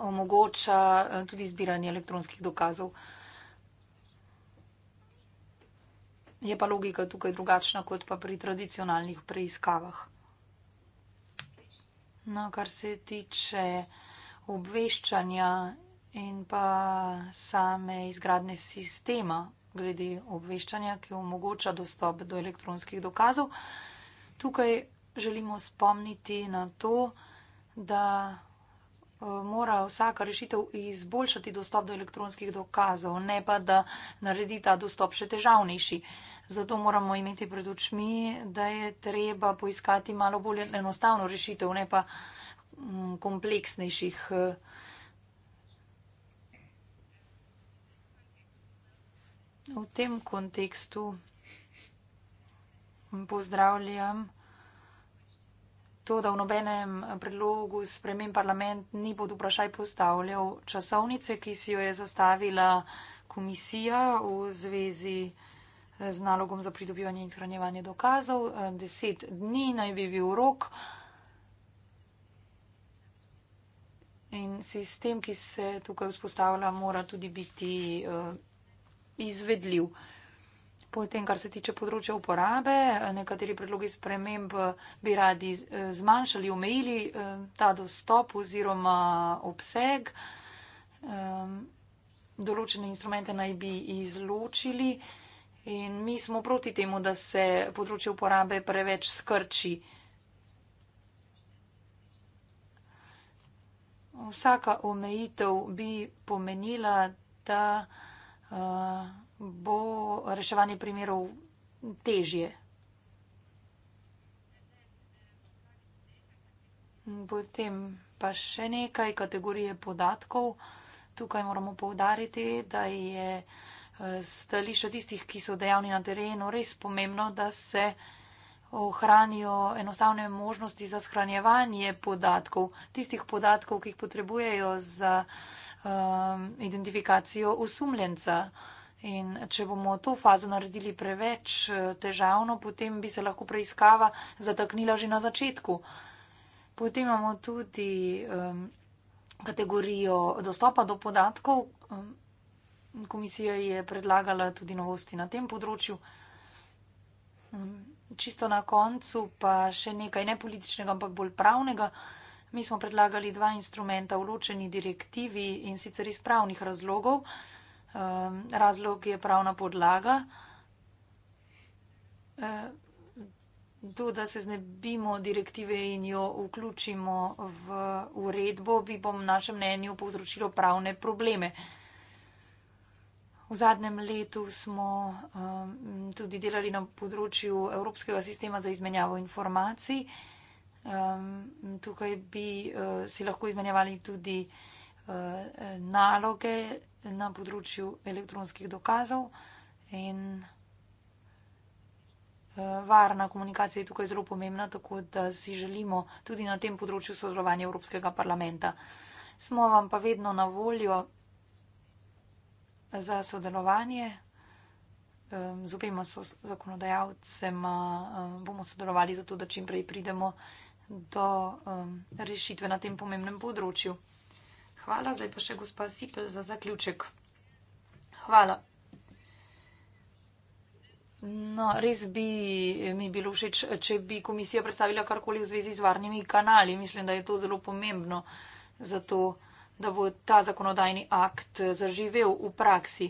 [SPEAKER 2] omogoča eh, tudi zbiranje elektronskih dokazov. Je pa logika tukaj drugačna kot pa pri tradicionalnih preiskavah. No, kar se tiče obveščanja in pa same izgradne sistema glede obveščanja, ki omogoča dostop do elektronskih dokazov, tukaj želimo spomniti na to, da eh, mora vsaka rešitev izboljšati dostop do elektronskih dokazov, ne pa da naredi ta dostop še težavnejši. Zato moramo imeti pred očmi, da je treba poiskati malo bolj enostavno rešitev, ne pa mm, kompleksnejših. Eh. V tem kontekstu mm, pozdravljam to, da v nobenem predlogu spremem parlament ni pod vprašaj postavljal časovnice, ki si jo je zastavila komisija v zvezi eh, z nalogom za pridobivanje in shranjevanje dokazov. Eh, deset dni naj bi bil rok. In sistem, ki se tukaj vzpostavlja, mora tudi biti uh, izvedljiv. Uh, Potem, kar se tiče področja uporabe, eh, nekateri predlogi sprememb eh, bi radi eh, zmanjšali, omejili ta dostop oziroma obseg. Ehm, določene instrumente naj bi izločili in mi smo proti temu, da se področje uporabe preveč skrči. Vsaka omejitev bi pomenila, da. Uh, bo reševanje primerov težje. Potem pa še nekaj kategorije podatkov. Tukaj moramo povdariti, da je eh, stališče tistih, ki so dejavni na terenu, res pomembno, da se ohranijo enostavne možnosti za shranjevanje podatkov, tistih podatkov, ki jih potrebujejo za um, identifikacijo osumljenca. Uh, In če bomo to fazo naredili preveč eh, težavno, potem bi se lahko preiskava zataknila že na začetku. Potem imamo tudi um, kategorijo dostopa do podatkov. Um, komisija je predlagala tudi novosti na tem področju. Um, čisto na koncu pa še nekaj ne političnega, ampak bolj pravnega. Mi smo predlagali dva instrumenta v ločeni direktivi in sicer iz pravnih razlogov. Ehm, razlog je pravna podlaga. Ehm, to, da se znebimo direktive in jo vključimo v uredbo, bi po našem mnenju povzročilo pravne probleme. V zadnjem letu smo ehm, tudi delali na področju Evropskega sistema za izmenjavo informacij. Tukaj bi eh, si lahko izmenjevali tudi eh, naloge na področju elektronskih dokazov in eh, varna komunikacija je tukaj zelo pomembna, tako da si želimo tudi na tem področju sodelovanja Evropskega parlamenta. Smo vam pa vedno na voljo za sodelovanje. Z obema so zakonodajalcema bomo sodelovali zato, da čim prej pridemo do rešitve na tem pomembnem področju. Hvala, zdaj pa še gospa Sipel za zaključek. Hvala. No, res bi mi bilo všeč, če bi komisija predstavila karkoli v zvezi z varnimi kanali. Mislim, da je to zelo pomembno za to, da bo ta zakonodajni akt zaživel v praksi.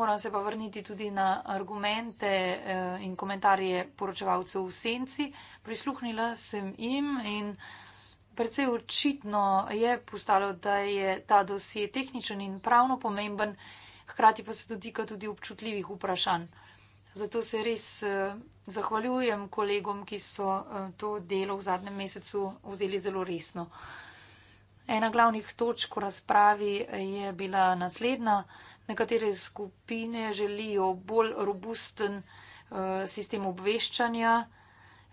[SPEAKER 2] Moram se pa vrniti tudi na argumente eh, in komentarje poročevalcev v senci. Prisluhnila sem jim in. Predvsej očitno je postalo, da je ta dosje tehničen in pravno pomemben, hkrati pa se dotika tudi občutljivih vprašanj. Zato se res eh, zahvaljujem kolegom, ki so eh, to delo v zadnjem mesecu vzeli zelo resno. Ena glavnih točk v razpravi je bila naslednja. Nekatere skupine želijo bolj robusten eh, sistem obveščanja,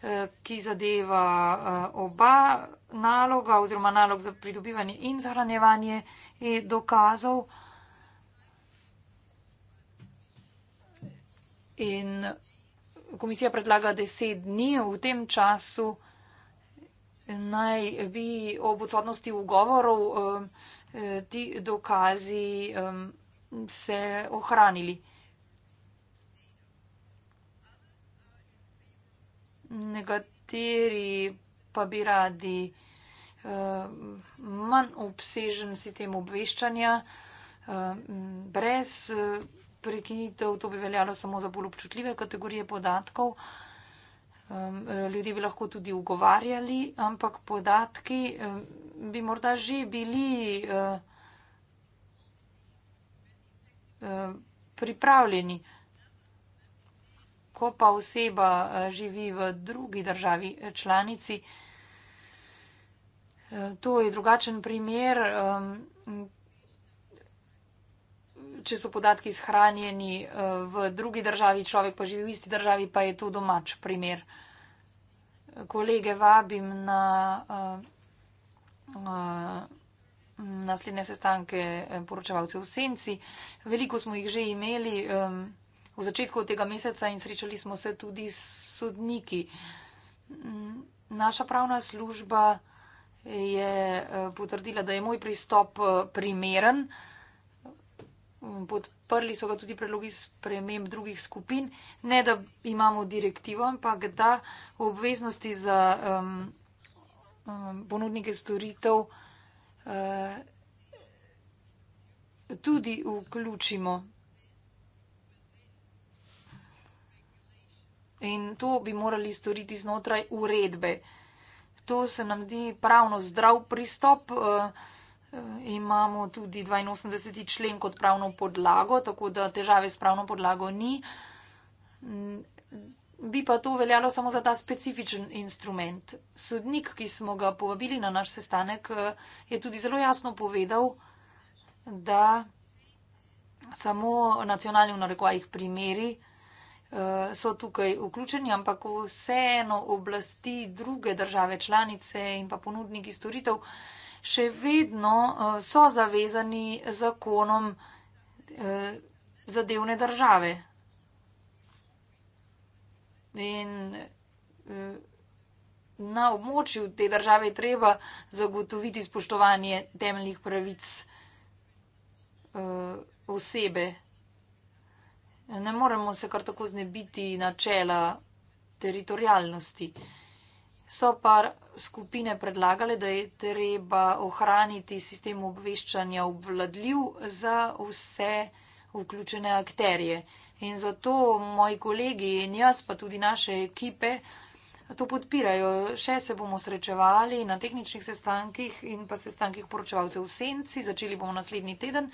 [SPEAKER 2] Eh, ki zadeva eh, oba naloga oziroma nalog za pridobivanje in zahranjevanje dokazov. In komisija predlaga deset dni v tem času naj bi ob odsotnosti ugovorov eh, ti dokazi se ohranili. nekateri pa bi radi uh, manj obsežen sistem obveščanja, uh, brez uh, prekinitev, to bi veljalo samo za bolj občutljive kategorije podatkov. Um, ljudje bi lahko tudi ugovarjali, ampak podatki um, bi morda že bili uh, uh, pripravljeni ko pa oseba eh, živi v drugi državi eh, članici, eh, to je drugačen primer. Ehm, če so podatki shranjeni v drugi državi, človek pa živi v isti državi, pa je to domač primer. Kolege vabim na naslednje sestanke poročevalcev v Senci. Veliko smo jih že imeli. Ehm, v začetku tega meseca in srečali smo se tudi s sodniki. Mm, naša pravna služba je eh, potrdila, da je moj pristop eh, primeren. Podprli so ga tudi predlogi sprememb drugih skupin, ne da imamo direktivo, ampak da obveznosti za um, ponudnike storitev uh, tudi vključimo. In to bi morali storiti znotraj uredbe. To se nam zdi pravno zdrav pristop. Eh, eh, imamo tudi 82. člen kot pravno podlago, tako da težave s pravno podlago ni. Mm, bi pa to veljalo samo za ta specifičen instrument. Sodnik, ki smo ga povabili na naš sestanek, eh, je tudi zelo jasno povedal, da samo nacionalni v narekovajih primeri. Eh, so tukaj vključeni, ampak vseeno oblasti druge države članice in pa ponudniki storitev še vedno eh, so zavezani zakonom eh, zadevne države. In na območju te države je treba zagotoviti spoštovanje temeljnih pravic osebe. Ne moremo se kar tako znebiti načela teritorijalnosti. So pa skupine predlagale, da je treba ohraniti sistem obveščanja obvladljiv za vse vključene akterje. In zato moji kolegi in jaz, pa tudi naše ekipe, to podpirajo. Še se bomo srečevali na tehničnih sestankih in pa sestankih poročevalcev v senci. Začeli bomo naslednji teden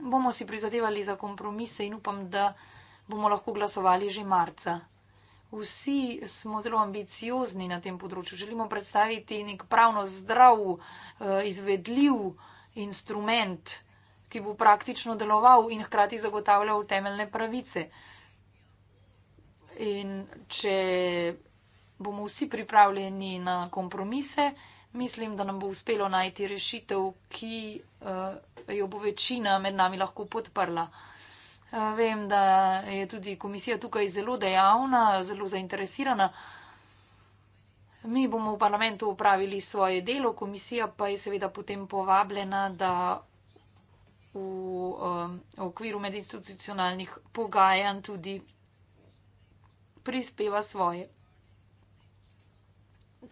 [SPEAKER 2] bomo si prizadevali za kompromise in upam, da bomo lahko glasovali že marca. Vsi smo zelo ambiciozni na tem področju. Želimo predstaviti nek pravno zdrav, eh, izvedljiv instrument, ki bo praktično deloval in hkrati zagotavljal temeljne pravice. In če bomo vsi pripravljeni na kompromise, mislim, da nam bo uspelo najti rešitev, ki uh, jo bo večina med nami lahko podprla. Uh, vem, da je tudi komisija tukaj zelo dejavna, zelo zainteresirana. Mi bomo v parlamentu upravili svoje delo, komisija pa je seveda potem povabljena, da v, um, v okviru medinstitucionalnih pogajanj tudi prispeva svoje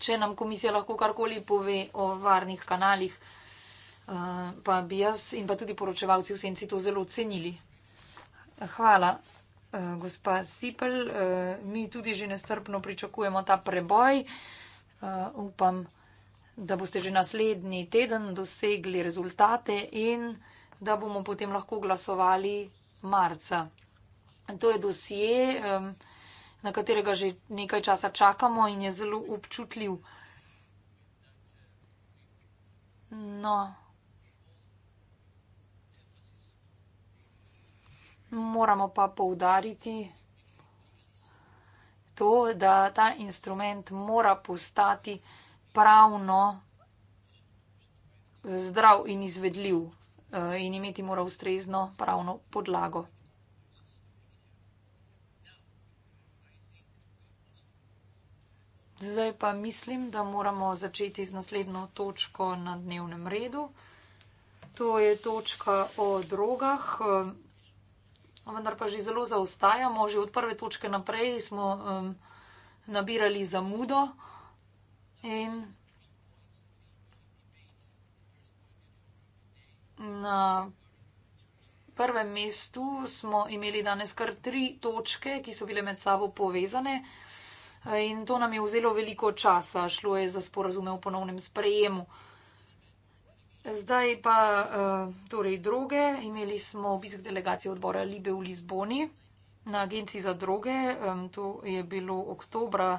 [SPEAKER 2] če nam komisija lahko karkoli pove o varnih kanalih, uh, pa bi jaz in pa tudi poročevalci v senci to zelo cenili. Hvala, uh, gospa Sipel. Uh, mi tudi že nestrpno pričakujemo ta preboj. Uh, upam, da boste že naslednji teden dosegli rezultate in da bomo potem lahko glasovali marca. To je dosje. Um, na katerega že nekaj časa čakamo in je zelo občutljiv. No. Moramo pa poudariti to, da ta instrument mora postati pravno zdrav in izvedljiv eh, in imeti mora ustrezno pravno podlago. Zdaj pa mislim, da moramo začeti z naslednjo točko na dnevnem redu. To je točka o drogah, vendar pa že zelo zaostajamo. Že od prve točke naprej smo um, nabirali zamudo in na prvem mestu smo imeli danes kar tri točke, ki so bile med sabo povezane. Um, In to nam je vzelo veliko časa, šlo je za sporazume o ponovnem sprejemu. Zdaj pa eh, torej droge. Imeli smo obisk delegacije odbora Libe v Lizboni na agenciji za droge. To je bilo oktobra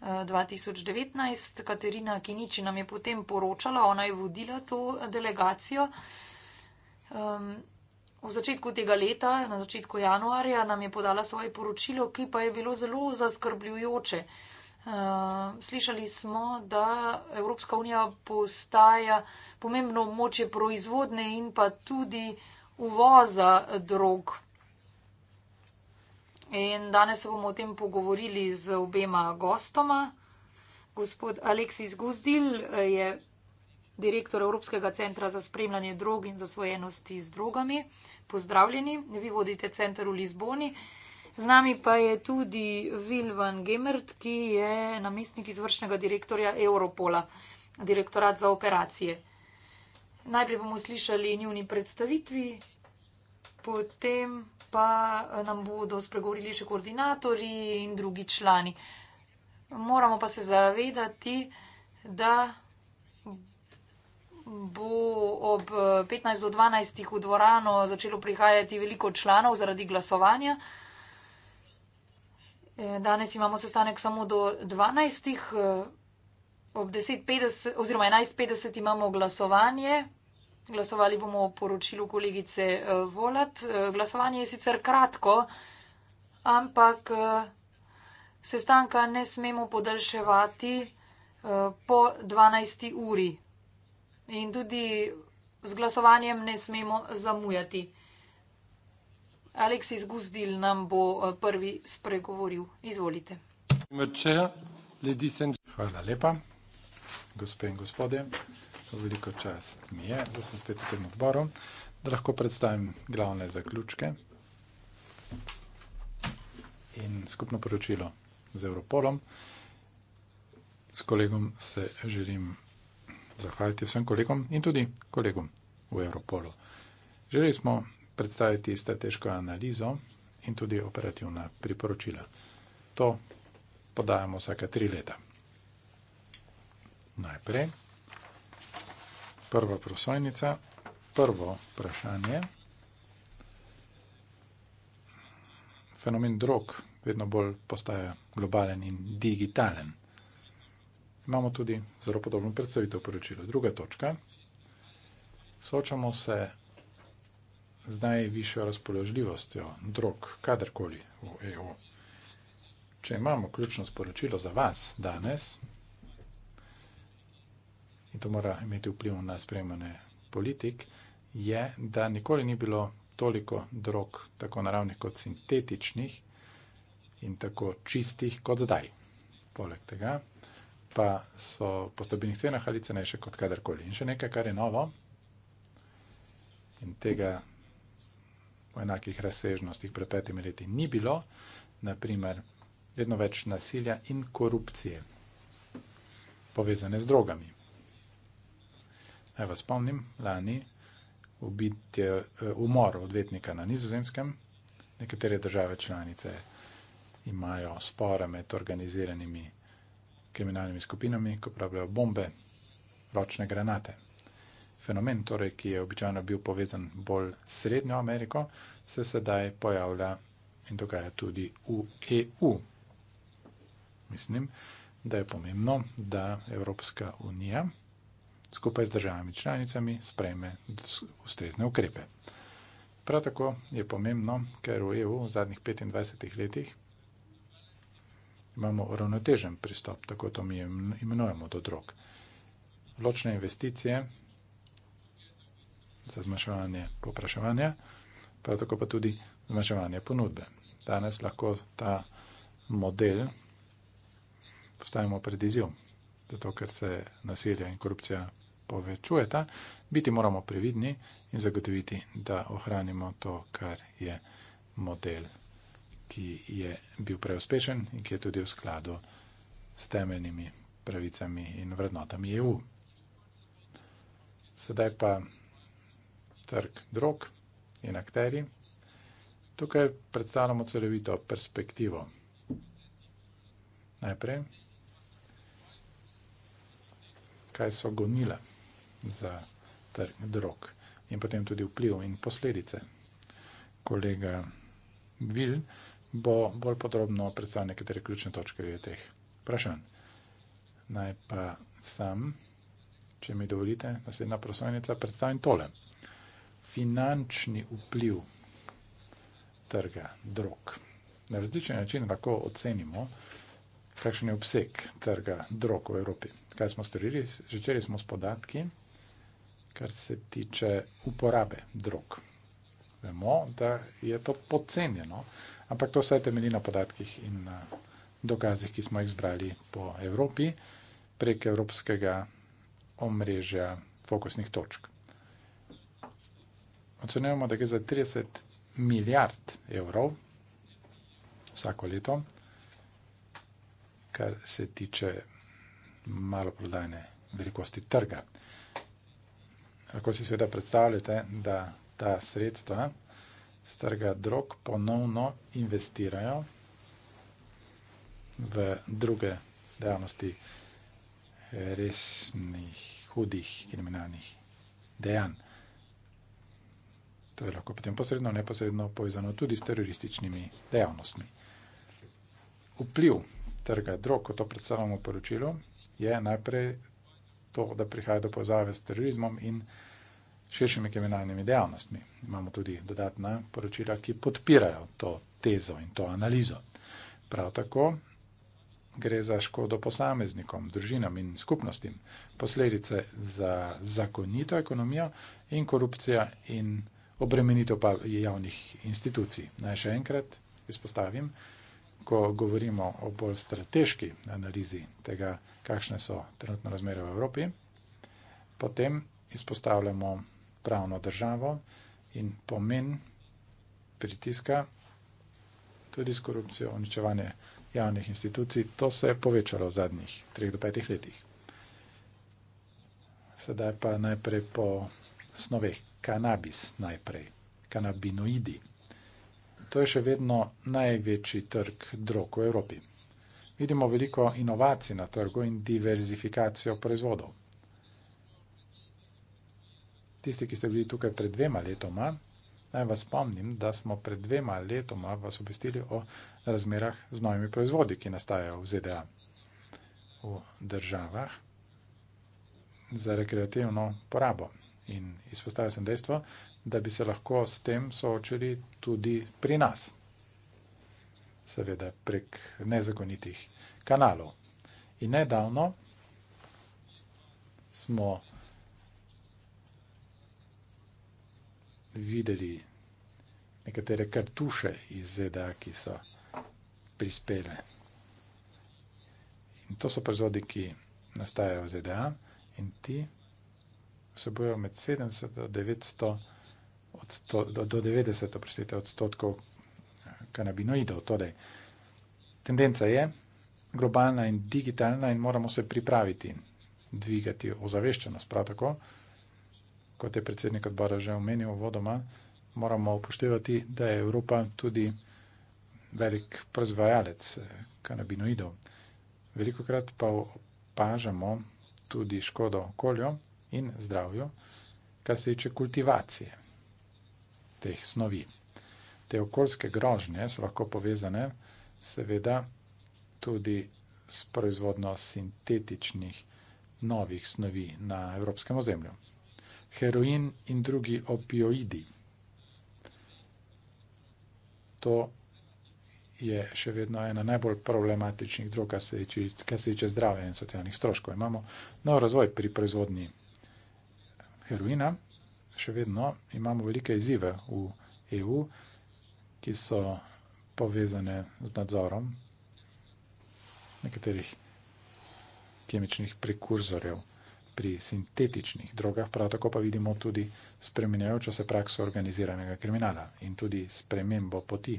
[SPEAKER 2] 2019. Eh, Katerina Kiniči nam je potem poročala, ona je vodila to delegacijo. V začetku tega leta, na začetku januarja, nam je podala svoje poročilo, ki pa je bilo zelo zaskrbljujoče. Eh, slišali smo, da Evropska unija postaja pomembno moče proizvodne in pa tudi uvoza drog. In danes se bomo o tem pogovorili z obema gostoma. Gospod Aleksis Guzdil eh, je direktor Evropskega centra za spremljanje drog in zasvojenosti z drogami pozdravljeni. Vi vodite center v Lizboni. Z nami pa je tudi Vilvan Gemert, ki je namestnik izvršnega direktorja Europola, direktorat za operacije. Najprej bomo slišali njuni predstavitvi, potem pa nam bodo spregovorili še koordinatori in drugi člani. Moramo pa se zavedati, da bo ob 15 do 12 v dvorano začelo prihajati veliko članov zaradi glasovanja. E, danes imamo sestanek samo do 12. E, ob 10.50 oziroma 11.50 imamo glasovanje. Glasovali bomo o poročilu kolegice e, Volat. Glasovanje je sicer kratko, ampak sestanka ne smemo podaljševati po 12. uri. In tudi z glasovanjem ne smemo zamujati. Aleksis Guzdil nam bo eh, prvi spregovoril. Izvolite.
[SPEAKER 1] Hvala lepa, gospe in gospode. Veliko čast mi je, da sem spet v tem odboru, da lahko predstavim glavne zaključke in skupno poročilo z Europolom. S kolegom se želim zahvaliti vsem kolegom in tudi kolegom v Europolu. Želeli smo predstaviti strateško analizo in tudi operativna priporočila. To podajamo vsake tri leta. Najprej prva prosojnica, prvo vprašanje. Fenomen drog vedno bolj postaja globalen in digitalen. Imamo tudi zelo podobno predstavitev poročila. Druga točka. Soočamo se z najvišjo razpoložljivostjo drog, kadarkoli v EU. Če imamo ključno sporočilo za vas danes, in to mora imeti vpliv na sprejemanje politik, je, da nikoli ni bilo toliko drog, tako naravnih kot sintetičnih in tako čistih kot zdaj. Poleg tega, pa so po stabilnih cenah ali cenejše kot kadarkoli. In še nekaj, kar je novo in tega v enakih razsežnostih pred petimi leti ni bilo, naprimer vedno več nasilja in korupcije, povezane z drogami. Naj vas spomnim, lani je eh, umor odvetnika na nizozemskem, nekatere države članice imajo spore med organiziranimi kriminalnimi skupinami, ko pravijo bombe, ročne granate. Fenomen, torej, ki je običajno bil povezan bolj s Srednjo Ameriko, se sedaj pojavlja in dogaja tudi v EU. Mislim, da je pomembno, da Evropska unija skupaj z državami članicami sprejme ustrezne ukrepe. Prav tako je pomembno, ker v EU v zadnjih 25 letih imamo uravnotežen pristop, tako to mi imenujemo do drog. Ločne investicije za zmanjševanje popraševanja, prav tako pa tudi zmanjševanje ponudbe. Danes lahko ta model postavimo pred izjiv, zato ker se nasilje in korupcija povečujeta, biti moramo previdni in zagotoviti, da ohranimo to, kar je model ki je bil preuspešen in ki je tudi v skladu s temeljnimi pravicami in vrednotami EU. Sedaj pa trg drog in akteri. Tukaj predstavljamo celovito perspektivo. Najprej, kaj so gonile za trg drog in potem tudi vpliv in posledice. Kolega Vil, bo bolj podrobno predstavil nekatere ključne točke glede teh vprašanj. Naj pa sam, če mi dovolite, naslednja prosojnica, predstavim tole. Finančni vpliv trga drog. Na različen način lahko ocenimo, kakšen je obseg trga drog v Evropi. Kaj smo storili? Začeli smo s podatki, kar se tiče uporabe drog vemo, da je to podcenjeno. Ampak to vse temelji na podatkih in eh, dokazih, ki smo jih zbrali po Evropi prek evropskega omrežja fokusnih točk. Ocenujemo, da gre za 30 milijard evrov vsako leto, kar se tiče maloprodajne velikosti trga. Lahko si seveda predstavljate, da ta sredstva iz trga drog ponovno investirajo v druge dejavnosti resnih, hudih kriminalnih dejanj. To je lahko potem posredno, neposredno povezano tudi s terorističnimi dejavnostmi. Vpliv trga drog, kot to predstavljamo v poročilu, je najprej to, da prihaja do povezave s terorizmom in terorizmom širšimi kriminalnimi dejavnostmi. Imamo tudi dodatna poročila, ki podpirajo to tezo in to analizo. Prav tako gre za škodo posameznikom, družinam in skupnostim, posledice za zakonito ekonomijo in korupcija in obremenitev pa javnih institucij. Naj še enkrat izpostavim, ko govorimo o bolj strateški analizi tega, kakšne so trenutno razmere v Evropi, potem izpostavljamo pravno državo in pomen pritiska tudi s korupcijo, uničevanje javnih institucij, to se je povečalo v zadnjih 3 do 5 letih. Sedaj pa najprej po snoveh kanabis najprej, kanabinoidi. To je še vedno največji trg drog v Evropi. Vidimo veliko inovacij na trgu in diverzifikacijo proizvodov tisti, ki ste bili tukaj pred dvema letoma, naj vas spomnim, da smo pred dvema letoma vas obvestili o razmerah z novimi proizvodi, ki nastajajo v ZDA, v državah za rekreativno porabo. In izpostavil sem dejstvo, da bi se lahko s tem soočili tudi pri nas, seveda prek nezakonitih kanalov. In nedavno smo videli nekatere kartuše iz ZDA, ki so prispele. In to so proizvodi, ki nastajajo v ZDA in ti vsebujejo med 70 do 900 odsto, do, do 90 prosite, odstotkov eh, kanabinoidov. Torej, tendenca je globalna in digitalna in moramo se pripraviti in dvigati ozaveščenost. Prav tako, kot je predsednik odbora že omenil, vodoma, moramo upoštevati, da je Evropa tudi velik proizvajalec eh, kanabinoidov. Veliko krat pa opažamo tudi škodo okolju in zdravju, kar se tiče kultivacije teh snovi. Te okoljske grožnje so lahko povezane seveda tudi s proizvodno sintetičnih novih snovi na evropskem ozemlju heroin in drugi opioidi. To je še vedno ena najbolj problematičnih drog, kar se tiče zdrave in socialnih stroškov. Imamo nov razvoj pri proizvodnji heroina, še vedno imamo velike izzive v EU, ki so povezane z nadzorom nekaterih kemičnih prekurzorjev pri sintetičnih drogah, prav tako pa vidimo tudi spremenjajočo se prakso organiziranega kriminala in tudi spremembo poti.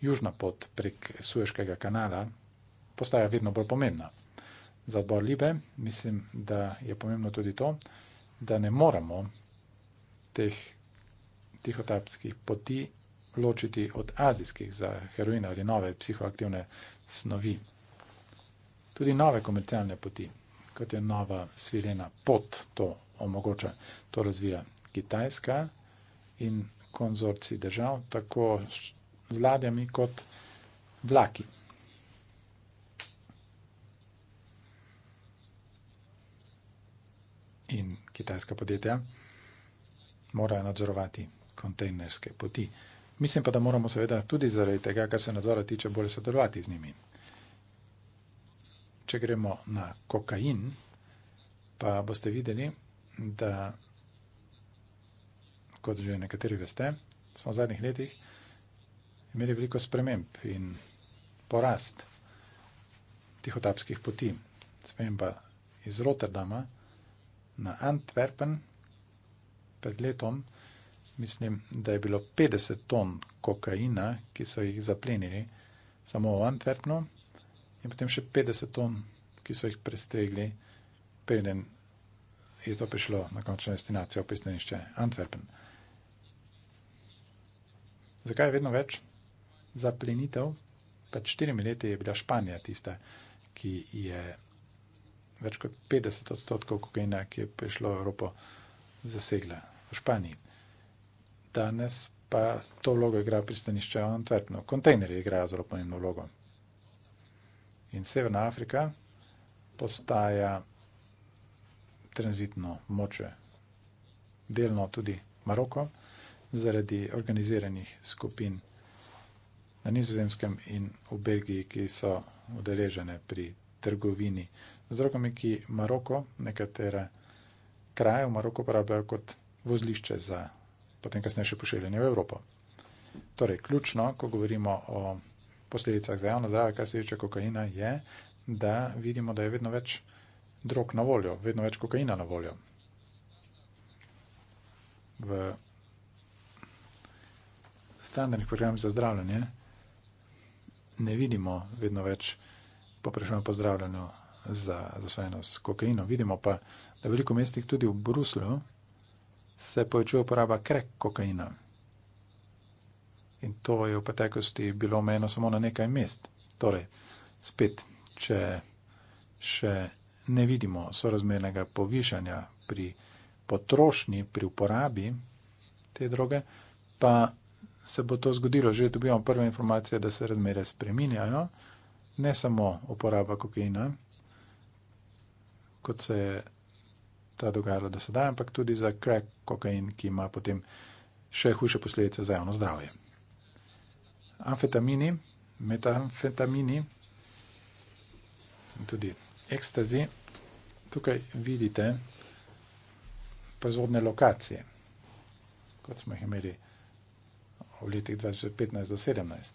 [SPEAKER 1] Južna pot prek Suezkega kanala postaja vedno bolj pomembna. Za odbor Libe mislim, da je pomembno tudi to, da ne moramo teh tihotapskih poti ločiti od azijskih za heroina ali nove psihoaktivne snovi. Tudi nove komercialne poti kot je nova svilena pot, to omogoča, to razvija Kitajska in konzorci držav, tako s vladami kot vlaki. In kitajska podjetja morajo nadzorovati kontejnerske poti. Mislim pa, da moramo seveda tudi zaradi tega, kar se nadzora tiče, bolje sodelovati z njimi če gremo na kokain, pa boste videli, da, kot že nekateri veste, smo v zadnjih letih imeli veliko sprememb in porast tihotapskih poti. Sprememba iz Rotterdama na Antwerpen pred letom. Mislim, da je bilo 50 ton kokaina, ki so jih zaplenili samo v Antwerpnu, in potem še 50 ton, ki so jih prestregli, preden je to prišlo na končno destinacijo, pristanišče Antwerpen. Zakaj je vedno več? Za plenitev. Pred štirimi leti je bila Španija tista, ki je več kot 50 odstotkov kokaina, ki je prišlo v Evropo, zasegla v Španiji. Danes pa to vlogo igra pristanišče Antwerpen. Kontejnerji igrajo zelo pomembno vlogo in Severna Afrika postaja tranzitno moče, delno tudi Maroko, zaradi organiziranih skupin na nizozemskem in v Belgiji, ki so udeležene pri trgovini z drogami, ki Maroko, nekatere kraje v Maroko uporabljajo kot vozlišče za potem kasnejše pošiljanje v Evropo. Torej, ključno, ko govorimo o posledicah za javno zdravje, kar se tiče kokaina, je, da vidimo, da je vedno več drog na voljo, vedno več kokaina na voljo. V standardnih programih za zdravljenje ne vidimo vedno več poprašanja po zdravljenju za zasvojenost s kokainom. Vidimo pa, da veliko mestih tudi v Bruslju se povečuje uporaba krek kokaina. In to je v preteklosti bilo omejeno samo na nekaj mest. Torej, spet, če še ne vidimo sorazmernega povišanja pri potrošnji, pri uporabi te droge, pa se bo to zgodilo. Že dobivamo prve informacije, da se razmere spreminjajo, ne samo uporaba kokaina, kot se je ta dogajalo do sedaj, ampak tudi za crack kokain, ki ima potem še hujše posledice za javno zdravje amfetamini, metamfetamini in tudi ekstazi. Tukaj vidite proizvodne lokacije, kot smo jih imeli v letih 2015 do 2017.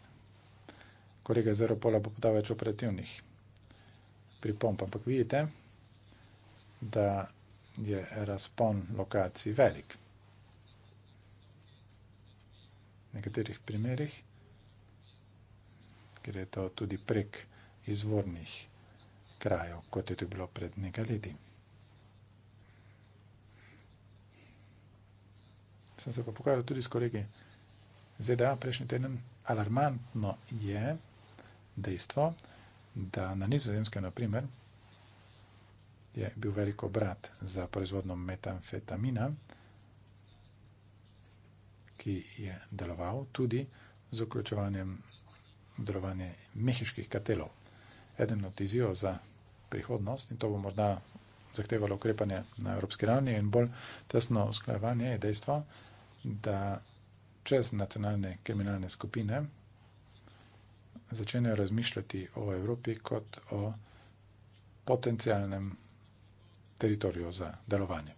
[SPEAKER 1] Kolega Zeropola bo podal več operativnih pripomp, ampak vidite, da je razpon lokacij velik. V nekaterih primerih ker je to tudi prek izvornih krajev, kot je to bilo pred nekaj leti. Sem se pa pokazal tudi s kolegi ZDA prejšnji teden. Alarmantno je dejstvo, da na nizozemskem, naprimer, je bil veliko brat za proizvodno metamfetamina, ki je deloval tudi z vključevanjem delovanje mehiških kartelov. Eden od izzivov za prihodnost, in to bo morda zahtevalo ukrepanje na evropski ravni in bolj tesno usklajevanje, je dejstvo, da čez nacionalne kriminalne skupine začnejo razmišljati o Evropi kot o potencijalnem teritoriju za delovanje.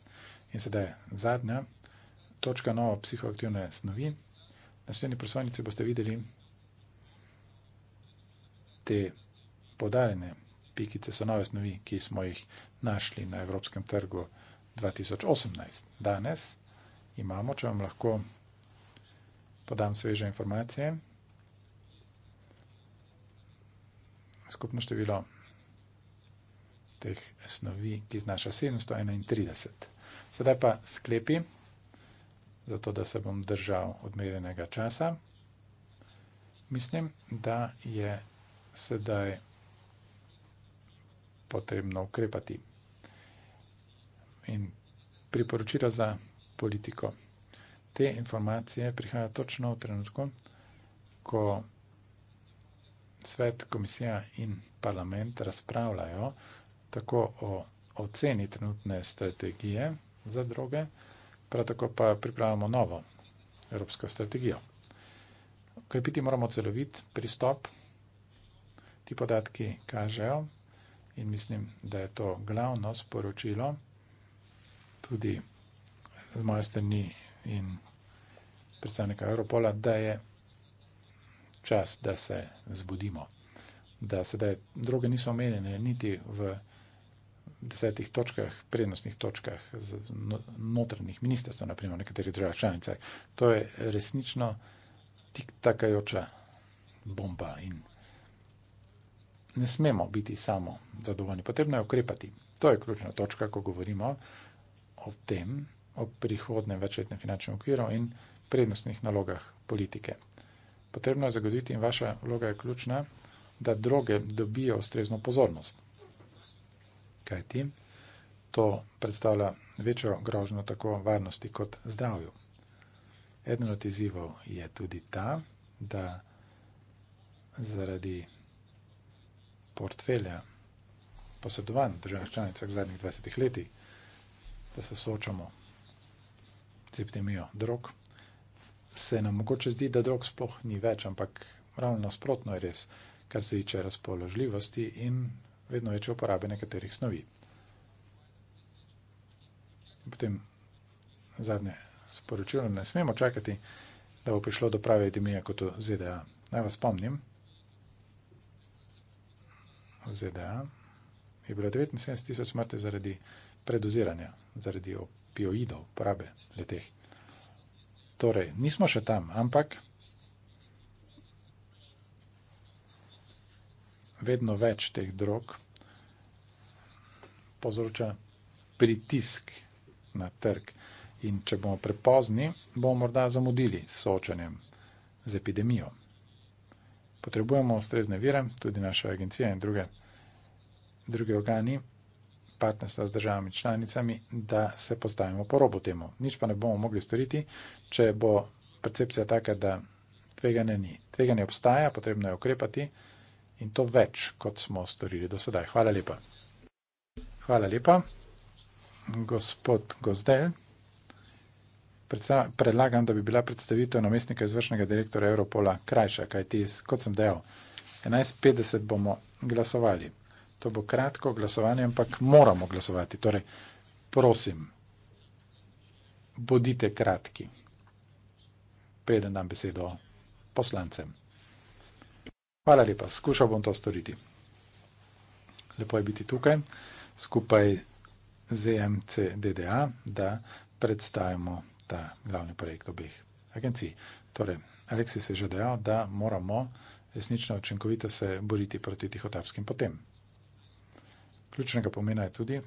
[SPEAKER 1] In sedaj zadnja točka nove psihoaktivne snovi. Na sledeni prosojnici boste videli, te podarjene pikice so nove snovi, ki smo jih našli na evropskem trgu 2018. Danes imamo, če vam lahko podam sveže informacije, skupno število teh snovi, ki znaša 731. Sedaj pa sklepi, zato da se bom držal odmerenega časa. Mislim, da je sedaj potrebno ukrepati. In priporočila za politiko. Te informacije prihajajo točno v trenutku, ko svet, komisija in parlament razpravljajo tako o oceni trenutne strategije za droge, prav tako pa pripravljamo novo evropsko strategijo. Krepiti moramo celovit pristop ti podatki kažejo in mislim, da je to glavno sporočilo tudi z moje strani in predstavnika Europola, da je čas, da se zbudimo. Da sedaj druge niso omenjene niti v desetih točkah, prednostnih točkah z no-, notrnih ministrstv, naprimer v nekaterih državah članicah. To je resnično tik takajoča bomba in ne smemo biti samo zadovoljni, potrebno je ukrepati. To je ključna točka, ko govorimo o tem, o prihodnem večletnem finančnem okviru in prednostnih nalogah politike. Potrebno je zagoditi in vaša vloga je ključna, da droge dobijo ustrezno pozornost. Kaj ti? To predstavlja večjo grožnjo tako varnosti kot zdravju. Eden od izzivov je tudi ta, da zaradi portfelja posedovan v državah članicah zadnjih 20 letih, da se soočamo z epidemijo drog, se nam mogoče zdi, da drog sploh ni več, ampak ravno nasprotno je res, kar se tiče razpoložljivosti in vedno večje uporabe nekaterih snovi. In potem zadnje sporočilo, ne smemo čakati, da bo prišlo do prave epidemije kot v ZDA. Naj vas spomnim, ZDA, je bilo 79 tisoč smrti zaradi predoziranja, zaradi opioidov, porabe leteh. Torej, nismo še tam, ampak vedno več teh drog povzroča pritisk na trg. In če bomo prepozni, bomo morda zamudili soočanjem z epidemijo potrebujemo ustrezne vire, tudi naša agencija in druge, druge organi, partnerstva z državami članicami, da se postavimo po robu temu. Nič pa ne bomo mogli storiti, če bo percepcija taka, da tveganje ni. Tveganje obstaja, potrebno je ukrepati in to več, kot smo storili do sedaj. Hvala lepa. Hvala lepa. Gospod Gozdel, predlagam, da bi bila predstavitev namestnika izvršnega direktora Europola krajša, kajti, kot sem dejal, 11.50 bomo glasovali. To bo kratko glasovanje, ampak moramo glasovati. Torej, prosim, bodite kratki. Preden dam besedo poslancem. Hvala lepa, skušal bom to storiti. Lepo je biti tukaj skupaj z e MCDDA, da predstavimo ta glavni projekt obeh agencij. Torej, Aleksis je že dejal, da moramo resnično učinkovito se boriti proti tihotapskim potem. Ključnega pomena je tudi,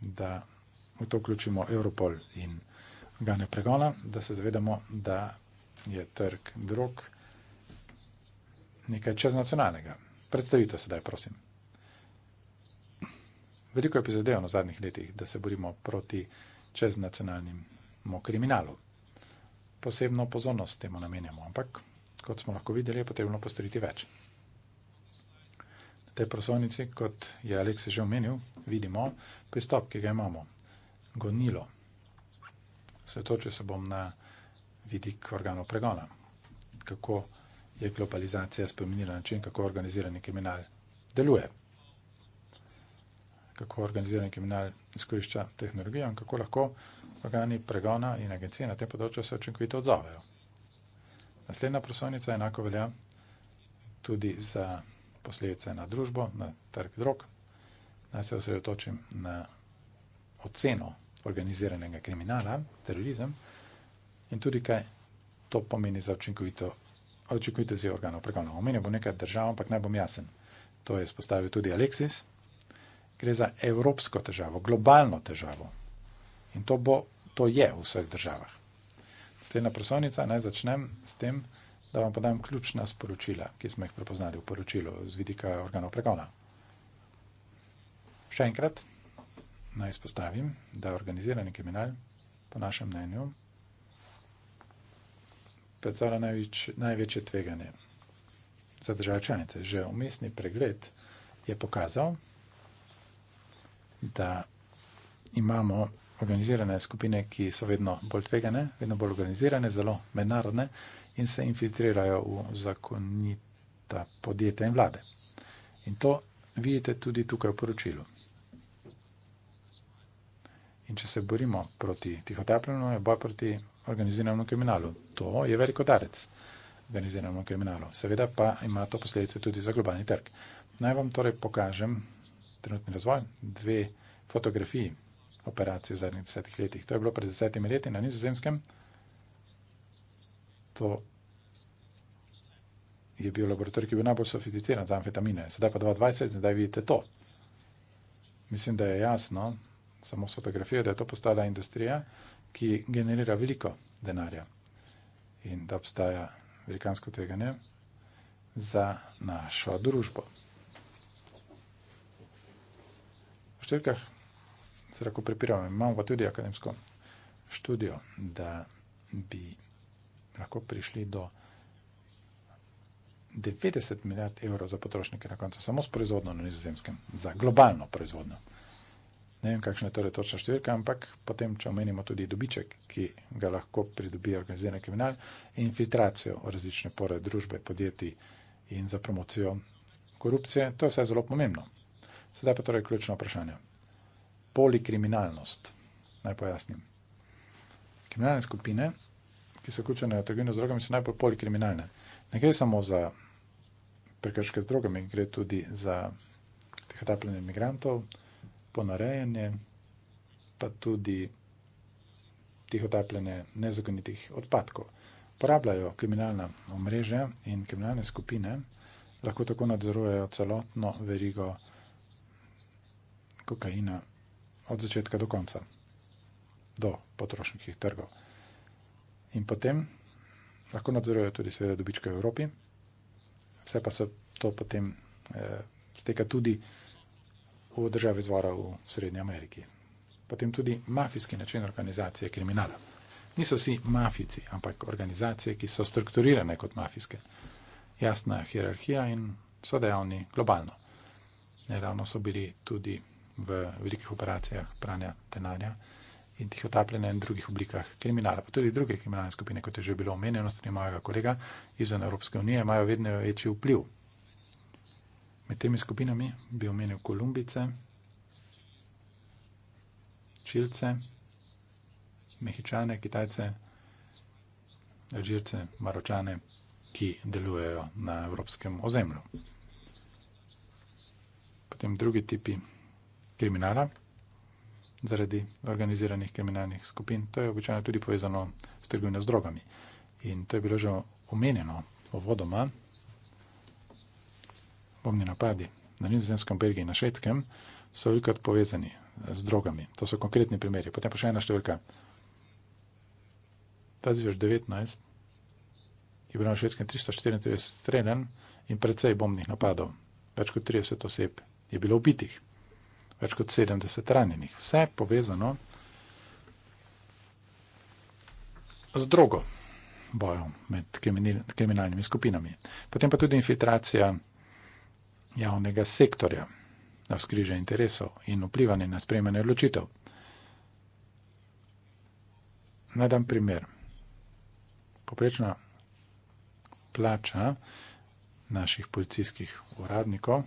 [SPEAKER 1] da v to vključimo Europol in organe pregona, da se zavedamo, da je trg drog nekaj čeznacionalnega. Predstavite se, da je prosim. Veliko je prizadevno v zadnjih letih, da se borimo proti čeznacionalnim o kriminalu. Posebno pozornost temu namenjamo, ampak kot smo lahko videli, je potrebno postoriti več. Na tej prosovnici, kot je Aleks že omenil, vidimo pristop, ki ga imamo. Gonilo. Svetočil se bom na vidik organov pregona. Kako je globalizacija spremenila način, kako organizirani kriminal deluje kako organizirani kriminal izkorišča tehnologijo in kako lahko organi pregona in agencije na tem področju se učinkovito odzovejo. Naslednja prosovnica enako velja tudi za posledice na družbo, na trg drog. Naj se osredotočim na oceno organiziranega kriminala, terorizem in tudi kaj to pomeni za učinkovito, učinkovito zelo organov pregona. Omenil bom nekaj držav, ampak naj bom jasen. To je spostavil tudi Alexis gre za evropsko težavo, globalno težavo. In to, bo, to je v vseh državah. Naslednja prosovnica, naj začnem s tem, da vam podam ključna sporočila, ki smo jih prepoznali v poročilu z vidika organov pregona. Še enkrat naj izpostavim, da organizirani kriminal, po našem mnenju, predstavlja največ, največje tveganje za države članice. Že umestni pregled je pokazal, da imamo organizirane skupine, ki so vedno bolj tvegane, vedno bolj organizirane, zelo mednarodne in se infiltrirajo v zakonita podjetja in vlade. In to vidite tudi tukaj v poročilu. In če se borimo proti tihotapljenju, je boj proti organiziranemu kriminalu. To je veliko darec organiziranemu kriminalu. Seveda pa ima to posledice tudi za globalni trg. Naj vam torej pokažem trenutni razvoj, dve fotografiji operacij v zadnjih desetih letih. To je bilo pred desetimi leti na nizozemskem. To je bil laboratorij, ki je bil najbolj sofisticiran za amfetamine. Sedaj pa 22 in zdaj vidite to. Mislim, da je jasno, samo s fotografijo, da je to postala industrija, ki generira veliko denarja in da obstaja velikansko tveganje za našo družbo. številkah se lahko prepiramo. Imamo pa tudi akademsko študijo, da bi lahko prišli do 90 milijard evrov za potrošnike na koncu, samo s proizvodno na nizozemskem, za globalno proizvodno. Ne vem, kakšna je torej točna številka, ampak potem, če omenimo tudi dobiček, ki ga lahko pridobi organizirani kriminal, infiltracijo v različne pore družbe, podjetij in za promocijo korupcije, to je vse zelo pomembno. Sedaj pa torej ključno vprašanje. Polikriminalnost. Naj pojasnim. Kriminalne skupine, ki so vključene v trgovino z drogami, so najbolj polikriminalne. Ne gre samo za prekrške z drogami, gre tudi za tehotapljanje imigrantov, ponarejanje, pa tudi tehotapljanje nezakonitih odpadkov. Uporabljajo kriminalna omrežja in kriminalne skupine lahko tako nadzorujejo celotno verigo odpadkov kokaina od začetka do konca, do potrošniških trgov. In potem lahko nadzorujejo tudi, seveda, dobičke v Evropi, vse pa se to potem eh, steka tudi v države izvora v Srednji Ameriki. Potem tudi mafijski način organizacije kriminala. Niso vsi mafici, ampak organizacije, ki so strukturirane kot mafijske. Jasna hierarhija in so dejavni globalno. Nedavno so bili tudi v velikih operacijah pranja denarja in tih otapljanja in drugih oblikah kriminala, pa tudi druge kriminalne skupine, kot je že bilo omenjeno strani mojega kolega izven Evropske unije, imajo vedno večji vpliv. Med temi skupinami bi omenil Kolumbice, Čilce, Mehičane, Kitajce, Alžirce, Maročane, ki delujejo na evropskem ozemlju. Potem drugi tipi kriminala, zaradi organiziranih kriminalnih skupin. To je običajno tudi povezano s trgovino z drogami. In to je bilo že omenjeno uvodoma, bombni napadi na Nizozemskem, Belgiji in na Švedskem so velikokrat povezani z drogami. To so konkretni primeri. Potem pa še ena številka. 2019 je bilo na Švedskem 334 streljen in precej bombnih napadov. Več kot 30 oseb je bilo ubitih več kot 70 ranjenih. Vse povezano z drogo bojo med kriminalnimi skupinami. Potem pa tudi infiltracija javnega sektorja na skriže interesov in vplivanje na sprejmanje odločitev. Naj dam primer. Poprečna plača naših policijskih uradnikov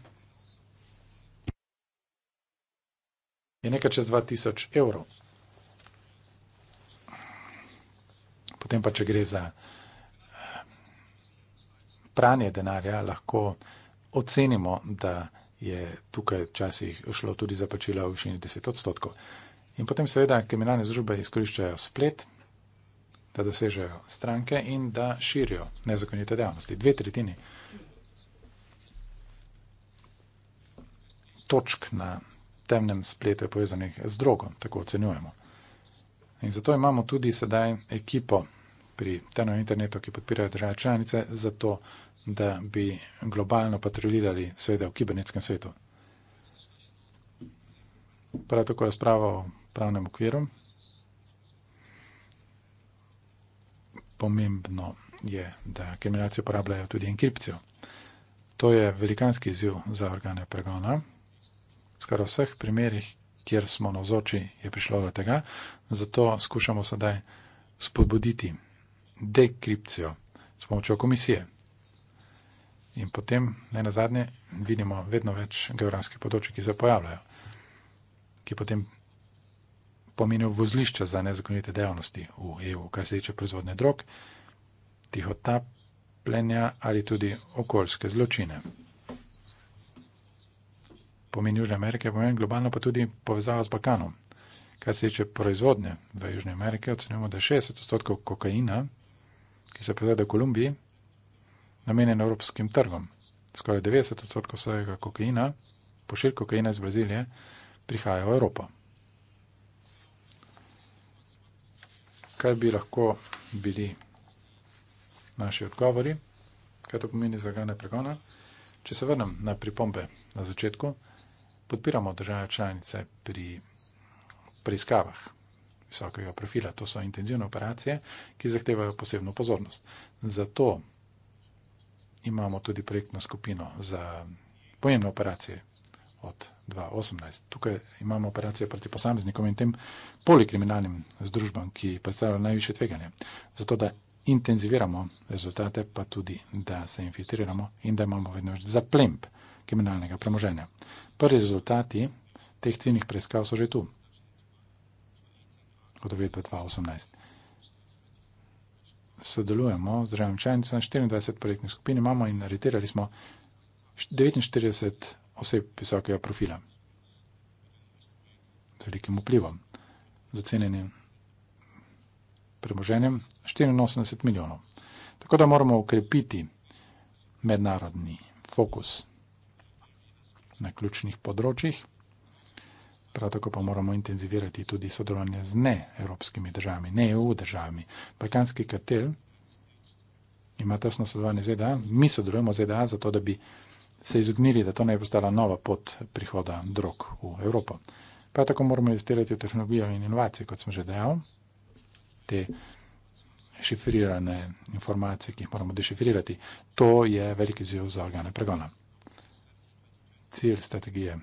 [SPEAKER 1] je nekaj čez 2000 evrov. Potem pa, če gre za eh, pranje denarja, lahko ocenimo, da je tukaj včasih šlo tudi za plačila v višini 10 odstotkov. In potem seveda kriminalne združbe izkoriščajo splet, da dosežejo stranke in da širijo nezakonite dejavnosti. Dve tretjini točk na temnem spletu je povezanih z drogom, tako ocenjujemo. In zato imamo tudi sedaj ekipo pri tenovem internetu, ki podpirajo države članice, zato da bi globalno patrolirali svede v kibernetskem svetu. Prav tako razprava o pravnem okviru. Pomembno je, da kriminalci uporabljajo tudi enkripcijo. To je velikanski izziv za organe pregona, skoraj v vseh primerjih, kjer smo na vzoči, je prišlo do tega. Zato skušamo sedaj spodbuditi dekripcijo s pomočjo komisije. In potem, ne na zadnje, vidimo vedno več geografskih področji, ki se pojavljajo, ki potem pomenijo vozlišča za nezakonite dejavnosti v EU, kar se tiče proizvodne drog, tihotapljenja ali tudi okoljske zločine pomeni Južne Amerike, pomeni globalno pa tudi povezava z Balkanom. Kar se tiče proizvodnje v Južni Ameriki, ocenjujemo, da 60 odstotkov kokaina, ki se proizvede v Kolumbiji, namenjen evropskim trgom. Skoraj 90 odstotkov vsega kokaina, pošil kokaina iz Brazilije, prihaja v Evropo. Kaj bi lahko bili naši odgovori? Kaj to pomeni za gane pregona? Če se vrnem na pripombe na začetku, podpiramo države članice pri preiskavah visokega profila. To so intenzivne operacije, ki zahtevajo posebno pozornost. Zato imamo tudi projektno skupino za pojemne operacije od 2018. Tukaj imamo operacije proti posameznikom in tem polikriminalnim združbam, ki predstavljajo najviše tveganje. Zato, da intenziviramo rezultate, pa tudi, da se infiltriramo in da imamo vedno več zaplemb kriminalnega premoženja. Prvi rezultati teh ciljnih preiskav so že tu, od 2018. Sodelujemo z državami članicami na 24 projektnih skupin, imamo in aretirali smo 49 oseb visokega profila z velikim vplivom, zacenjenim premoženjem 84 milijonov. Tako da moramo ukrepiti mednarodni fokus na ključnih področjih. Prav tako pa moramo intenzivirati tudi sodelovanje z neevropskimi državami, ne EU državami. Balkanski kartel ima tesno sodelovanje z EDA, mi sodelujemo z EDA, zato da bi se izognili, da to ne bi postala nova pot prihoda drog v Evropo. Prav tako moramo investirati v tehnologijo in inovacije, kot sem že dejal, te šifrirane informacije, ki jih moramo dešifrirati. To je veliki ziv za organe pregona cilj strategije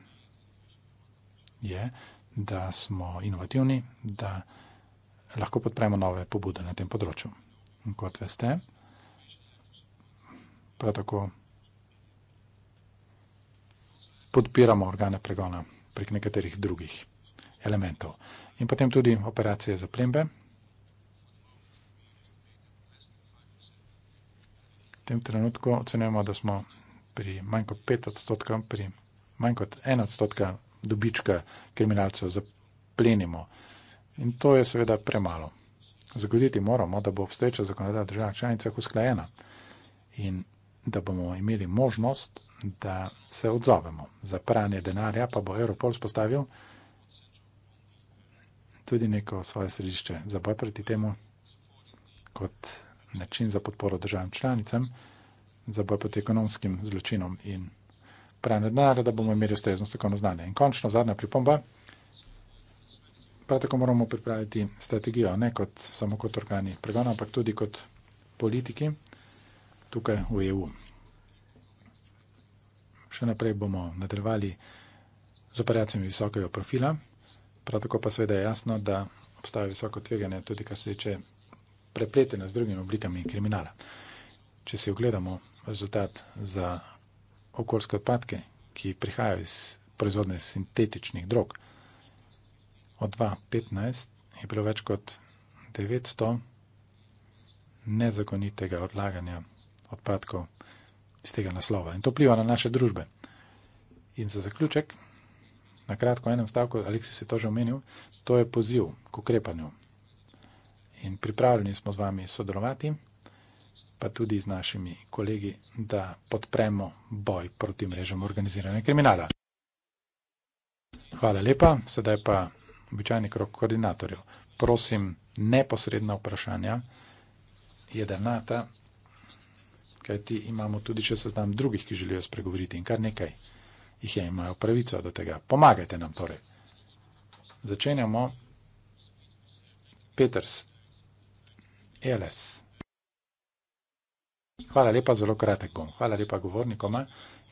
[SPEAKER 1] je, da smo inovativni, da lahko podpremo nove pobude na tem področju. In kot veste, prav tako podpiramo organe pregona prek nekaterih drugih elementov. In potem tudi operacije za plembe. V tem trenutku ocenjamo, da smo pri manj kot 5 odstotkov pri plembe manj kot en odstotka dobička kriminalcev zaplenimo. In to je seveda premalo. Zagoditi moramo, da bo obstoječa zakonodaja država članica usklajena in da bomo imeli možnost, da se odzovemo. Za pranje denarja pa bo Europol spostavil tudi neko svoje središče za boj proti temu kot način za podporo državam članicam, za boj proti ekonomskim zločinom in pranje denarja, da bomo imeli ustrezno strokovno znanje. In končno zadnja pripomba. Prav tako moramo pripraviti strategijo, ne kot samo kot organi pregona, ampak tudi kot politiki tukaj v EU. Še naprej bomo nadaljevali z operacijami visokega profila. Prav tako pa seveda je jasno, da obstaja visoko tveganje tudi, kar se tiče prepletena z drugimi oblikami kriminala. Če si ogledamo rezultat za okoljske odpadke, ki prihajajo iz proizvodnje sintetičnih drog. Od 2015 je bilo več kot 900 nezakonitega odlaganja odpadkov iz tega naslova. In to pliva na naše družbe. In za zaključek, na kratko enem stavku, Aleksis je to že omenil, to je poziv k ukrepanju. In pripravljeni smo z vami sodelovati pa tudi z našimi kolegi, da podpremo boj proti mrežam organiziranega kriminala. Hvala lepa, sedaj pa običajni krok koordinatorjev. Prosim, neposredna vprašanja je danata, kaj ti imamo tudi še seznam drugih, ki želijo spregovoriti in kar nekaj jih je, imajo pravico do tega. Pomagajte nam torej. Začenjamo. Peters. Elas. Yeah, Hvala lepa, zelo kratek bom. Hvala lepa govornikoma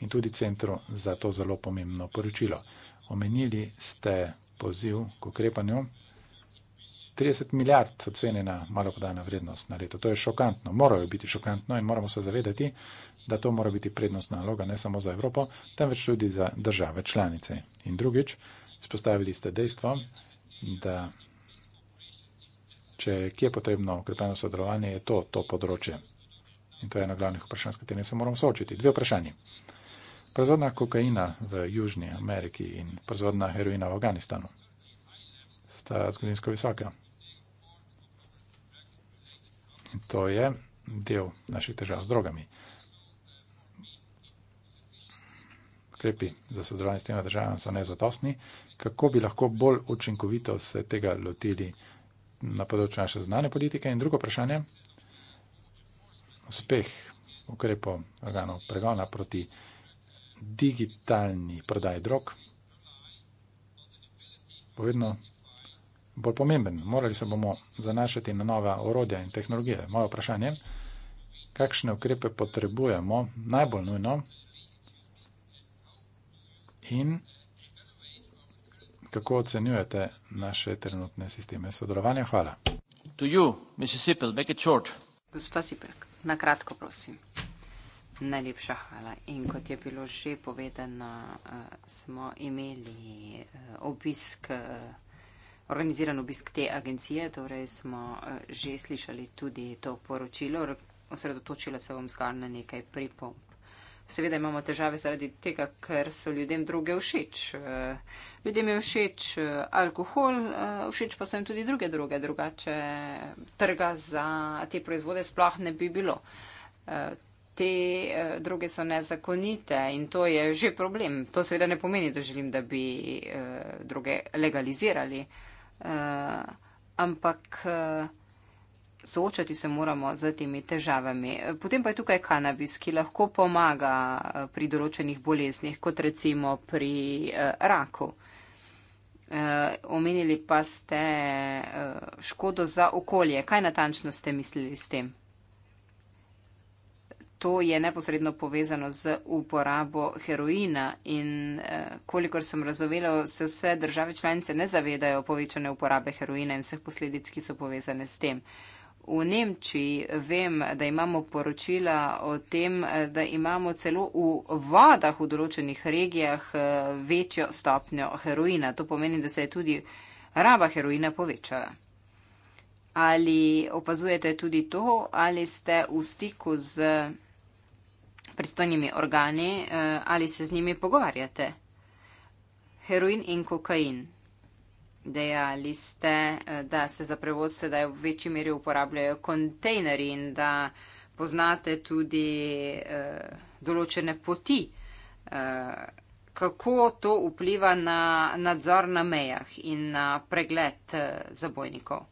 [SPEAKER 1] in tudi centru za to zelo pomembno poročilo. Omenili ste poziv k ukrepanju. 30 milijard so cenjena malo podana vrednost na leto. To je šokantno, morajo biti šokantno in moramo se zavedati, da to mora biti prednostna naloga ne samo za Evropo, temveč tudi za države članice. In drugič, spostavili ste dejstvo, da če kje je potrebno ukrepeno sodelovanje, je to to področje. In to je eno glavnih vprašanj, s katerimi se moramo soočiti. Dve vprašanji. Proizvodna kokaina v Južni Ameriki in proizvodna heroina v Afganistanu sta zgodovinsko visoka. In to je del naših težav z drogami. Krepi za sodelovanje s temi državami so nezadostni. Kako bi lahko bolj učinkovito se tega lotili na področju naše znane politike? In drugo vprašanje uspeh ukrepov organov pregona proti digitalni prodaji drog bo vedno bolj pomemben. Morali se bomo zanašati na nova orodja in tehnologije. Moje vprašanje je, kakšne ukrepe potrebujemo najbolj nujno in kako ocenjujete naše trenutne sisteme sodelovanja. Hvala. To you, Mrs. Sipel, make it short.
[SPEAKER 3] Gospa Sipelka. Na kratko, prosim. Najlepša hvala. In kot je bilo že povedano, eh, smo imeli eh, obisk, eh, organiziran obisk te agencije, torej smo že slišali tudi to poročilo. Osredotočila se bom zgolj na nekaj pripomb seveda imamo težave zaradi tega, ker so ljudem druge všeč. Eh, ljudem je všeč eh, alkohol, eh, všeč pa so jim tudi druge druge, drugače trga za te proizvode sploh ne bi bilo. Te druge so nezakonite in to je že problem. To seveda ne pomeni, da želim, da bi druge legalizirali. Ampak soočati se moramo z temi težavami. Potem pa je tukaj kanabis, ki lahko pomaga eh, pri določenih boleznih, kot recimo pri uh, raku. Eh, omenili uh, pa ste uh, škodo za okolje. Kaj natančno ste mislili s tem? To je neposredno povezano z uporabo heroina in eh, kolikor sem razumela, se vse države članice ne zavedajo povečane uporabe heroina in vseh posledic, ki so povezane s tem. Eh, V Nemčiji vem, da imamo poročila o tem, da imamo celo v vodah v določenih regijah eh, večjo stopnjo heroina. To pomeni, da se je tudi raba heroina povečala. Ali opazujete tudi to, ali ste v stiku z pristojnimi organi, eh, ali se z njimi pogovarjate? Heroin in kokain. Dejali ste, eh, da se za prevoz sedaj v večji meri uporabljajo kontejneri in da poznate tudi eh, določene poti. Eh, kako to vpliva na nadzor na mejah in na pregled eh, zabojnikov?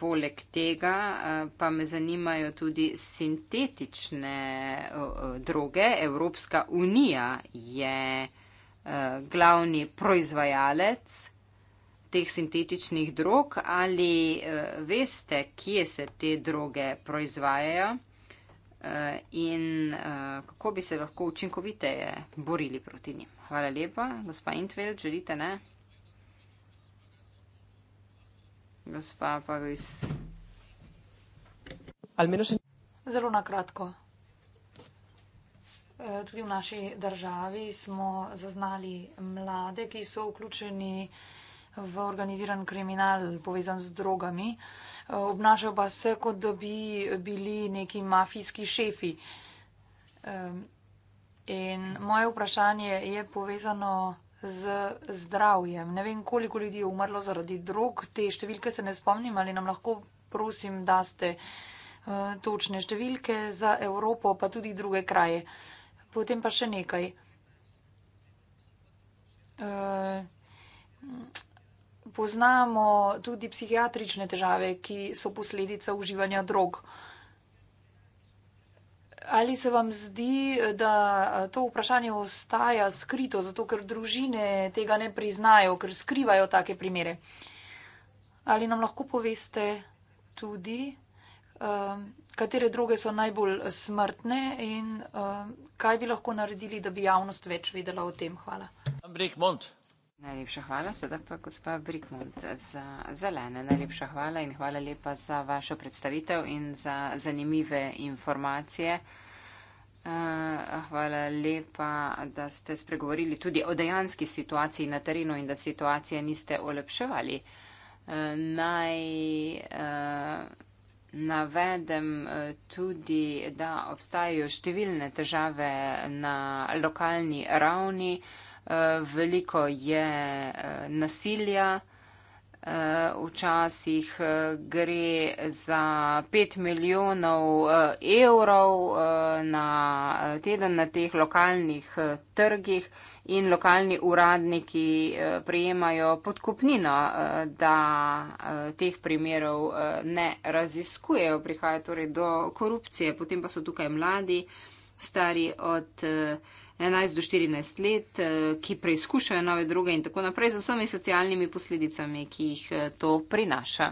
[SPEAKER 3] Poleg tega eh, pa me zanimajo tudi sintetične eh, droge. Evropska unija je glavni proizvajalec teh sintetičnih drog, ali eh, veste, kje se te droge proizvajajo eh, in eh, kako bi se lahko učinkoviteje borili proti njim. Hvala lepa, gospa Intveld, želite ne? Gospa pa iz.
[SPEAKER 2] Zelo na kratko. Tudi v naši državi smo zaznali mlade, ki so vključeni v organiziran kriminal povezan z drogami. Obnašajo pa se, kot da bi bili neki mafijski šefi. In moje vprašanje je povezano z zdravjem. Ne vem, koliko ljudi je umrlo zaradi drog. Te številke se ne spomnim, ali nam lahko prosim, da ste e, točne številke za Evropo, pa tudi druge kraje. Potem pa še nekaj. E, poznamo tudi psihiatrične težave, ki so posledica uživanja drog. Ali se vam zdi, da to vprašanje ostaja skrito, zato ker družine tega ne priznajo, ker skrivajo take primere? Ali nam lahko poveste tudi, um, katere droge so najbolj smrtne in um, kaj bi
[SPEAKER 3] lahko naredili,
[SPEAKER 2] da bi javnost več vedela o tem? Hvala.
[SPEAKER 3] Ambrik Mont. Najlepša hvala, sedaj pa gospa Brikmund za zelene. Najlepša hvala in hvala lepa za vašo predstavitev in za zanimive informacije. Eh, hvala lepa, da ste spregovorili tudi o dejanski situaciji na terenu in da situacije niste olepševali. Eh, naj eh, navedem tudi, da obstajajo številne težave na lokalni ravni veliko je eh, nasilja, eh, včasih eh, gre za 5 milijonov evrov na teden na teh lokalnih trgih in lokalni uradniki prijemajo podkupnino, da teh primerov ne raziskujejo. Prihaja torej do korupcije, potem pa so tukaj mladi, stari od 11 do 14 let, eh, ki preizkušajo nove druge in tako naprej z vsemi socialnimi posledicami, ki jih eh, to prinaša.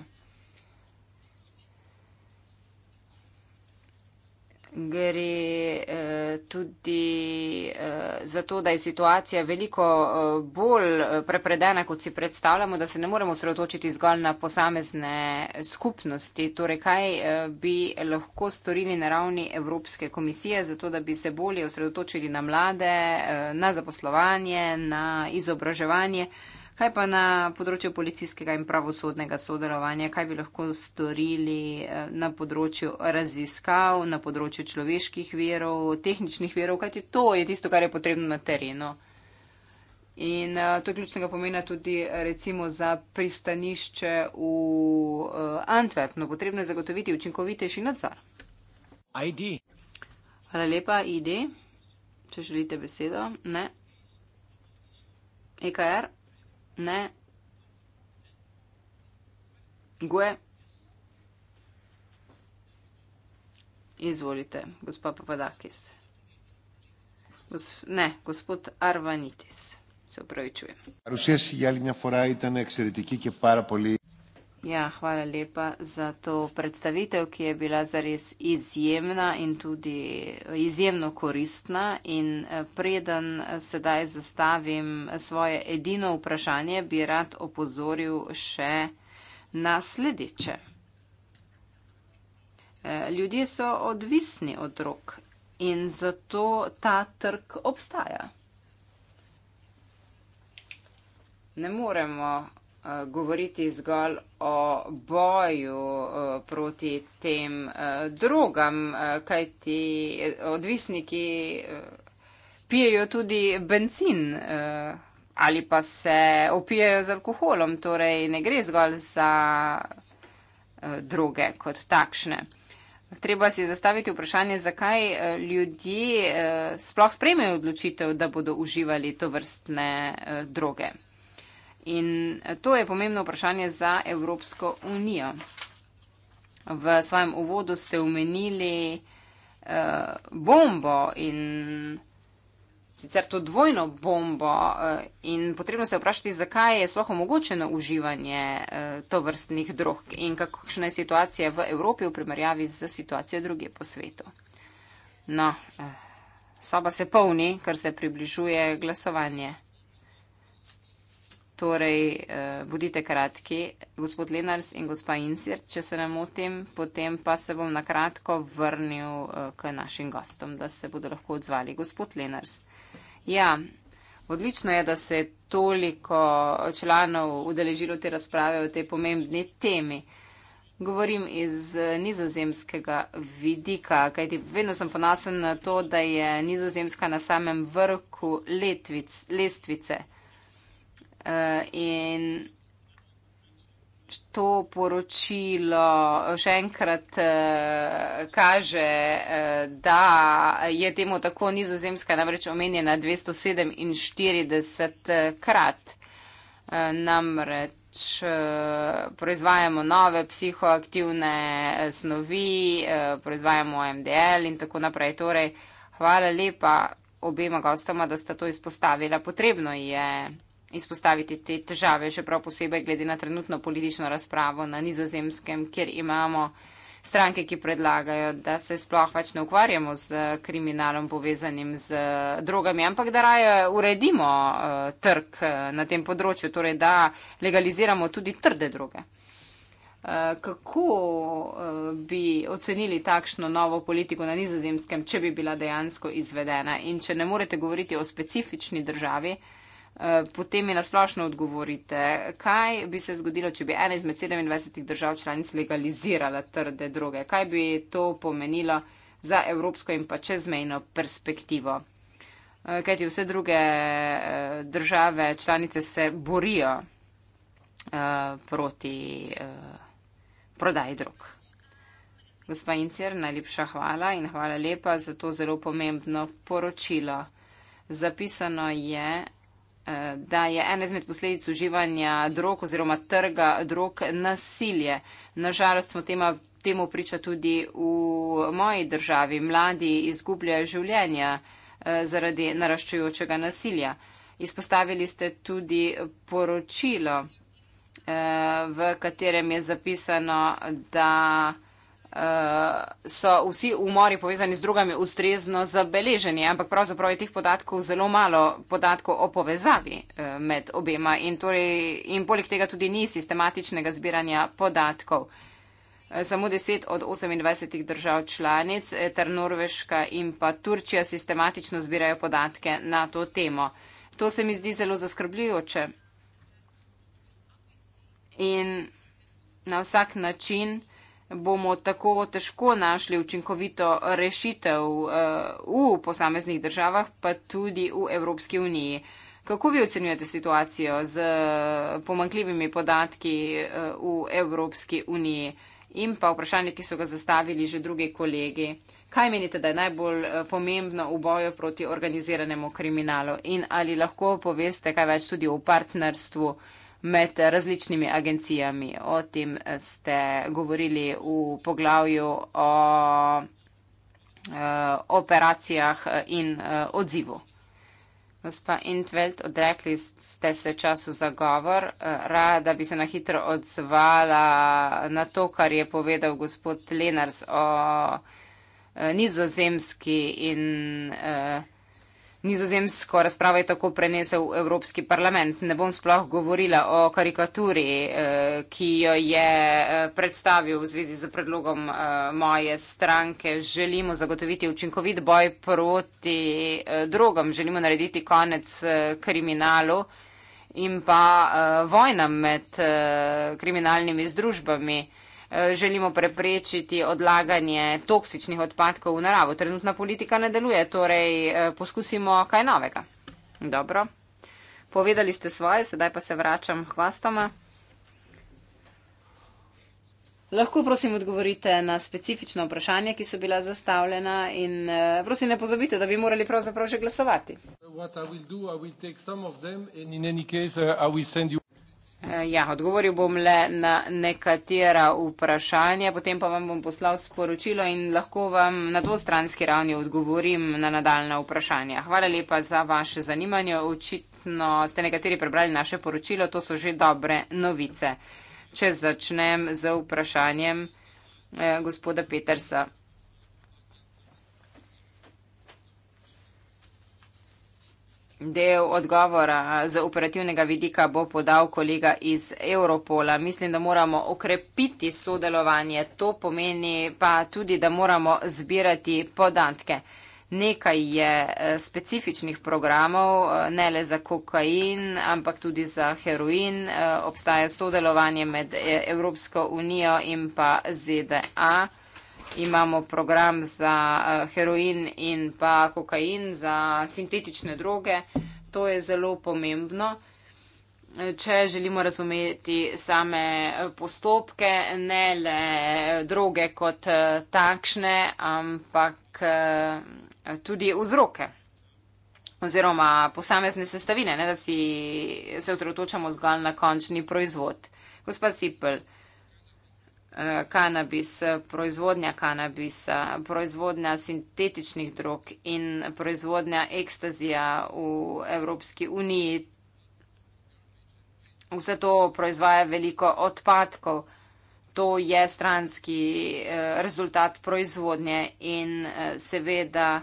[SPEAKER 3] gre eh, tudi eh, za to, da je situacija veliko eh, bolj prepredena, kot si predstavljamo, da se ne moremo sredotočiti zgolj na posamezne skupnosti. Torej, kaj bi lahko storili na ravni Evropske komisije, zato da bi se bolje osredotočili na mlade, na zaposlovanje, na izobraževanje? Kaj pa na področju policijskega in pravosodnega sodelovanja, kaj bi lahko storili eh, na področju raziskav, na področju človeških verov, tehničnih verov, kajti to je tisto, kar je potrebno na terenu. In eh, to je ključnega pomena tudi recimo za pristanišče v eh, Antwerpno. Potrebno je zagotoviti učinkovitejši nadzor. ID. Hvala lepa, ID. Če želite besedo. Ne. EKR ne, gue, izvolite, gospod Papadakis, Gos, ne, gospod Arvanitis, se upravičujem.
[SPEAKER 1] Arušes, jali njena fora, itane ekseretiki, ki je para poli...
[SPEAKER 3] Ja, hvala lepa za to predstavitev, ki je bila zares izjemna in tudi eh, izjemno koristna. In eh, preden eh, sedaj zastavim svoje edino vprašanje, bi rad opozoril še na sledeče. Ljudje so odvisni od drog in zato ta trg obstaja. Ne moremo Eh, govoriti zgolj o boju eh, proti tem eh, drogam, kajti odvisniki pijejo tudi benzin ali pa se opijajo z alkoholom, torej ne gre zgolj za druge kot takšne. Treba si zastaviti vprašanje, zakaj ljudje sploh spremejo odločitev, da bodo uživali to vrstne droge. In eh, to je pomembno vprašanje za Evropsko unijo. V svojem uvodu ste omenili uh, bombo in sicer to dvojno bombo uh, in potrebno se vprašati, zakaj je sploh omogočeno uživanje uh, to vrstnih drog in kakšna je situacija v Evropi v primerjavi z situacijo druge po svetu. No, uh, soba se polni, ker se približuje glasovanje. Torej, eh, bodite kratki, gospod Lenars in gospa Insir, če se ne motim, potem pa se bom na kratko vrnil eh, k našim gostom, da se bodo lahko odzvali. Gospod Lenars. Ja, odlično je, da se je toliko članov udeležilo te razprave o tej pomembni temi. Govorim iz eh, nizozemskega vidika, kajti vedno sem ponosen na to, da je nizozemska na samem vrhu letvic, lestvice. Eh, in to poročilo eh, še enkrat eh, kaže, da je temu tako nizozemska namreč omenjena 247 krat. Namreč proizvajamo nove psihoaktivne snovi, proizvajamo MDL in tako naprej. Torej, hvala lepa obema gostoma, da sta to izpostavila. Potrebno je izpostaviti te težave, še prav posebej glede na trenutno politično razpravo na nizozemskem, kjer imamo stranke, ki predlagajo, da se sploh več ne ukvarjamo z eh, kriminalom povezanim z eh, drogami, ampak da raje uredimo uh, trg uh, na tem področju, torej da legaliziramo tudi trde droge. Kako bi ocenili takšno novo politiko na nizozemskem, če bi bila dejansko izvedena in če ne morete govoriti o specifični državi, Eh, potem mi nasplošno odgovorite, kaj bi se zgodilo, če bi ena izmed 27 držav članic legalizirala trde droge. Kaj bi to pomenilo za evropsko in pa čezmejno perspektivo? Eh, kajti vse druge eh, države članice se borijo proti prodaji drog. Gospa Incer, najlepša hvala in hvala lepa za to zelo pomembno poročilo. Zapisano je. Eh, da je ena izmed posledic uživanja drog oziroma trga drog nasilje. Nažalost smo tema, temu priča tudi v moji državi. Mladi izgubljajo življenja eh, zaradi naraščujočega nasilja. Izpostavili ste tudi poročilo, eh, v katerem je zapisano, da. Eh, so vsi umori povezani z drugami ustrezno zabeleženi, ampak pravzaprav je teh podatkov zelo malo podatkov o povezavi eh, med obema in, torej, in poleg tega tudi ni sistematičnega zbiranja podatkov. Eh, samo 10 od 28 držav članic ter Norveška in pa Turčija sistematično zbirajo podatke na to temo. To se mi zdi zelo zaskrbljujoče. In na vsak način bomo tako težko našli učinkovito rešitev eh, v posameznih državah, pa tudi v Evropski uniji. Kako vi ocenjujete situacijo z eh, pomankljivimi podatki eh, v Evropski uniji in pa vprašanje, ki so ga zastavili že drugi kolegi? Kaj menite, da je najbolj pomembno v boju proti organiziranemu kriminalu in ali lahko poveste kaj več tudi o partnerstvu? med različnimi agencijami. O tem ste govorili v poglavju o uh, operacijah eh, in uh, odzivu. Gospa Intveld, odrekli ste se času za govor. Rada bi se na hitro odzvala na to, kar je povedal gospod Lenars o nizozemski in uh, Nizozemsko razpravo je tako prenesel Evropski parlament. Ne bom sploh govorila o karikaturi, eh, ki jo je eh, predstavil v zvezi z predlogom eh, moje stranke. Želimo zagotoviti učinkovit boj proti drogam, želimo narediti konec kriminalu in pa vojna med kriminalnimi združbami. Eh, želimo preprečiti odlaganje toksičnih odpadkov v naravo. Trenutna politika ne deluje, torej eh, poskusimo kaj novega. Dobro, povedali ste svoje, sedaj pa se vračam hvastoma. Lahko prosim odgovorite na specifično vprašanje, ki so bila zastavljena in eh, prosim ne pozabite, da bi morali pravzaprav
[SPEAKER 1] že glasovati.
[SPEAKER 3] Eh, ja, odgovoril bom le na nekatera vprašanja, potem pa vam bom poslal sporočilo in lahko vam na dvostranski ravni odgovorim na nadaljna vprašanja. Hvala lepa za vaše zanimanje. Očitno ste nekateri prebrali naše poročilo, to so že dobre novice. Če začnem z vprašanjem eh, gospoda Petersa. Del odgovora z operativnega vidika bo podal kolega iz Europola. Mislim, da moramo okrepiti sodelovanje. To pomeni pa tudi, da moramo zbirati podatke. Nekaj je eh, specifičnih programov, eh, ne le za kokain, ampak tudi za heroin. Eh, obstaja sodelovanje med Evropsko unijo in pa ZDA imamo program za eh, heroin in pa kokain, za sintetične droge. To je zelo pomembno. Če želimo razumeti same eh, postopke, ne le eh, droge kot takšne, ampak tudi vzroke oziroma posamezne sestavine, ne, da si se osredotočamo zgolj na končni proizvod. Gospa Sipel, kanabis, proizvodnja kanabisa, proizvodnja sintetičnih drog in proizvodnja ekstazija v Evropski uniji. Vse to proizvaja veliko odpadkov. To je stranski eh, rezultat proizvodnje in eh, seveda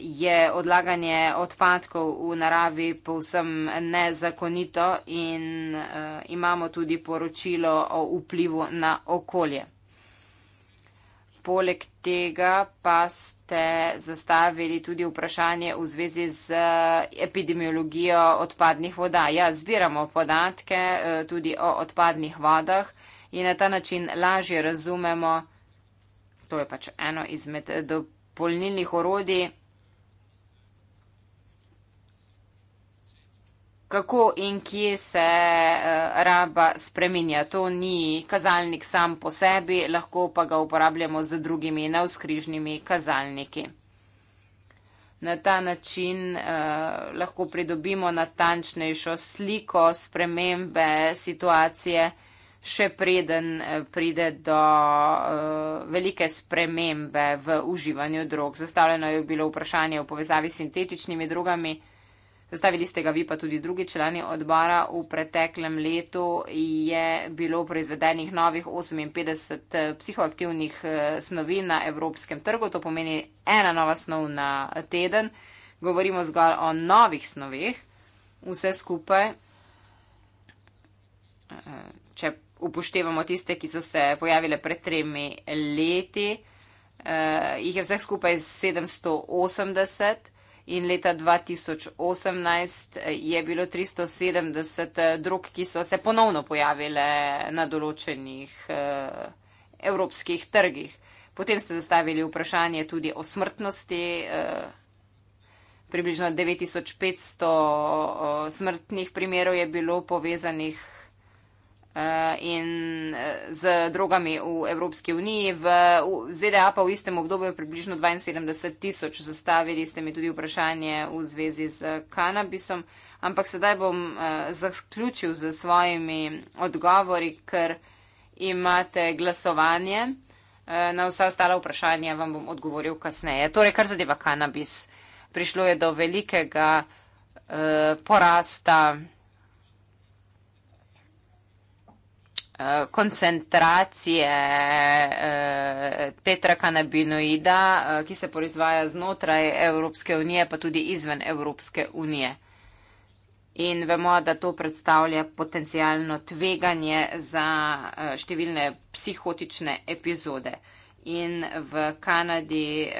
[SPEAKER 3] je odlaganje odpadkov v naravi povsem nezakonito in eh, imamo tudi poročilo o vplivu na okolje. Poleg tega pa ste zastavili tudi vprašanje v zvezi z eh, epidemiologijo odpadnih voda. Ja, zbiramo podatke eh, tudi o odpadnih vodah in na ta način lažje razumemo, to je pač eno izmed dopustitev, polnilnih orodij, kako in kje se eh, raba spreminja. To ni kazalnik sam po sebi, lahko pa ga uporabljamo z drugimi navskrižnimi kazalniki. Na ta način eh, lahko pridobimo natančnejšo sliko spremembe situacije še preden eh, pride do uh, velike spremembe v uživanju drog. Zastavljeno je bilo vprašanje o povezavi s sintetičnimi drogami. Zastavili ste ga vi pa tudi drugi člani odbora. V preteklem letu je bilo proizvedenih novih 58 eh, psihoaktivnih snovi na evropskem trgu, to pomeni ena nova snov na teden. Govorimo zgolj o novih snovih. Vse skupaj, če upoštevamo tiste, ki so se pojavile pred tremi leti, eh, jih je vseh skupaj 780 in leta 2018 eh, je bilo 370 eh, drog, ki so se ponovno pojavile na določenih eh, evropskih trgih. Potem ste zastavili vprašanje tudi o smrtnosti. Eh, Približno 9500 eh, smrtnih primerov je bilo povezanih Eh, in eh, z drogami v Evropski uniji. V ZDA pa v istem obdobju je približno 72 tisoč. Zastavili ste mi tudi vprašanje v zvezi z kanabisom, ampak sedaj bom eh, zaključil z svojimi odgovori, ker imate glasovanje. Na vsa ostala vprašanja vam bom odgovoril kasneje. Torej, kar zadeva kanabis, prišlo je do velikega uh, porasta. Eh, koncentracije eh, tetrakanabinoida, eh, ki se proizvaja znotraj Evropske unije, pa tudi izven Evropske unije. In vemo, da to predstavlja potencijalno tveganje za številne psihotične epizode. In v Kanadi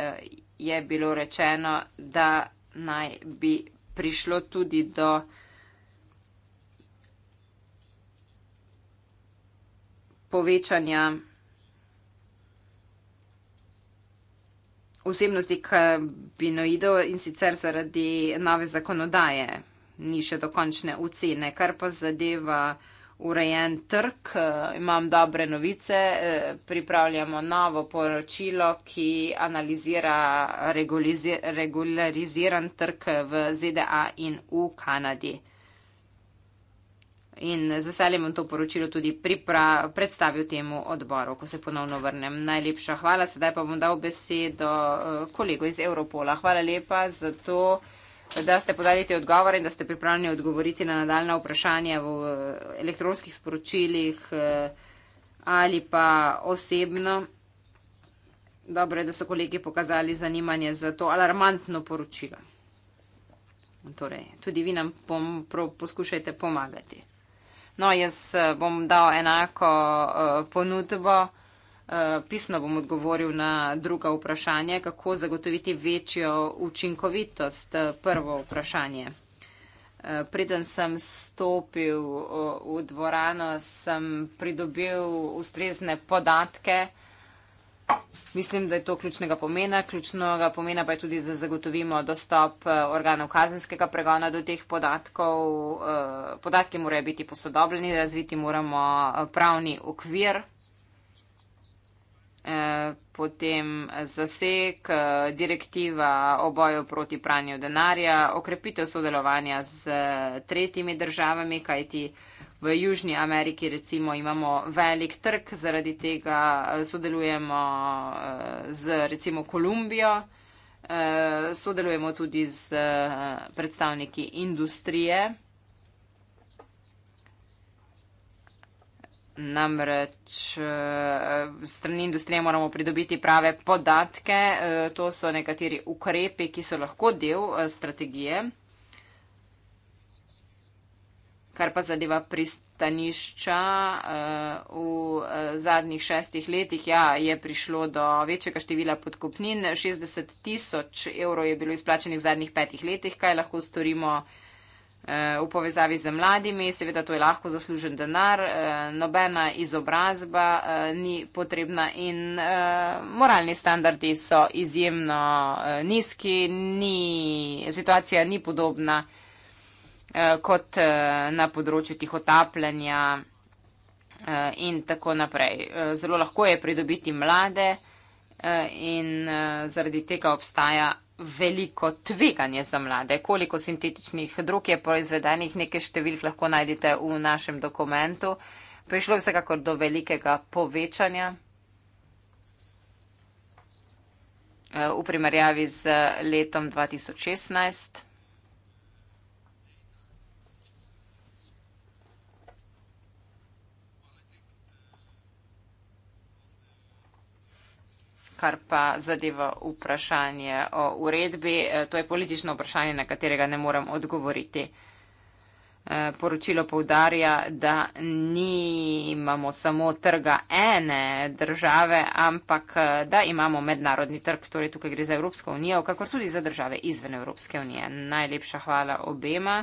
[SPEAKER 3] je bilo rečeno, da naj bi prišlo tudi do povečanja vsebnosti kabinoidov in sicer zaradi nove zakonodaje, ni še dokončne ocene, kar pa zadeva urejen trg. Imam dobre novice, pripravljamo novo poročilo, ki analizira regulariziran trg v ZDA in v Kanadi in z veseljem bom to poročilo tudi pripra, predstavil temu odboru, ko se ponovno vrnem. Najlepša hvala, sedaj pa bom dal besedo eh, kolegu iz Europola. Hvala lepa za to, da ste podali te odgovore in da ste pripravljeni odgovoriti na nadaljna vprašanja v eh, elektronskih sporočilih eh, ali pa osebno. Dobro je, da so kolegi pokazali zanimanje za to alarmantno poročilo. Torej, tudi vi nam pom, pro, poskušajte pomagati. No, jaz eh, bom dal enako uh, ponudbo. Eh, pisno bom odgovoril na druga vprašanja, kako zagotoviti večjo učinkovitost. Prvo vprašanje. Preden sem stopil v dvorano, sem pridobil ustrezne podatke, Mislim, da je to ključnega pomena. Ključnega pomena pa je tudi, da zagotovimo dostop eh, organov kazenskega pregona do teh podatkov. Eh, podatki morajo biti posodobljeni, razviti moramo eh, pravni okvir, potem zasek, direktiva o boju proti pranju denarja, okrepitev sodelovanja z tretjimi državami, kajti. V Južni Ameriki recimo imamo velik trg, zaradi tega eh, sodelujemo eh, z recimo Kolumbijo, eh, sodelujemo tudi z predstavniki industrije. Namreč strani industrije moramo pridobiti prave podatke, to so nekateri ukrepi, ki so lahko del strategije kar pa zadeva pristanišča eh, v eh, zadnjih šestih letih, ja, je prišlo do večjega števila podkupnin. 60 tisoč evrov je bilo izplačenih v zadnjih petih letih. Kaj lahko storimo eh, v povezavi z mladimi? Seveda, to je lahko zaslužen denar, nobena izobrazba ni potrebna in moralni standardi so izjemno nizki, ni, situacija ni podobna. Eh, kot eh, na področju tihotapljanja eh, in tako naprej. Zelo lahko je pridobiti mlade in zaradi tega obstaja veliko tveganje za mlade. Koliko sintetičnih drug je proizvedenih, nekaj številk lahko najdete v našem dokumentu. Prišlo je vsekakor do velikega povečanja v primerjavi z letom 2016. kar pa zadeva vprašanje o uredbi. Eh, to je politično vprašanje, na katerega ne morem odgovoriti. Eh, poročilo povdarja, da nimamo samo trga ene države, ampak eh, da imamo mednarodni trg, torej tukaj gre za Evropsko unijo, kakor tudi za države izven Evropske unije. Najlepša hvala obema.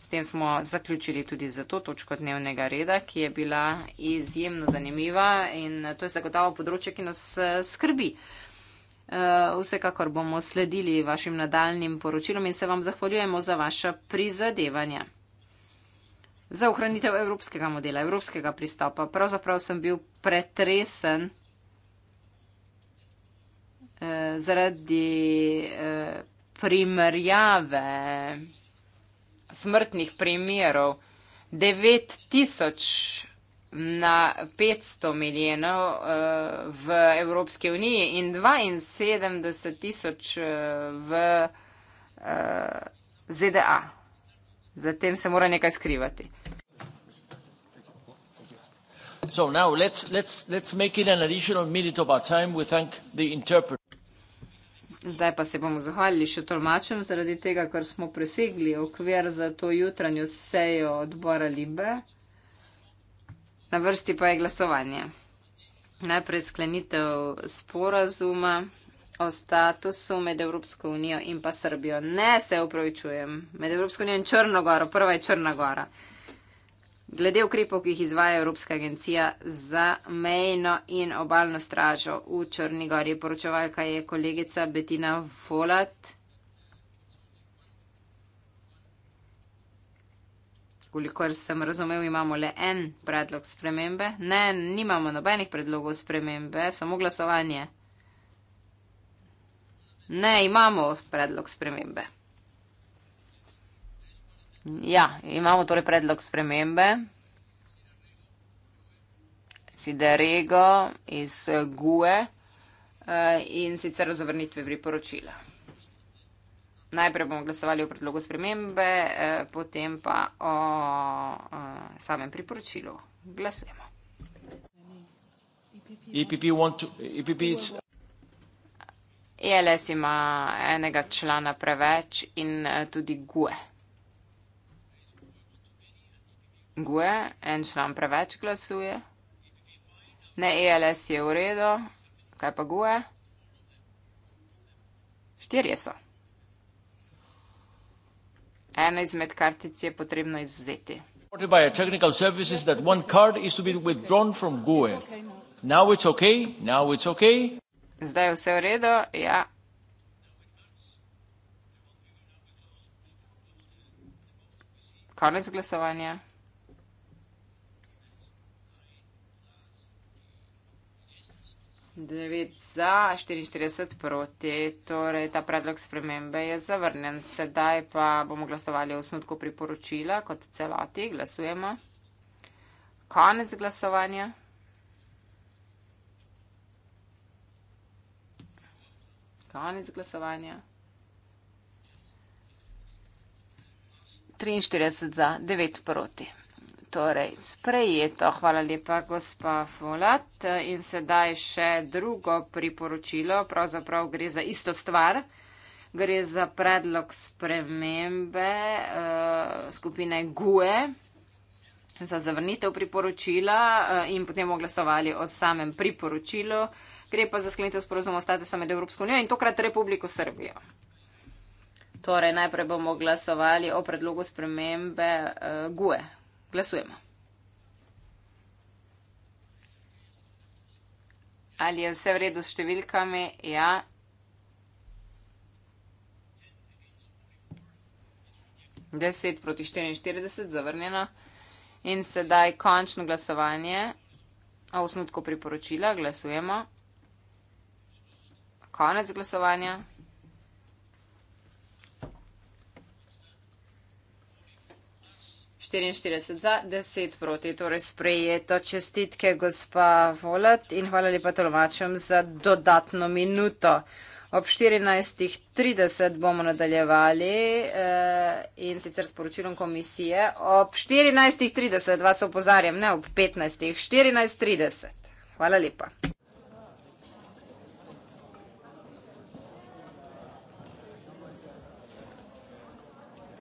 [SPEAKER 3] S tem smo zaključili tudi za to točko dnevnega reda, ki je bila izjemno zanimiva in to je zagotovo področje, ki nas eh, skrbi. Eh, vsekakor bomo sledili vašim nadaljnim poročilom in se vam zahvaljujemo za vaše prizadevanja. Za ohranitev evropskega modela, evropskega pristopa. Pravzaprav sem bil pretresen eh, zaradi primerjave smrtnih primerov, 9000 na 500 milijonov eh, v Evropski uniji in 72 tisoč eh, v eh, ZDA. Zatem se mora nekaj skrivati.
[SPEAKER 1] So now let's, let's, let's make it an additional minute of our time. We thank the interpreter.
[SPEAKER 3] Zdaj pa se bomo zahvalili še tolmačem zaradi tega, ker smo presegli okvir za to jutranjo sejo odbora Libe. Na vrsti pa je glasovanje. Najprej sklenitev sporazuma o statusu med Evropsko unijo in pa Srbijo. Ne, se upravičujem. Med Evropsko unijo in Črnogoro. Prva je Črnogora glede ukrepov, ki jih izvaja Evropska agencija za mejno in obalno stražo v Črnigori. Poročevalka je kolegica Betina Volat. Kolikor sem razumel, imamo le en predlog spremembe. Ne, nimamo nobenih predlogov spremembe, samo glasovanje. Ne, imamo predlog spremembe. Ja, imamo torej predlog spremembe. Siderego iz eh, GUE eh, in sicer o zavrnitve priporočila. Najprej bomo glasovali o predlogu spremembe, eh, potem pa o samem priporočilu. Glasujemo. ELS e e ima enega člana preveč in tudi GUE. GUE, en član preveč glasuje. Ne, ELS je v redu, kaj pa GUE? Štirje so. Eno izmed kartic je potrebno izuzeti.
[SPEAKER 1] By technical services that one card is to be withdrawn from GUE. Now it's okay, now it's okay.
[SPEAKER 3] Zdaj je vse v redu, ja. Konec glasovanja. 9 za, 44 proti, torej ta predlog spremembe je zavrnen. Sedaj pa bomo glasovali o osnutku priporočila kot celoti. Glasujemo. Konec glasovanja. Konec glasovanja. 43 za, 9 proti. Torej, sprejeto. Hvala lepa, gospa Folat. In sedaj še drugo priporočilo. Pravzaprav gre za isto stvar. Gre za predlog spremembe uh, skupine GUE za zavrnitev priporočila uh, in potem bomo glasovali o samem priporočilu. Gre pa za sklenitev sporozuma o statusu med Evropsko unijo in tokrat Republiko Srbijo. Torej, najprej bomo glasovali o predlogu spremembe uh, eh, GUE. Glasujemo. Ali je vse v redu s številkami? Ja. Deset proti 44, zavrnjeno. In sedaj končno glasovanje o osnutku priporočila. Glasujemo. Konec glasovanja. 44 za, 10 proti, torej sprejeto. Čestitke, gospa Volat, in hvala lepa tolmačem za dodatno minuto. Ob 14.30 bomo nadaljevali eh, in sicer s poročilom komisije. Ob 14.30 vas opozarjam, ne ob 15.00, 14.30. Hvala lepa.